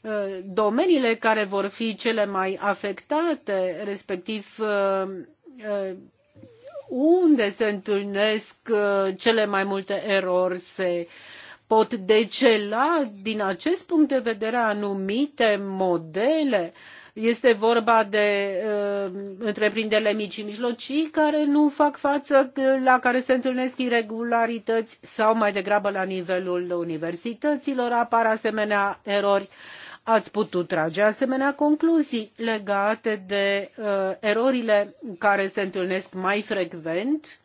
eh, domeniile care vor fi cele mai afectate, respectiv unde se întâlnesc uh, cele mai multe erori, se pot decela din acest punct de vedere anumite modele. Este vorba de uh, întreprinderile mici și mijlocii care nu fac față la care se întâlnesc irregularități sau mai degrabă la nivelul universităților apar asemenea erori. Uh, ați putut trage asemenea concluzii legate de uh, erorile care se întâlnesc mai frecvent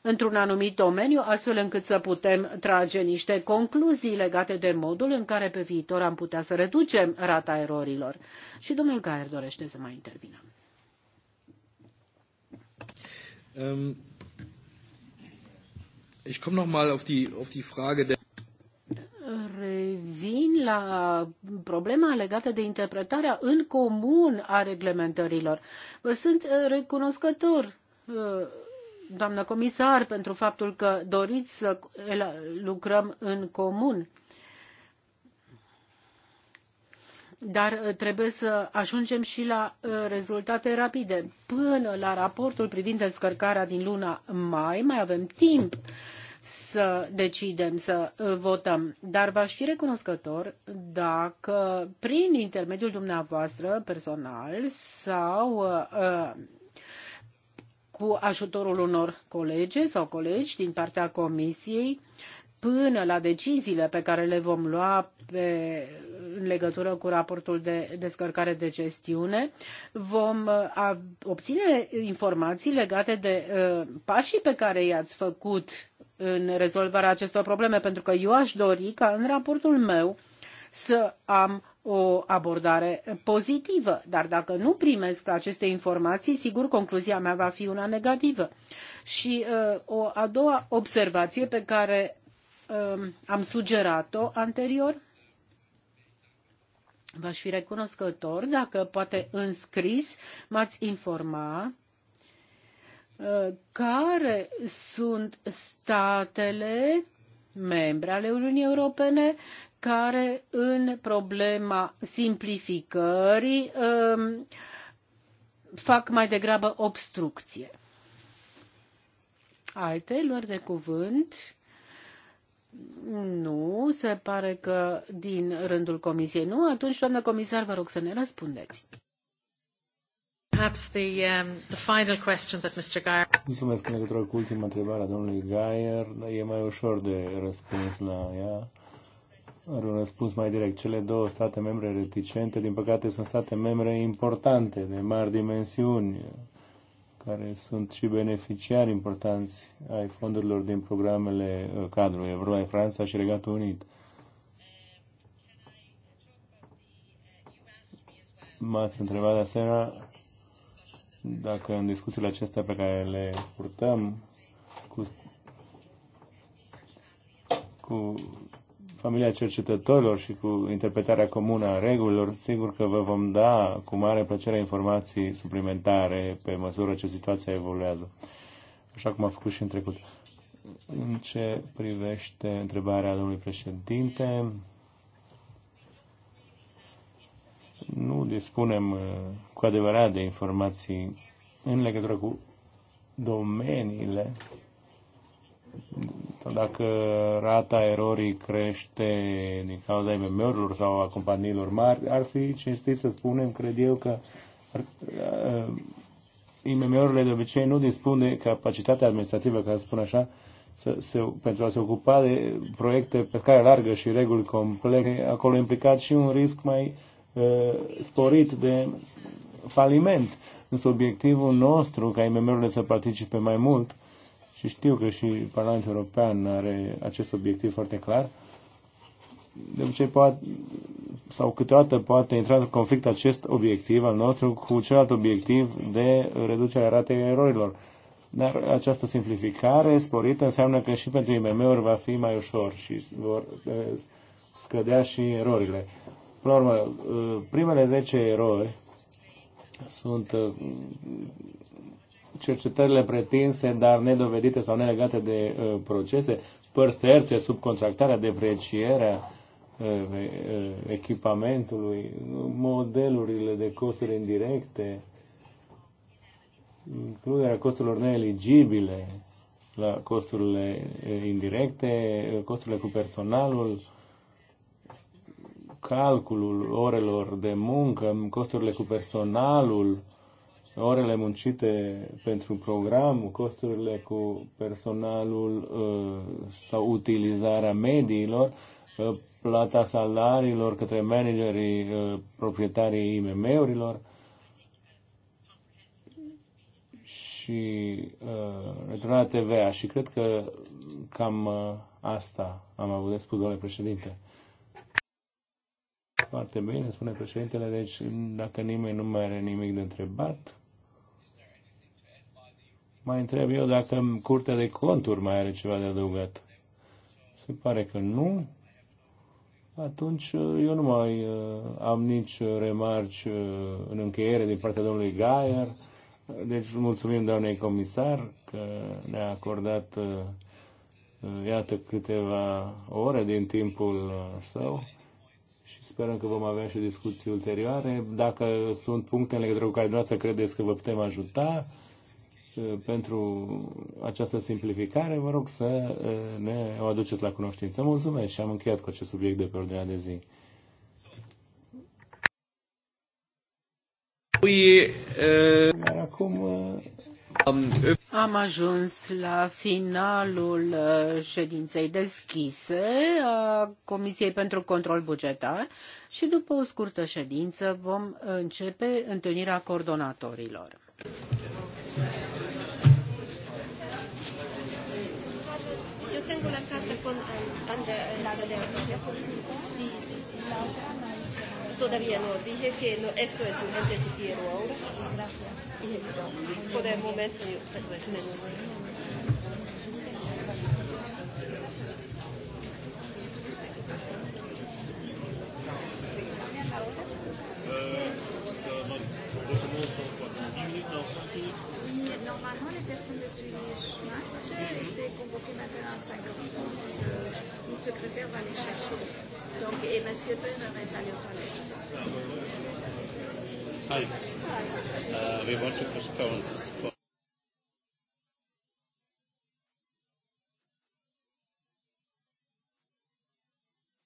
într un anumit domeniu astfel încât să putem trage niște concluzii legate de modul în care pe viitor am putea să reducem rata erorilor. Și domnul Gaier dorește să mai intervină. Um, ich komme noch mal auf die, auf die Frage der Revin la problema legată de interpretarea în comun a reglementărilor. Vă sunt uh, recunoscător, uh, doamnă comisar, pentru faptul că doriți să lucrăm în comun. Dar uh, trebuie să ajungem și la rezultate rapide. Până la raportul privind descărcarea din luna mai, mai avem timp să decidem să uh, votăm, dar v-aș fi recunoscător dacă prin intermediul dumneavoastră personal sau uh, uh, cu ajutorul unor colege sau colegi din partea comisiei până la deciziile pe care le vom lua pe, în legătură cu raportul de descărcare de gestiune, vom uh, a, obține informații legate de uh, pașii pe care i-ați făcut în rezolvarea acestor probleme, pentru că eu aș dori ca în raportul meu să am o abordare pozitivă, dar dacă nu primesc aceste informații, sigur concluzia mea va fi una negativă. Și uh, o a doua observație pe care uh, am sugerat-o anterior, v-aș fi recunoscător dacă poate înscris m-ați informa Uh, care sunt statele membre ale Uniunii Europene care în problema simplificării um, fac mai degrabă obstrucție. Alte luări de cuvânt? Nu, se pare că din rândul comisiei nu. Atunci, doamnă comisar, vă rog să ne răspundeți. Perhaps the, um, the final question that Mr. Geyer... Mulțumesc în legătură cu ultima întrebare a domnului Geyer, e mai ușor de răspuns la ea. Are un răspuns mai direct. Cele două state membre reticente, din păcate, sunt state membre importante, de mari dimensiuni, care sunt și beneficiari importanți ai fondurilor din programele uh, cadru, de Franța și Regatul Unit. M-ați întrebat de asemenea dacă în discuțiile acestea pe care le purtăm cu, cu familia cercetătorilor și cu interpretarea comună a regulilor, sigur că vă vom da cu mare plăcere informații suplimentare pe măsură ce situația evoluează, așa cum a făcut și în trecut. În ce privește întrebarea domnului președinte, nu dispunem uh, cu adevărat de informații în legătură cu domeniile dacă rata erorii crește din cauza IMM-urilor sau a companiilor mari, ar fi cinstit să spunem, cred eu, că uh, IMM-urile de obicei nu dispun de capacitatea administrativă, ca să spun așa, să se, pentru a se ocupa de proiecte pe care largă și reguli complexe, acolo implicat și un risc mai Uh, sporit de faliment. Însă obiectivul nostru, ca IMM-urile să participe mai mult, și știu că și Parlamentul European are acest obiectiv foarte clar, de obicei poate, sau câteodată poate intra în conflict acest obiectiv al nostru cu celălalt obiectiv de reducerea ratei erorilor. Dar această simplificare sporită înseamnă că și pentru IMM-uri va fi mai ușor și vor uh, scădea și erorile. Până la urmă, uh, primele 10 erori sunt uh, cercetările pretinse, dar nedovedite sau nelegate de uh, procese, părserțe, subcontractarea, deprecierea echipamentului, modelurile de costuri indirecte, includerea costurilor neeligibile la costurile indirecte, costurile cu personalul, calculul orelor de muncă, costurile cu personalul, orele muncite pentru program, costurile cu personalul uh, sau utilizarea mediilor, uh, plata salariilor către managerii, uh, proprietarii IMM-urilor și returnarea TVA. Și cred că cam asta am avut de spus, domnule președinte. Foarte bine, spune președintele, deci dacă nimeni nu mai are nimic de întrebat, mai întreb eu dacă Curtea de Conturi mai are ceva de adăugat. Se pare că nu. Atunci uh, eu nu mai uh, am nici uh, remarci uh, în încheiere din partea domnului Gaier. Deci mulțumim doamnei comisar că ne-a acordat uh, uh iată câteva ore din timpul său sperăm că vom avea și discuții ulterioare. Dacă sunt puncte în legătură cu care dumneavoastră credeți că vă putem ajuta uh, pentru această simplificare, vă rog să uh, ne o aduceți la cunoștință. Mulțumesc și am încheiat cu acest subiect de pe ordinea de zi. Uh, Iar acum am ajuns la finalul uh, ședinței deschise a Comisiei pentru Control Bugetar și după o scurtă ședință vom începe întâlnirea coordonatorilor. Eu tengo la carta con eh, Andrea. Sí, sí, sí todavía no. Dije que no, esto es urgente si quiero ahora. Gracias. Y por el momento, pero es menos. Normalement, les personnes de suivi Schmatch étaient convoquées maintenant à 5 Une secrétaire va les chercher. Donc, et M. Dunham est allé au palais. Hi. Uh, we want to postpone this